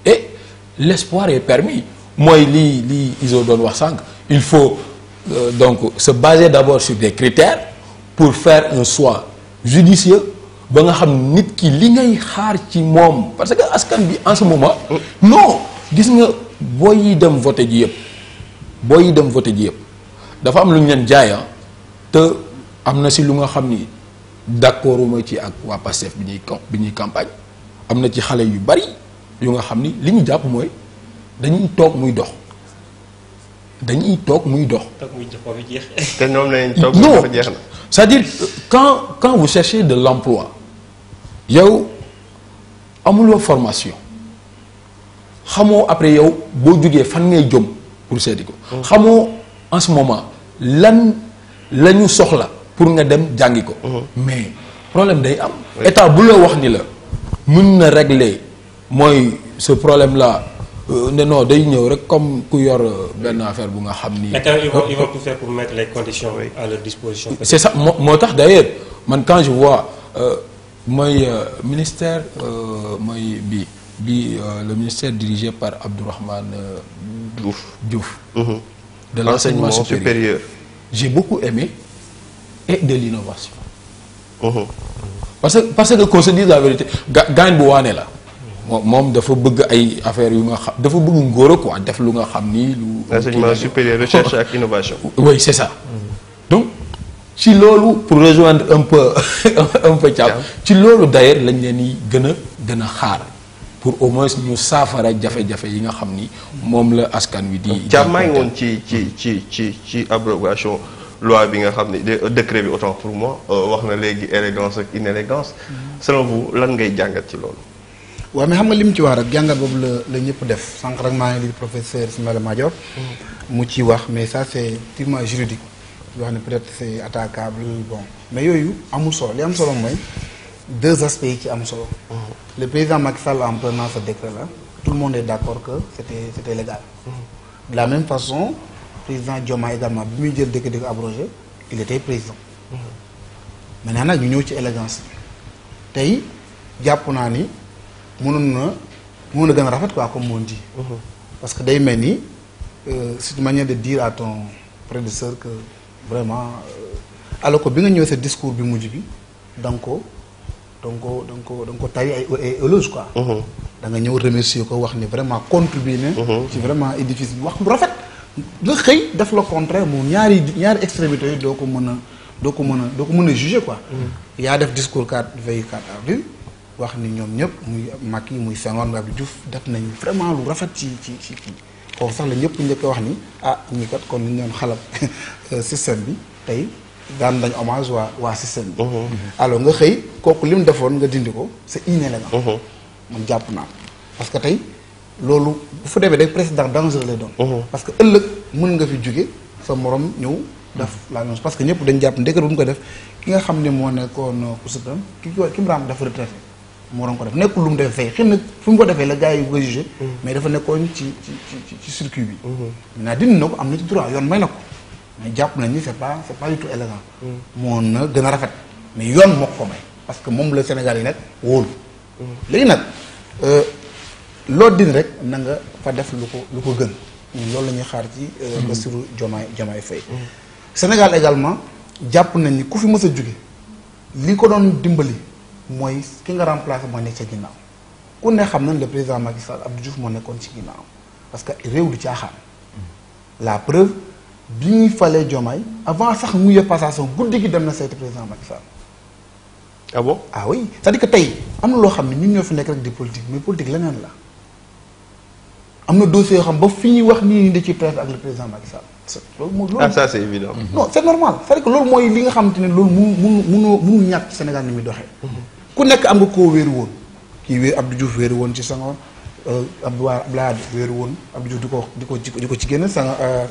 et l'espoir est permis moy li li iso doon wax sànq il faut euh, donc se baser d'abord sur des critères pour faire un choix judicieux ba nga xam nit ki li ngay xaar ci moom parce que askan bi en ce moment mm. non gis nga booy yi dem voter ji yëpp boo dem voté ji dafa am lu ñu leen jaaya ah, te amna ci lu nga xamni d'accorduma ci ak wa passef bi ñuy campagne amna ci xalé yu bari yu nga xamni liñu japp moy dañuy tok muy dox dañuy tok muy dox. toog muy dox jeex. te ñoom lañ toog muy jeex na. c'est-à-dire quand quand vous cherchez de l'emploi yow amul wa formation xamoo après yow bo jugee fan ngay jom pour seeti ko. Oh. en ce moment lan lañu soxla pour nga dem jangiko. ko. Oh. mais problème day am. état bu la wax ni la mën na régler moy ce problème là. Euh, né non day ñëw rek comme ku yor ben affaire bu nga xamni ils vont tout faire pour mettre les conditions à leur disposition. c'est ça motax d'ailleurs man quand je vois euh, euh, ministère euh, mooy bi. Euh, le ministère dirigé par Abdourahman euh, Diouf, Diouf mhm. de l'enseignement supérieur. J'ai beaucoup aimé et de l'innovation. Mhm. Parce, parce que qu'on se dit la vérité, Gagne Bouane là. moi dafa bëgg ay affaires yu nga de dafa bëgg quoi def lu nga L'enseignement supérieur recherche et innovation. oui c'est ça. donc ci loolu pour rejoindre un peu un peu si ci d'ailleurs lañ leen di gën pour au moins ñu saafara jafe-jafe yi nga xam ni moom la askan wi di jàmm maa ngi woon ci ci ci ci ci abrogation loi bi nga xam ne euh, décret bi autant pour moi euh, wax na léegi élégance ak inélégance selon bu lan ngay jàngat ci loolu waaw mais xam nga li mu ci wax rek jàngat boobu la la ñëpp def sànq rek maa ngi li professeur Ismaïla Madior hmm. mu ci wax mais ça c'est purement juridique yoo xam ne peut-être c'est attaquable bon mais yooyu amul solo li am solo mooy deux aspects qui ci am solo. Mm-hmm. le président Macky Sall en prenant ce décret là tout le monde est d'accord que c'était c'était légal. Mm-hmm. de la même façon président Diomaye également bi le décret d'Abroger, abrogé il était président. Mm-hmm. maintenant il ñu a ci élégance bi tey y a ni mënoon na mënoon gën a quoi comme on dit. parce que day euh, c'est une manière de dire à ton prédécesseur que vraiment euh, alors que bi nga a ce discours bi mujj bi danga ko danga ko danga ko quoi mhm. da nga ñëw remercier ko wax ni vraiment contribué na mhm. ci vraiment édifice bi wax bu rafet nga xëy def la contraire moom ñaari ñaari extrémité doo ko mën a doo ko mën a doo ko mën a juger quoi mhm. yaa def discours 4 veille 4 avril wax ni ñoom ñëpp muy Macky muy Senghor Abdou Diouf def nañ vraiment lu rafet ci ci ci ci foofu sax la ñëpp njëkk wax ni ah ñii kat kon ñu doon xalab système bi tey daan dañ hommage waa waa système bi. Mhm. Mhm. alors nga xëy kooku li mu defoon nga dindi ko c'est inélégal. Mhm. man jàpp naa parce que tey loolu bu fa demee day précédent dangereux lay doon. parce que ëllëg mun nga fi jóge sa morom ñëw def la même parce que ñëpp dañ jàpp ndeket bu ko def ki nga xam ne moo nekkoon Ousseynou euh, ki ki mu raam dafa retraité moo ko def nekkul lu mu def fay xëy na fu mu ko defee la gars yi ko jugé. mais dafa nekkoon ci ci ci ci circuit bi. maintenant dindi na na mais jàpp nañu c'est pas c'est pas du tout élégant. Mm. moo na gën a rafet mais yoon moo ko may parce que moom la Sénégal yi nag wóolu. Mm. léegi nag euh, loo din rek na nga fa def lu ko lu ko gën. loolu la ñuy xaar ci. Bassirou euh, mm. Diomaye jomaay Faye. Sénégal également jàpp nañ ni ku fi mës a juge li ko doon dimbali mooy ki nga remplacé mooy nekk ca ginnaaw ku ne xam nañ le président Macky Sall Abdou Diouf moo nekkoon ci ginnaaw parce que réew du caaxaan la preuve. bi falé falee Diomaye avant sax muy passation guddi gi dem na seeti président Macky Sall. ah bon ah oui c'est-à-dire que tay amna lo xamni xam ñun ñoo fi nek rek di politique mais politique leneen la amna dossier yoo xam ba fi wax ni ni da ciy traité ak le président Macky Sall. ah ça c'est évident. Mm-hmm. non c'est normal c'est-à-dire que lool moy li nga xamante lool mu mu mu munoo munu Sénégal ni muy doxé mm-hmm. ku nek am nga koo wéeru woon kii wéer Abdou Diouf wër woon ci Senghor euh, Abdou Abdoulaye wër woon Abdou Diouf diko diko ci génn Senghor. Euh,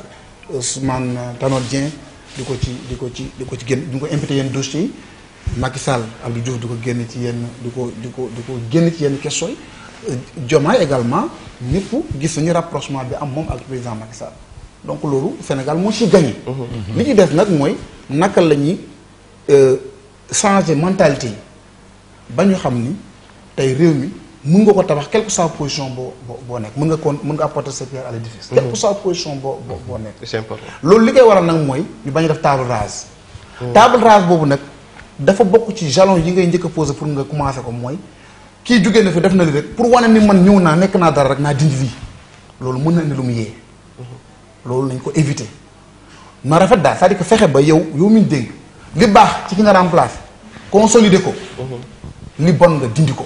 Ousmane Tanor Dieng di ko ci di ko ci di ko ci génn di ko imputé yenn dossiers yi Macky Sall Abdou Diouf di ko génn ci yenn di ko di ko di ko génn ci yenn questions yi Diomaye également ñëpp gis nañu rapprochement bi am moom ak président Macky donc loolu Sénégal moo ci gagné. li ci def nag mooy naka lañuy ñuy euh, changer mentalité ba ñu xam ni tey réew mi. mun nga ko tabax quelle que soit position boo boo nekk mën nga kon mën nga apporter sa pierre à l'édifice. quelle que soit position boo boo nekk. loolu li koy waral nag mooy ñu bañ a def table rase. Hmm. table rase boobu nag dafa bokk ci jalon yi ngay njëkk a pour nga commencer ko mooy kii jugee na fi def na li rek pour wane ni man ñëw naa nekk naa dara rek naa dindi lii loolu mën na ne lu mu yee. Hmm. loolu nañ ko éviter na rafet daal cest à que fexe ba yow yow mi dégg li baax ci ki nga remplacer consolider ko. Hmm. li bon nga dindi ko.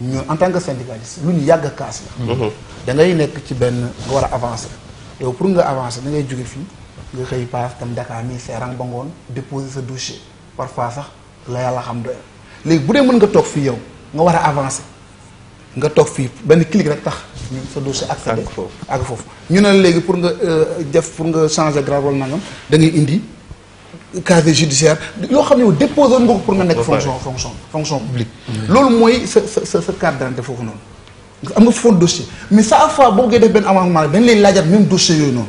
ñun en tant que syndicaliste lu ñu yàgg kaas la. Mm-hmm. da ngay nekk ci benn nga war a avancer. yow pour nga avancer da ngay jóge fii nga xëy paas tam Dakar mii seerang ba ngoon déposer sa dossier parfois sax la yàlla xam doy léegi bu dee mën nga toog fii yow nga war a avancer nga toog fii benn clic rek tax ñun sa ak dossier accédé ak foofu ñu ne léegi pour nga euh, def pour nga changer grade wala nangam da ngay indi. casier judiciaire loo xam ne yow déposé woon nga ko pour nga nekk fonction fonction fonction publique loolu mooy ce, ce, ce cadre carte d'identité foofu noonu am nga fond dossier mais chaque fois boo koy def benn amendement dañ lay laajaat même dossier yooyu noonu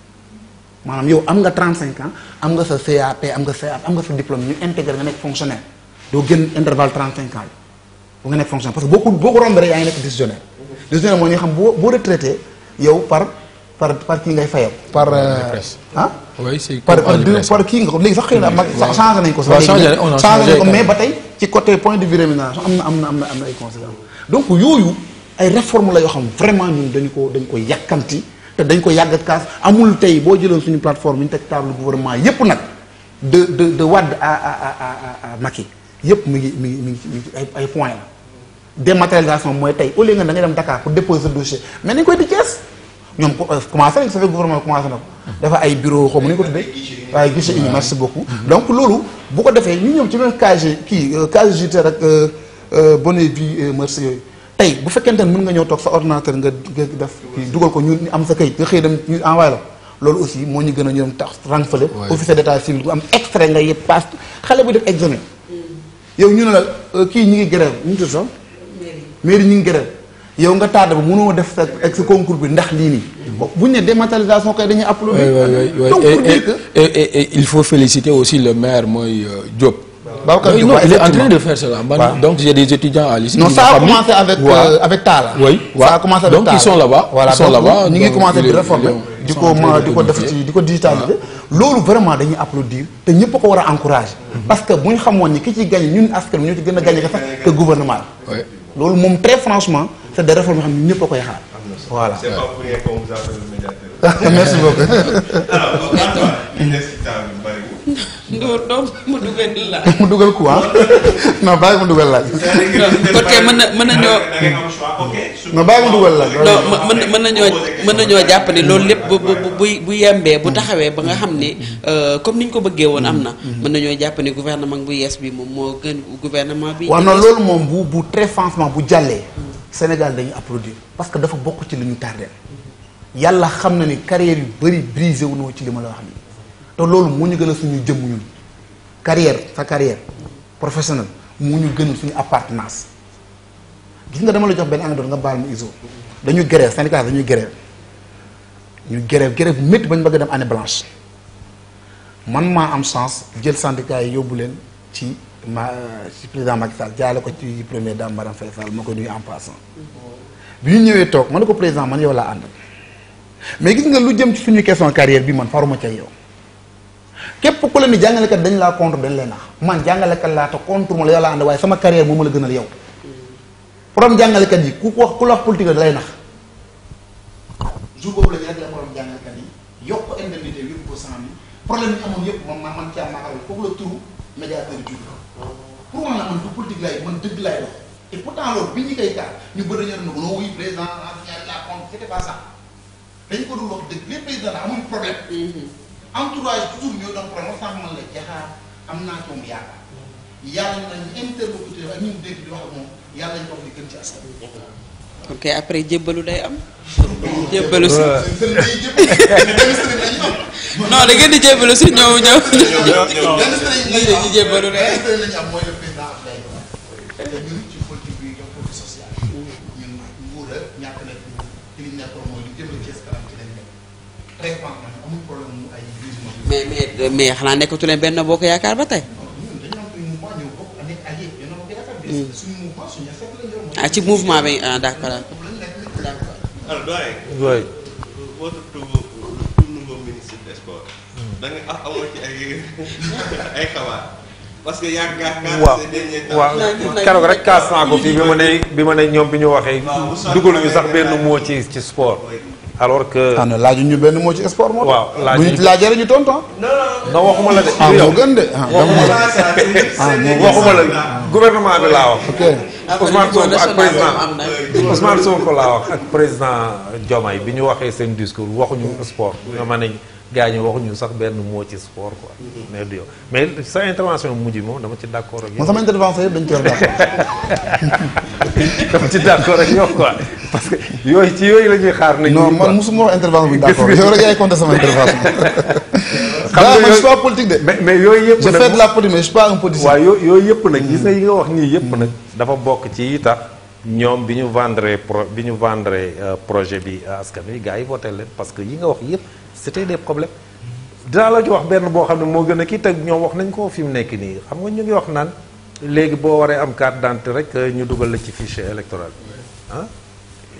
manam yow am nga 35 ans am nga sa CAP am nga sa am nga sa diplôme ñu intégrer nga nek fonctionnaire do gën intervalle 35 ans bu nga nek fonctionnaire parce que boo ko boo ko rombee rek yaa ngi décisionnaire. décisionnaire mooy ñi xam bo retraité yow par par par kii ngay fayal. par hein oui c'est par par kii nga ko léegi sax xëy na mag nañ ko. waaw changer on a ko mais batay ci côté point de vue rémunération amna amna amna na am ay conséquences donc yoyu ay réformes la yo xam vraiment ñun dañ ko dañ ko yakanti te dañ ko yàgg kaas amul tey boo jëloon suñu plateforme yi ñu teg table gouvernement yépp nag de de de Wade à à à à Macky yépp mi ngi mi ngi mi ngi mi ay ay points la dématérialisation mooy tey au lieu nga da dem Dakar pour déposer sa dossier mais nañ koy di Thiès ñoom euh, commencé nañ sa fekk gouvernement commencé na ko dafa ay bureau xaw ma nañu ko tuddee waaye guichet unique merci beaucoup donc loolu bu ko defee ñu ñoom ci même casier kii euh, casier judiciaire ak euh, bonne vie merci yooyu tey bu fekkente ne mën nga ñëw toog sa ordinateur nga nga def dugal ko ñu am sa kayit nga xëy dem ñu envoyé loolu aussi moo ñu gën a ñu dem tax rang fële officier d'état civil bu am extrait nga yëpp passe xale bu def examen yow ñu ne la euh, kii ñu ngi grève ñu tudd sax mairie ñu ngi grève yow nga tardé ba mënoo def sa ex concours bi ndax lii nii bu ñu ne dématérialisation kay dañuy applaudir donc pour dire que il faut féliciter aussi le maire mooy euh, Diop Babacar Diouf il est en train de faire cela. Ouais. Bah, bah. Donc j'ai des étudiants à l'ICI. Non, ça a avec, ouais. euh, avec Tala. Oui, ouais. ça a commencé avec donc, Ils sont là-bas. Voilà, ils sont là-bas. Nous avons commencé à réformer. Du coup, du coup, du digitaliser. Ah. Lolo vraiment dañuy applaudir té ñëpp ko wara encourager mm-hmm. parce que buñ xamone ni ki ci gagne ñun askan ñu ci gëna gagner sax que gouvernement. Ouais. Lolo mom très franchement, c'est des réformes xam ñëpp koy xaar. Voilà. C'est pas pour rien qu'on vous appelle le médiateur. Merci beaucoup. Alors, donc, Ndóor doom mu dugal laaj. mu dugal quoi non bàyyi mu dugal laaj. kon kay mën na mën nañoo. non bàyyi mu dugal laaj. non mën mën nañoo mën nañoo jàpp ne loolu lépp bu bu bu bu yembee bu taxawee ba nga xam ne euh, comme ni ñu ko bëggee woon am na. Mm, mm, mm. mën nañoo jàpp ne gouvernement bu yees bi moom moo gën guvernement bi. waaw non loolu moom bu bu très franchement bu jàllee. Sénégal dañu applaudir parce que dafa bokk ci li ñu tardé. yàlla xam na ni carrière yu bëri brisé wu noo ci li ma la wax nii. te loolu moo ñu gënal suñu jëmm ñun carrière sa carrière professionnelle moo ñu gënal suñu appartenance gis nga dama la jox benn anecdote nga baal mu iso dañu grève syndicat dañuy grève ñu grève grève bu métti ba ñu bëgg dem année blanche man maa am chance jël syndicat yi yóbbu leen ci ma ci président Macky Sall jaale ko ci première dame Marème Faye Sall ma ko nuyu en passant bi ñu ñëwee toog ma ne ko président man yow laa àndal mais gis nga lu jëm ci suñu question carrière bi man faruma ca yow. képp ku leen di jàngalekat dañ laa contre dañ leen nax man jàngalekat laa te contre ma la yàlla ànd waaye sama carrière moo ma la gënal yow problème jàngalekat yi ku ko wax ku la wax politique dalay nax jour boobu la ñu réglé problème jàngalekat yi yokk indemnité huit pour cent bi problème yi amoon yëpp moom man man caa maa xam foofu la turu médiateur yi tudd pour man la man du politique lay man dëgg lay dox et pourtant loolu bi ñu koy kaar ñu bëri ñoo ne non oui président la contre c'était pas ça dañ ko dul wax dëgg les présidents amuñ problème entourage toujours am naa ci moom yaakaar yàlla nañu ok après jébbalu day am. jébbalu si non da jébbalu si ñëw ñëw. am mooy le président a ñàkk mais mais mais xanaa nekkatu leen benn boo ko yaakaar ba tey. Hmm. ah ci mouvement bi ah d'accord accord d' accord. alors doyen. oui. votre tout nouveau ministre des sports. Hmm. da nga amoo ah, ah, ci ay ay xabaar. parce que waaw keroog rek kaas naa ko fii bi ma ne bi ne ñoom bi ñu waxee. waaw dugaluñu sax benn moo ci ci sport alors que. ah laaju ñu benn moo ci sport moo. waaw laaju bu ñu laajee rek ñu tontu ah. non waxuma la de. ah moo gën de ah, ah, ah waxuma la gouvernement bi laa wax. ok Ousmane Sonko ak président Ousmane Sonko laa wax ak président Diomaye bi ñu waxee seen discours waxuñu sport nga ma nañ gaa ñu waxuñu sax benn moo ci sport quoi. mais du yow mais sa intervention mujj moom dama ci d' accord ak yow. moom sama intervention yëpp dañ ci war a d' accord. dama ci d'accord yooyu ci yooyu la ñuy xaar. nañ non man mosuma wax intervention bi d'accord yow rek yaay compter mais yooyu yëpp nag je yooyu yëpp nag gis nga hmm. yi nga wax nii yëpp hmm. nag. dafa bokk ci yi tax ñoom bi ñu vendre pro bi ñu vendre euh, projet bi askan wi gars yi voté leen parce que yi nga wax yëpp c'était des problèmes. dinaa la ci wax benn boo xam ne moo gën a kii teg ñoom wax nañ ko fi mu nekk nii xam nga ñu ngi wax naan. léegi boo waree am carte dant rek euh, ñu dugal la ci fichier électoral bi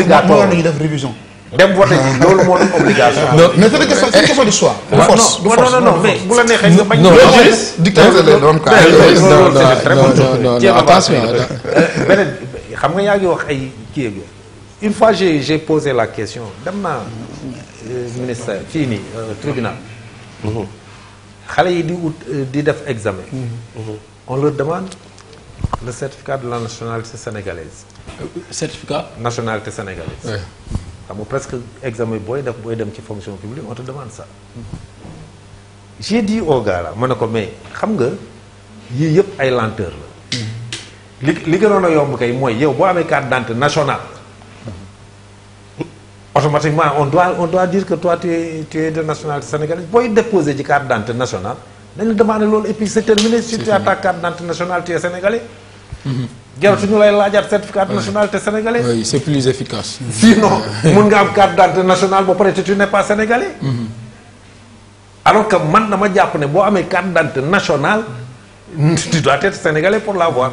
obligatoire moom def révision. dem voter ji loolu moo doon obligation. mais c'est une question de choix. de force non non non mais bu la neexee nga bañ. non non non attention euh, beneen xam nga yaa wax ay kii une fois j'ai j'ai posé la question dem naa euh, ministère fini nii euh, tribunal. Mhm. xale yi di di def examen. Mhm. on leur demande. le certificat de la naționalitate senegalez. certificat. Naționalitate senegalez. xam eh. nga opresc examenul boi, dacă boi dăm ce fonction publique on te demande ça. j'ai dit au gars là ma ne ko mais xam nga yii yëpp ay lenteur la. li li gënoon a yomb kay mooy yow boo amee carte d'identité nationale. automatiquement on doit on doit dire que toi tu es tu es de nationalité sénégalaise booy déposer ci carte d'identité nationale. nañu demandé loolu et puis c'est terminé. si tu as ta carte d'identité nationale tu es sénégalais. Mhm. jarul suñu lay laajaat certificat de nationalité mun nga am carte d'identité nationale ba pare te tu n'es pas sénégalais. Mhm. alors que man dama jàpp ne boo amee carte d'identité nationale tu dois être sénégalais pour l'avoir.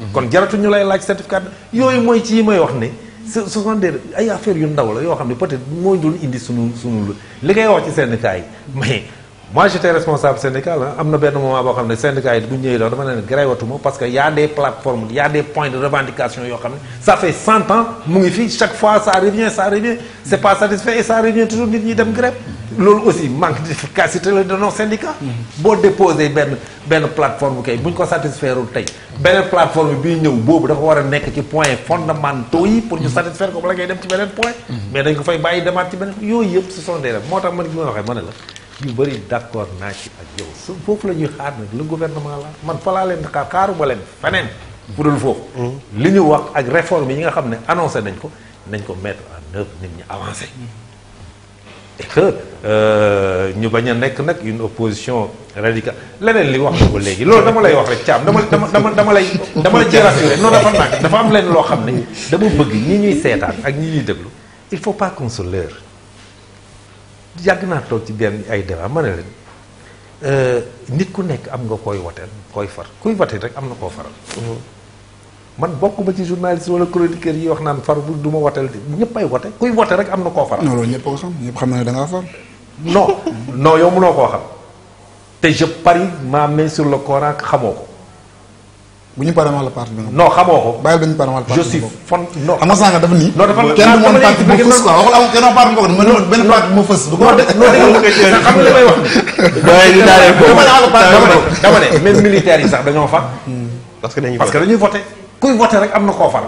Mhm. kon jaratu ñu lay laaj certificat yooyu mooy ci yi may wax ne ce sont des ay affaires yu ndaw la yoo xam ne peut-être moo dul indi sunu sunu li ngay wax ci syndicat yi mais. moi j'étais responsable syndical Je hein. suis benn moment boo xam syndicat parce que y a des plateformes il y a des points de revendication ça fait 100 ans mu ngi chaque fois ça revient ça revient c'est pas satisfait et ça revient toujours nit ñi dem grève loolu aussi manque d'efficacité de nos syndicats Si déposé benn une plateforme kay bu ñu ko satisfairewul tey beneen plateforme bi ñëw boobu dafa war a nekk ci point fondamentaux pour nous satisfaire comme bala ngay dem ci beneen point mm-hmm. mais dañ ko fay bàyyi demaat ci ce sont des rêves moo man li ma yu bari d'accord na ci ak yow su foofu xaar nak le gouvernement la man fa laa leen xaar xaaruma leen feneen fu dul foofu mm-hmm. li ñu wax ak réforme yi nga xamné annoncé nañ ko nañ ko mettre en œuvre nit ñi avancer mm-hmm. et que euh, ñu baña nek nak nag une opposition radicale leneen li wax ko légui loolu dama lay wax rek cham dama dama dama lay dama la ci rassuré non dafa nag dafa am leen lo xamné dama bëgg ñi ñuy seetaan ak ñi ñuy déglu il faut pas qu'on se leurre yàgg naa toog ci benn ay débat ma ne leen euh, nit ku nekk am nga koy woteel koy far kuy woteel rek am na koo faral. Mhm. man bokkuma ci journaliste wala chroniqueur yi wax naan far bu du ma woteel de ñëpp ay wote kuy wote rek am na koo faral. non loolu ñëpp ko xam ñëpp xam na ne da ngaa far. non non yow mënoo koo xam te je parie ma main sur le Coran xamoo ko. bu ñu paree ma wax la parti bi. non xamoo ko. bàyyil ba ñu paree ma wax la parti bi je suis fon non. am na militaire yi sax dañoo far. Hmm. parce que dañuy parce que dañuy voté kuy voté am na koo far.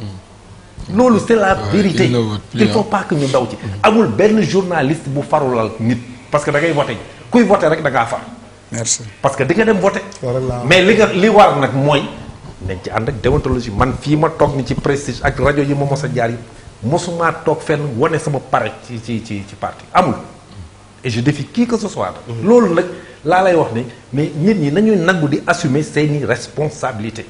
Hmm. loolu c'est la vérité il faut pas ñu daw ci. amul benn journaliste bu farulal nit. parce que da ngay voté kuy voté rek da ngaa far. merci parce que di nga dem voté. mais li nga li war nag mooy. nañ ci ànd ak déontologie man fii ma toog ni ci prestige ak radio yi mo mos a jaar yi mosumaa toog fenn wane sama pare ci ci ci parti amul. et je défie qui que ce soit. Mhm. loolu nag laa lay wax ni mais nit ñi nañuy nangu di assumer seeni responsabilité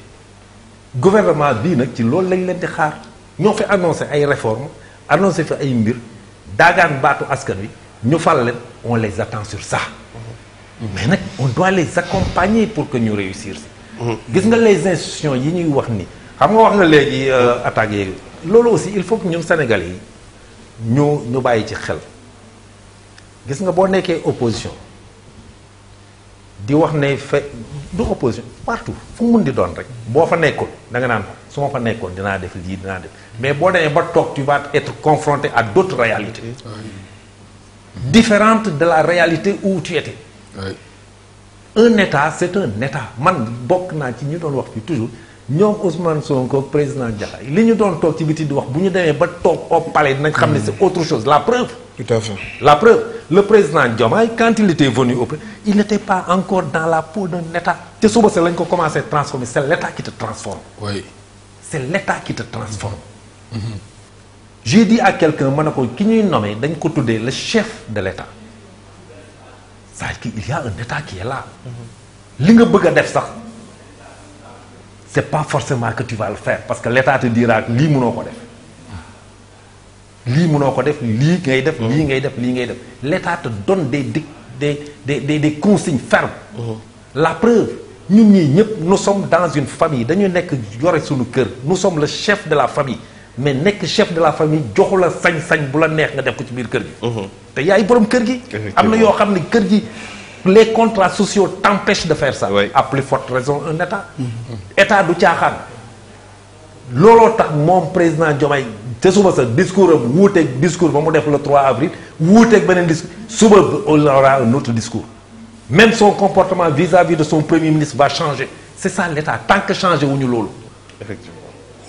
gouvernement bii nag ci loolu lañ leen di xaar ñoo fi annoncé ay réformes annoncé fi ay mbir daagaan baatu askan wi ñu fal on les attend sur ça. Mhm mais nag on doit les accompagner pour que nous réussir si. nga les institutions yi ñuy wax ni xam nga wax na légui euh, attaques lolo, aussi il faut que ñun Sénégalais ñu ñu bàyyi ci xel gis nga bo nekkee opposition di wax né fe du opposition partout fu mu di doon rek bo fa nekkoon da nga naan su ma fa nekkoon dina def lii dina def mais bo demee ba tok tu vas être confronté à d'autres réalités différentes de la réalité où tu étais un état c'est un état man beaucoup na ci ñu doon wax fii toujours ñoom Ousmane Sonko président Diakha li ñu doon tok ci biti di wax buñu démé ba tok au palais nañ xam c'est autre chose la preuve. tout à fait la preuve le président Diomaye quand il était venu au palais il n'était pas encore dans la peau d'un état te souba sa lañ ko commencé transformer c'est l'État C'est l'État qui te transforme. oui C'est l'État qui te transforme. Mm-hmm. j'ai dit à quelqu'un manako ki ñuy nommé dañ ko tuddee le chef de l'État cest à qu'il y a un état qui est là li nga bëgg a def sax c'est pas forcément que tu vas le faire parce que l'état te dira lii mënoo ko def lii mënoo ko def lii ngay def faire, ngay def lii ngay def l'état te donne des des des des des consignes fermes la preuve ñun nous sommes dans une famille dañu nekk suñu nous sommes le chef de la famille mais que chef de la famille joxu la sañ-sañ bu la neex nga def ko ci biir kër gi. Mhm. te yaay borom kër gi. les contrats sociaux t'empêchent de faire ça. A plus forte raison un état. état du caaxaan. looloo tax mon président c'est te suba sa discours am discours def le 3 avril wuuteeg discours suba on aura un autre discours. même son comportement vis-à-vis de son premier ministre va changer c'est ça l'état tant que changer, wuñu loolu. effectivement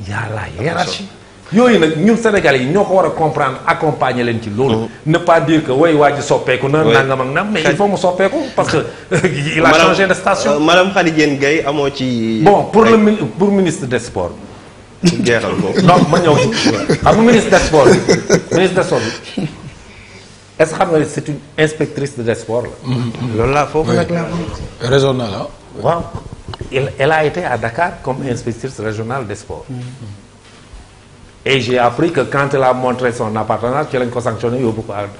y a la hiérarchie. Nous, nag Sénégalais nous devons comprendre accompagner les gens. Oh. ne pas dire que way waa ji soppeeku na. nangam ak mais il faut me sauver parce que. Euh, il a changé de station euh, madame Khady Gaye amoo ci. bon pour le pour ministre des sports. non je ñëw ci. ministre des sports ministre des sports est-ce que xam nga c'est une inspectrice des sports la. faut que foofu raisonnable hein? elle a été à Dakar comme inspectrice régionale des sports. Mm-hmm. Et j'ai appris que quand elle a montré son appartenance, elle a été sanctionnée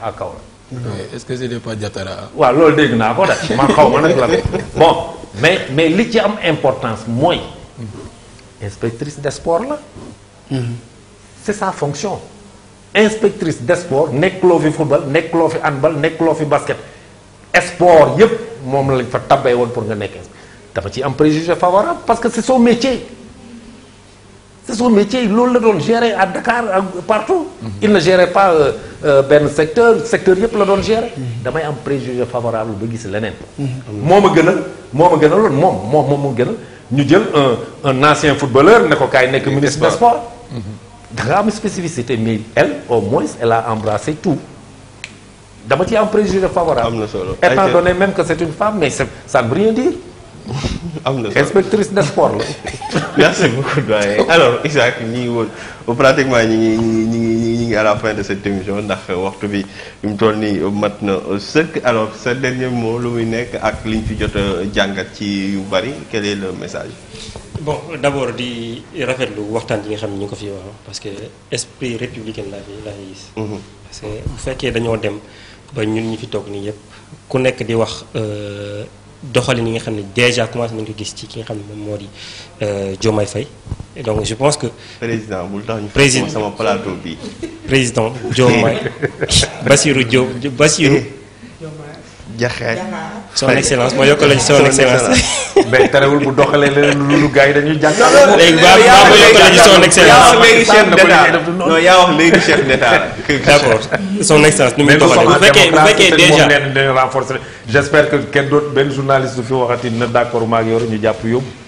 à, à Est-ce que c'est pas Diatara Oui, c'est ce que je Bon, mais, mais ce qui a importance, moi, inspectrice des sports, c'est sa fonction. Inspectrice des sports, pas le football, n'est le handball, n'est le basket. Sport, yep, mom la fa tabé won pour nga ci préjugé favorable parce que c'est son métier c'est son métier il la à Dakar partout. Mhm. il ne gérait pas le euh, euh, secteur secteur libre. la Il gérer. Mhm. a préjugé favorable ba Lenin. je mhm. gënal suis un ancien footballeur ne ministre spécificité mais elle au moins elle a embrassé tout. y a un préjugé favorable. étant donné même que c'est une femme mais ça ne veut rien dire. am na inspectrice de sport la. merci beaucoup doyen alors Isaac ñi ngi woon pratiquement ñi ngi ñi ngi ñi ngi à la fin de cette émission ndax waxtu bi ñu mu toll nii mat na sëkk alors sa dernier mot lu muy nekk ak li ñu fi jot jàngat ci yu bari quel est message. bon d' abord di rafetlu waxtaan yi nga xam ne ñu ko fi wax parce que esprit républicain laa fi laa fi gis. Mhm. parce bu fekkee dañoo dem ba ñun ñi fi toog nii yëpp ku nekk di wax. Euh, doxalin yi nga xam ne déjà commencé nañu ko gis ci ki nga xam ne moom moo euh, fay donc je pense que. président bul tax ñu. président sama plateau bi président Diomaye Bassirou Dio Bassirou. jaxaay son excellence moo yokk la ci son excellence. mais terewul bu doxalee leneen loolu gars yi dañuy jàkkaarloo. léegi ba ma yokkal la ci son excellence. léegi chef d'état non yaa wax léegi chef d'état d'accord son excellence nu muy doxalee bu fekkee bu fekkee déjà mais que kenn doot benn journaliste du fi waxati na d'accord maa ngi yor ñu jàpp yóbbu.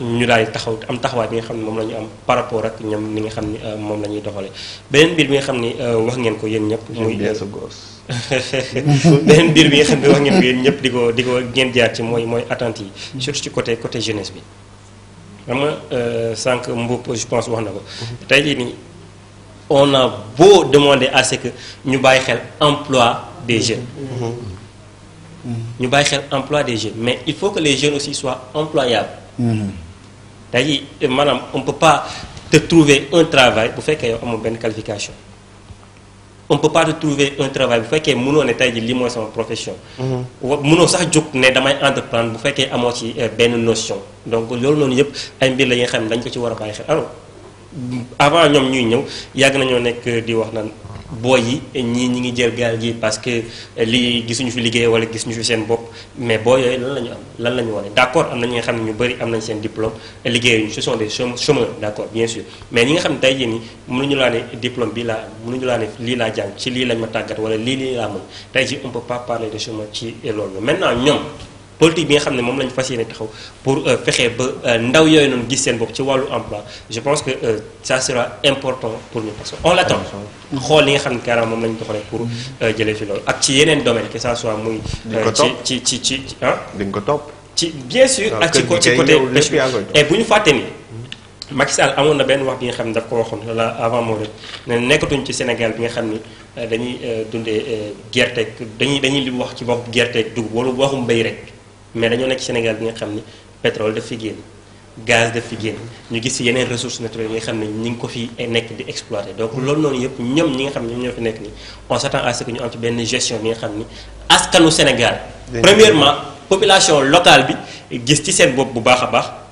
ñu daal taxaw am taxawaay bi nga xam ne moom la ñu am par rapport ak ñoom ni nga xam ne euh, moom la ñuy doxalee beneen mbir bi nga xam ne euh, wax ngeen ko yéen ñëpp. muy beneen mbir bi nga xam ne wax ngeen ko yéen ñëpp di ko di ko ngeen jaar ci mooy mooy attentes yi. surtout ci côté côté jeunesse bi. xam nga euh, sànq Mboup je pense wax na ko. tey jii nii on a beau demander à ce que ñu bàyyi xel emploi des jeunes. Mm-hmm. ñu bàyyi xel emploi des jeunes mais il faut que les jeunes aussi soient employables. Mm-hmm. Euh, madame, on ne peut pas te trouver un travail pour faire une bonne ait une qualification. On ne peut pas te trouver un travail pour faire qu'il y ait une qualification. profession. Mhm. On ne peut pas te faire entreprendre pour faire ait une euh, bonne notion. Donc, on ne peut pas dit, c'est qu'il faut que nous devions faire. avant on ne venus, pas. y a des gens qui booy yi ñii ñi ngi jël gaal gi parce que eh, lii gisuñu fi liggéey wala gisuñu fi seen bopp mais booy yooyu lan la ñu am lan la ñu wane d' accord am na ñi nga xam ne ñu bëri am nañ seen diplôme liggéeyuñu ce sont des chômeurs d' accord bien sûr mais ñi nga xam ne tey jii nii mënuñu laa ne diplôme bi laa mënuñu laa ne lii laa jàng ci lii lañ ma tàggat wala lii lii laa mën tey jii on peut pas parler de chômeur ci loolu maintenant ñoom politique bi nga xam ne moom la taxaw pour euh, fexé ba euh, ndaw yoy noonu gis sen bopp ci walu emploi je pense que euh, ça sera important pour nous parce que on l'attend xol li nga xamné ne carrément moom la ñu pour jëlé ci loolu ak ci yenen domaine que ça soit muy ci ci ci ci ah di ko top ci bien sûr ak ci côté pêche et buñu faté ni Macky Sall amoon na benn wax bi nga xam ne daf ko waxoon la avant moo rek ne nekkatuñ ci Sénégal bi nga xam ni dañuy dundee gerteeg dañuy dañuy li wax ci waxu gerteeg dugub wala waxum bay rek mais dañoo nekk Sénégal bi nga xam ni pétrole daf fi génn gaz daf fi génn ñu gis yeneen ressources naturelles yi nga xam ne ñu ngi ko fi nekk di exploiter donc loolu noonu yëpp ñoom ñi nga xam ne ñoom ñoo fi nekk ni on s'attend à ce que ñu am ci benn gestion bi nga xam ni askanu Sénégal premièrement population locale bi gis ci seen bopp bu baax a baax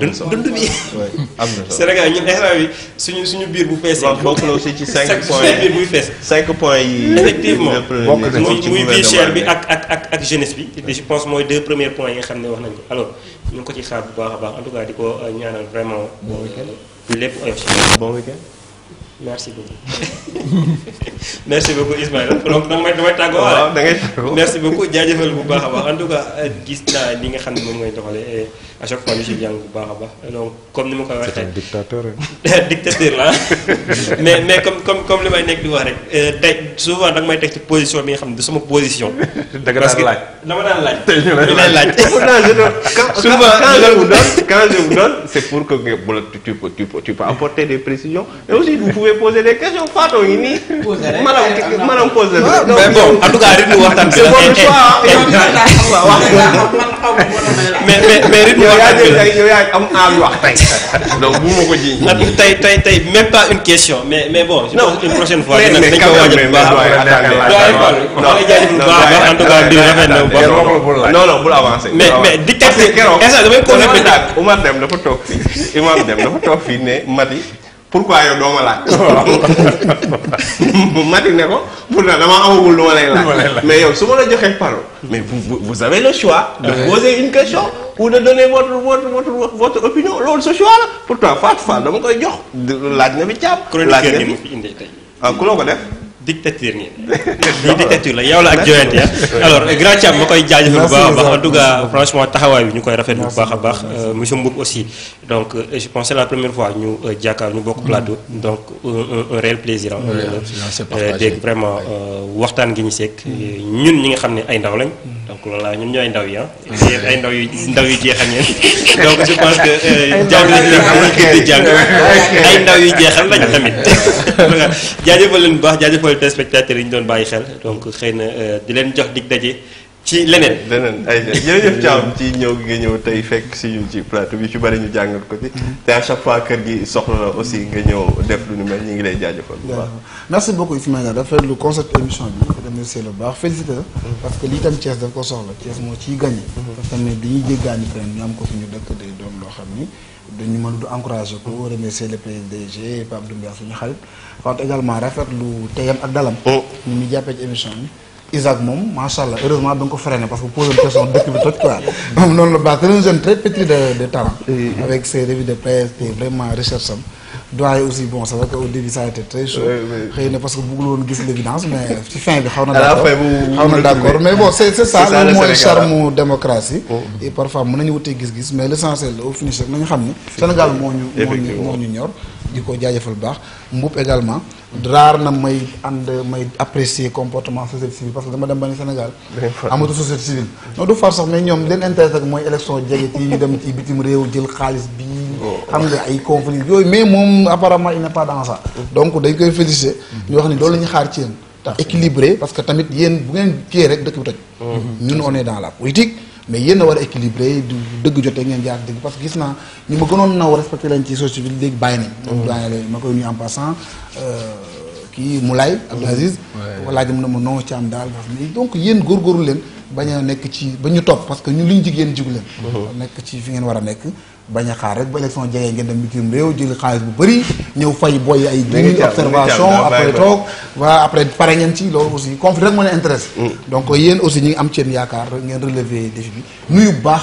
dund bi am na Sénégal ñun instant bi suñu suñu biir bu feesee. bokk na aussi ci cinq points yi biir fees. 5 points yi effectivement muy muy vie chère bi ak ak ak jeunesse bi. et puis je pense mooy deux premiers points yi nga xam ne wax nañ ko alors ñu ngi ko ci xaar bu baax a baax en tout cas di ko euh, ñaanal vraiment. bon week-end lépp oyof si. bon week merci beaucoup merci beaucoup Ismaïla donc damay damay tàggoo waaw da ngay tàggoo merci beaucoup jaajëfal bu baax a ba en tout cas gis naa li nga xam ne moom ngay doxalee à chaque fois monsieur Dieng bu baax a baax donc comme ni ma ko waxee. c'est dictateur la mais mais comme comme comme li may nekk di wax rek euh, tey souvent da nga may teg ci position bi nga xam ne du sama position. da nga daan laaj dama daan laaj. tey ñu lay laaj souvent quand je vous donne c'est pour que tu peux tu peux apporter des précisions et aussi pouvez poser des questions Fatou ngi nii. maanaam mais bon en wax tey. donc bu ma ko ji. mais bon. je pense a bul avancer. mais mais dictateur. est-ce que damay continuer. Oumar Deme dafa toog fii Oumar Deme dafa toog fii ne Mati. pourquoi ne ko pourtant mais vous avez le choix. de poser une question. ou de donner votre votre votre votre opinion loolu ce choix la pourtant fat fat dama koy jox. na ah dictature ni lii dictature la yow la ak joyante ya alors grand cham ma koy jaajëfal bu baax a baax en tout cas franchement taxawaay bi ñu koy rafetlu bu baax a baax monsieur Mboub aussi donc eh, je pense c'est la première fois ñu jàkkaar ñu bokk plateau donc un réel plaisir euh, euh, dégg vraiment euh, waxtaan gi ñu sekk hmm. ñun ñi nga xam ay ndaw lañ hmm. donc loolu laa ñun ñooy ndaw yi ah yéen hmm. ay ndaw yu ndaw yu jeexal ngeen donc je pense que jàng lañ amul gën di jàng ay ndaw yu jeexal lañ tamit jaajëfal leen baax jaajëfal jaajëfal yi ñu doon bàyyi xel donc xëy na euh, di leen jox dig daje ci leneen. leneen ay jërëjëf Thiam ci ñëw gi nga ñëw tey fekk si ñu ci plateau bi ci bari ñu jàngal ko ci. Mm-hmm. te à chaque fois kër aussi nga ñëw def lu ñu mel ñu ngi lay jaajëfal. waaw merci beaucoup Ismaïla dafa lu concept émission bi. remercier lu baax félicité mm-hmm. parce que lii tam Thiès daf ko soxla Thiès moo ciy gagné. Mm-hmm. parce que tamit dañuy jéggaani feneen ñu am ko suñu dëkk day doon loo xam ni. dañu mën du encouragé ko remercier le PDG Pape Doumbia suñu xarit wante également rafetlu teyam ak dalam. ñu oh. ngi jàppee ci émission bi. Isaac moom macha allah heureusement da ko freiné parce que posé une question dëkk bi toj quoi non la baax c'est un jeune très petit de de talent. avec ses revues de presse et vraiment recherche doit aussi bon ça vrai que au début ça a été très chaud. xëy parce que bëggul woon gis l'évidence mais ci fin bi xawna na. d'accord d'accord mais bon c'est c'est ça le mooy charme démocratie. Oh. et parfois mën nañu gis-gis mais l'essentiel au finish rek nañu xam ni. Sénégal moo ñu moo ñu ñor di ko jaajëfal bu également raar na may ànd may apprécier comportement société civile parce que dama dem ba ni Sénégal amatu société civile non du far sax mais ñoom leen intérêt ak mooy élection jege ci ñu dem ci bitim réew jël xaalis bi oh. xam nga ay conflit yooyu mais moom apparemment il n'est pas dans ça donc dañ koy féliciter ñu wax ni loolu la ñu xaar ci yéen équilibré parce que tamit yéen bu ngeen jiyee rek dëkk bu tej mm-hmm. ñun on est dans la politique mais yéen war a équilibré du dëgg jotee ngeen jaar dëgg parce que gis naa ñu ma gënoon naw respecté leen ci société bi léegi bàyyi nañ doyen mm-hmm. ma koy nuyu en passant euh, kii Moulay Abdou Aziz laaj am na ma non ci am daal donc yéen góorgóorlu leen bañ a nekk ci ba ñu topp parce que ñu li ñu jigéen jigu leen mm-hmm. nekk ci fi ngeen war a nekk bañ xaar rek ba élection jege ngeen dem bitim réew jël xaalis bu bëri ñëw fay boy ay duni observation après toog voilà après pare ngeen ci loolu aussi conflit rek moo leen intéresse mm. donc yéen aussi ñi ngi am seen yaakaar ngeen relever défi bi nuyu bu baax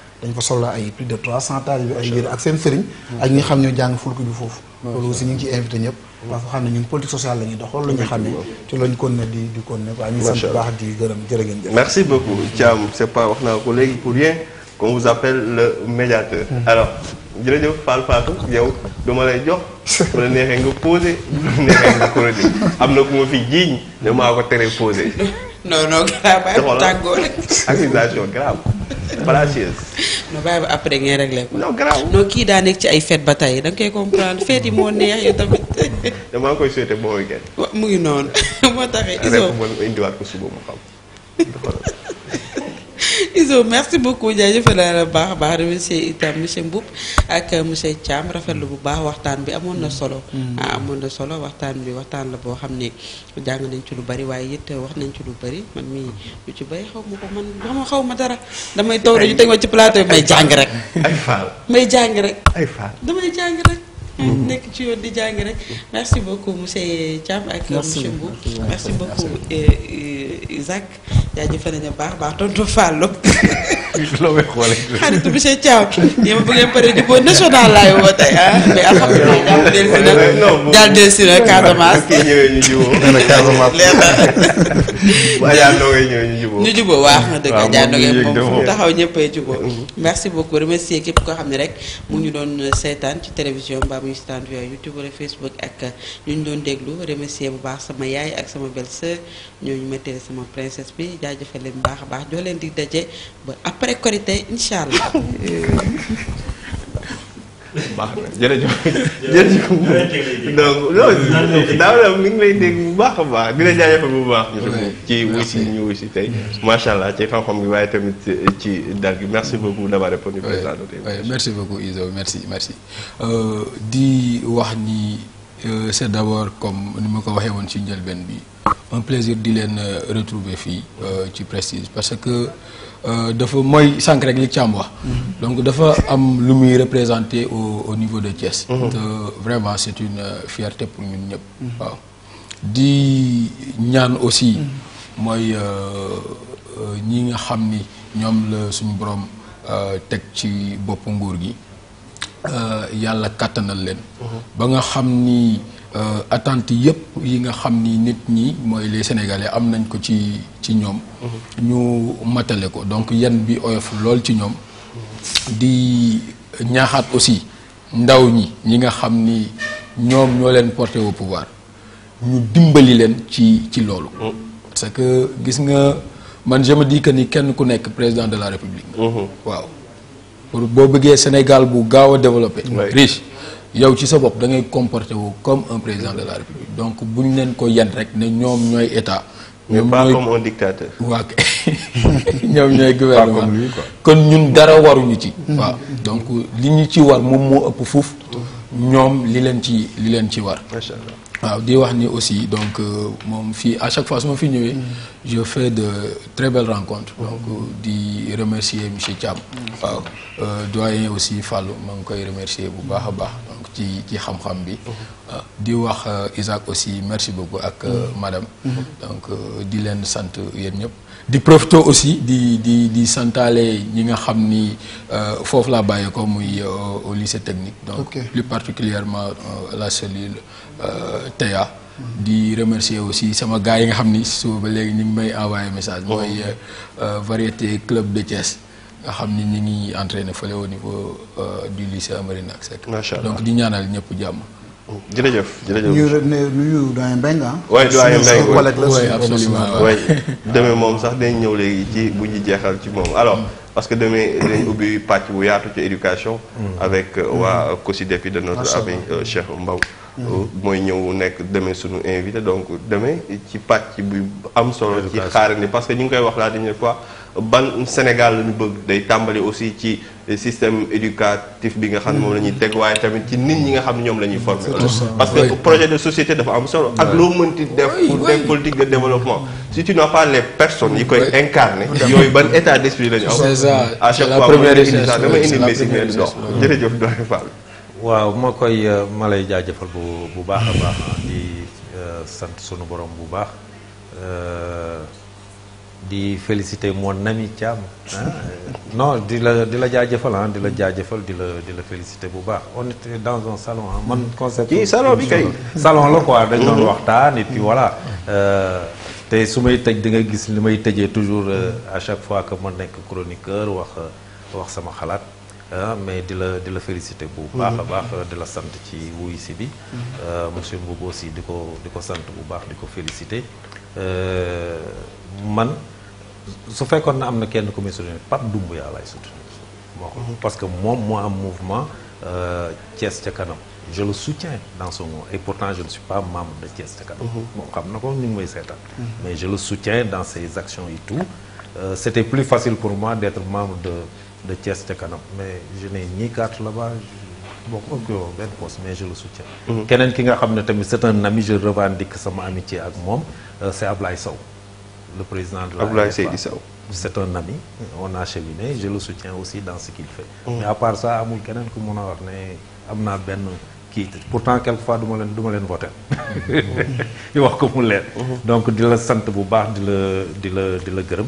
dañ fa solla ay plus de 300 cent ay ngir ak seen sëriñ ak ñi xam ñoo jàng fulku bi foofu loolu aussi ñu ngi ci invité ñëpp parce que xam ne ñun politique sociale la ñuy dox loolu la ñu xam ne ci lañ kon ne di di kon ne quoi ñu sant baax di gërëm jërë ngeen jëf merci beaucoup Thiam c'est pas wax naa ko léegi pour rien qu'on vous appelle le médiateur mm-hmm. alors jërëjëf Fall Fatou yow dama lay jox bu la neexee nga posé bu la neexee nga corrigé am na ku ma fi jiiñ ne maa ko tere posé non non grave ba tàggoo rek. accusation grave fallacieuse. non bàyyi ba après ngay réglé ko. non kii daa ci ay fête ba tey da nga koy comprendre fête yi moo neex yow tamit. damaa koy souhaité bon week mu ngi noonu moo taxee. iso rek mën indiwaat ko suba mu xam. Izo merci beaucoup jaajëfal naa la baax a baax remercier itam monsieur Mboup ak monsieur Thiam rafetlu bu baax waxtaan bi amoon na solo. Mm. ah amoon na solo waxtaan bi waxtaan la boo xam ne jàng nañ ci lu bari waaye it wax nañ ci lu bari man mii lu ci bari xaw ma ko man xaw xaw ma dara damay taw rek ñu teg ma ci plateau may jàng rek. ay faal may jàng rek. ay faal jàng rek. nekk ci yoon di jàng rek merci beaucoup monsieur Thiam ak monsieur Mbou merci beaucoup Isaac euh, euh, jaajëfal nañu baax baax tontu Fallou loo may xoolee xaritu monsieur Thiam yow bu ngeen paree jubóo national laay woote ah mais alhamdulilah daal delsi na daal delsi na Casamance kii ñëwee ñu jubóo Casamance leer na bu Adja Ndogay ñëwee ñu jubóo ñu jubóo waax na dëgg Adja Ndogay moom taxaw ñëppay jubóo merci beaucoup remercier képp koo xam ne rek mu ñu doon seetaan ci télévision mbaa ñuy seetaan via YouTube no Facebook ak ñu ñu doon déglu remercier bu baax sama yaay ak sama belle-sœur ñooñu ma téye sama princesse bi jaajëfal leen bu baax a baax joo leen di daje ba après baax na jërëjëf jërëjëf donc loolu daaw mi ngi lay dégg bu baax a baax di la jaajëfal bu baax ci wuy si ñu wuy si tey macha allah ci xam-xam gi waaye tamit ci dal gi merci beaucoup d'avoir répondu président de merci beaucoup Izo merci merci euh, di wax ni euh, c'est d'abord comme ni ma ko waxee woon ci njëlbeen bi un plaisir di leen euh, retrouver fii ci Prestige parce que Euh, dafa moy sank rek li Thiam wax. Mm-hmm. donc dafa am lu muy représenté au au niveau de Thiès. Mm-hmm. Euh, vraiment c'est une euh, fierté pour ñun ñëpp. Mm-hmm. di ñaan aussi. mooy ñi nga xam ni le le suñu borom tek ci bop nguur gi yàlla kàttanal leen. ba nga xamni Euh, attentes yëpp yi nga xam ni nit ñi mooy les sénégalais am nañ ko ci ci ñoom. Mhm. ñu matale ko donc yan bi oyof lool ci ñoom. di ñaaxaat aussi ndaw ñi ñi nga xam ni ñoom ñoo leen porté au pouvoir ñu dimbali leen ci ci loolu. Mhm. parce que gis nga man je me dis ni kenn ku nekk président de la république. Mhm. waaw pour boo bëggee Sénégal bu gaaw a développé. riche. yow ci sa bopp da ngay comporter wu comme un président de la république donc bu leen ko yen rek ne ñoom ñooy état. ñoom ñooy pas comme un dictateur. waaw ñoom ñooy gouvernement kon ñun dara mm-hmm. waruñu ci. Mm-hmm. waaw donc li ñu ci war moom moo ëpp fuuf. Mm-hmm. ñoom li leen ci li leen ci war. macha waaw di wax ni aussi donc euh, mon fii à chaque fois su ma fi ñëwee. je fais de très belles rencontres. Mm-hmm. donc di remercier monsieur Thiam. Mm-hmm. waaw euh, doyen aussi fallo, ma ngi koy remercier bu baax baax donc ci qui xam-xam bi. Mm-hmm. di wax euh, Isaac aussi merci beaucoup ak madame. donc di leen santé yéen ñëpp. di profité aussi di di di santalé ñi nga xam ni foofu laa bàyyeekoo muy au lycée technique. donc plus particulièrement la cellule. Euh, Théa di remercier aussi sama gars yi nga xamni souba suba ba léegi ñu ngi may envoyé message oh. mooy euh, variété club de Thiès nga xam ni ngi entraîné fele au niveau euh, du lycée Amarina ak Seck donc di ñaanal ñëpp jamm oh, jërëjëf jërëjëf ñu nuyu doyen Mbengue ah. waay doyen Mbengue waay absolument way demee mom sax dañ ñëw léegi ci bu ñu jeexal ci mom alors mm. parce que demain, dañ ubbi pàcc bu yaatu ci éducation. Mm. avec mm. waa COSYDEP de notre ami Cheikh Mbaw mooy ñëw nekk demee suñu invité donc demee ci pàcc bi am solo ci xaarandi parce que ñu ngi koy wax la dernière fois ban Sénégal la bëgg day tàmbali aussi ci système éducatif bi nga xam ne moom la ñuy teg waaye tamit ci nit ñi nga xam ne ñoom la ñuy former parce que projet de société dafa am solo ak loo mënti def pour des politiques de développement si tu n'as pas les personnes yi koy incarner yooyu ban état d'esprit la ñu am à chaque fois damay indi Messi mais waaw ma koy euh, malay lay jaajëfal bu bu baax a baax di euh, sant sunu borom bu baax euh, di féliciter mon ami Thiam no di la di la jaajëfal ah di la jaajëfal di la di la féliciter bu baax on était dans un salon ah man concept ci salon bi kay salon la quoi dañ doon waxtaan et puis voilà te su may tëj di nga gis li may tëjee toujours à chaque fois que ma nekk chroniqueur wax wax sama xalaat Ah, mais de la féliciter la félicité bu la santé qui wuy ici euh, monsieur mboubou aussi de ko santé le féliciter. bu baax di ko félicité euh, man ce fait qu'on a un kenn ku soutenir Doumbouya mhm. parce que moi un mouvement euh, Thiès je le soutiens dans son et pourtant je ne suis pas membre de Thiès ca kanam moom mhm. mais je le soutiens dans ses actions et tout euh, c'était plus facile pour moi d'être membre de de Thiès kanam mais je n'ai ni carte là-bas bon ok benn poste mais je le soutiens. quelqu'un mhm. ki nga xam ne tamit c'est un ami je revendique sa amitié avec moom euh, c'est Ablaye Sow le président de la Ablaye Seydi Sow c'est un ami on a cheminé je le soutiens aussi dans ce qu'il fait. Mhm. mais à part ça amul keneen ku mun a wax ne am pourtant quelquefois du ma leen du ma voter voté mhm. di wax ko donc de la sant bu baax de le de le de le gërëm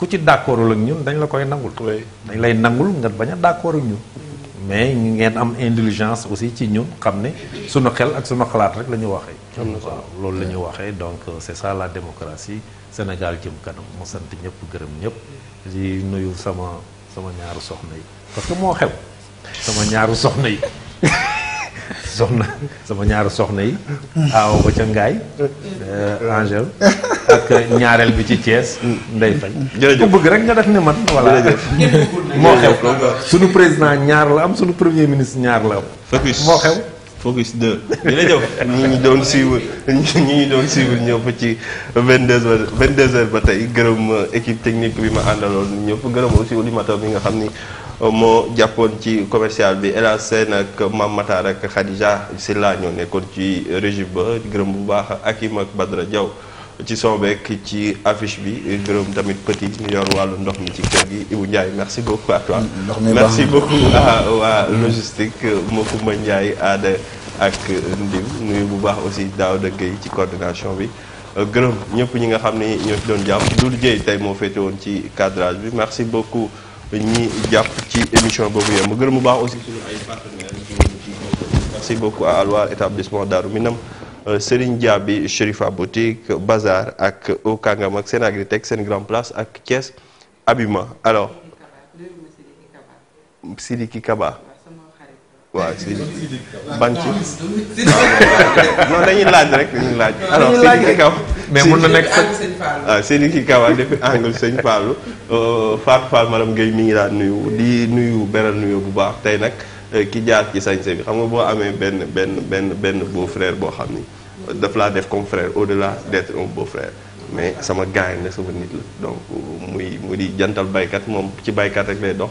ku ci d'accordul ak ñun dañ la koy nangul dañ lay nangul nga bañ a d'accord ak ñun mais ñu ngeen am indilligence aussi ci ñun xam ne suñu xel ak suñu xalaat rek la ñu waxee waaw loolu la ñu waxee donc euh, c'est ça la démocratie Sénégal jëm kanam mu sant ñëpp gërëm ñëpp di nuyu sama sama ñaaru soxna yi parce que moo xew sama ñaaru soxna yi soxna sama ñaari soxna yi aaw ba ca Ngaay euh, Angèle ak ñaareel bi ci Thiès ndey Faye jërëjëf ku bëgg rek nga def ne man voilà moo xew euh, suñu président ñaar la am suñu premier ministre ñaar la am moo xew focus 2 jërëjëf ñi ñu doon suivre ñi ñu doon suivre ñëpp ci 22 heures 22 heures ba tey gërëm euh, équipe technique bi ma àndaloon ñëpp gërëm aussi Oulimatou bi nga xam ni moo jàppoon ci commercial bi El Hadj Sène ak Mame Matar ak Khadija Silla ñoo nekkoon ci régie ba gërëm bu baax ak Akim ak Badra Diaw ci sonbeek ci affiche bi gërëm tamit petit ñu yor wàllu ndox mi ci kër gi Ibou Ndiaye merci beaucoup à toi merci beaucoup à waa logistique ma Ndiaye aada ak ndim nuyu bu baax aussi daaw dëgg yi ci coordination bi gërëm ñëpp ñi nga xam ne ñoo ci doon jàpp Doudou Dieye tey moo féete woon ci cadrage bi merci beaucoup ñi jàpp ci émission boobu yem ma gërëm bu baax aussi suñu ay partenaires merci beaucoup à Alwar établissement Darou Minam euh, Serigne Diaby Chérifa Boutique Bazar ak Au Kangam ak Sen Agritech Sen Grand Place ak Thiès Abima alors Sidiki waaw si ban ci non dañuy laaj rek dañuy laaj. alors Seydi Kikawa mais mun na nekk sax waaw Seydi Kikawa depuis angle sëñ Fallou euh, Fatou Fall mi ngi daan nuyu di nuyu beral nuyu bu baax tey nag euh, ki jaar ci sañse bi xam nga boo amee benn benn benn benn beau frère boo xam ni daf laa def comme frère au-delà d'être un beau frère mais sama gaay la sama nit la donc muy mu di jantal baykat moom ci baykat ak lay dox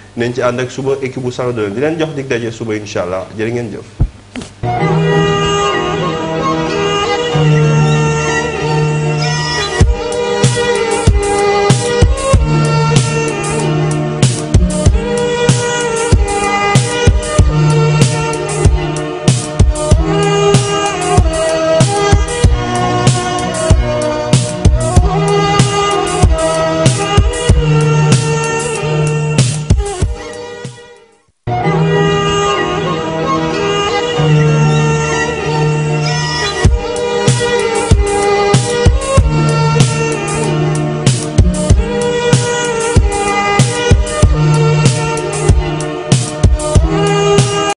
nañ ci ànd ak suba équipe Sax 2 di leen jox dig daje suba allah ngeen jëf.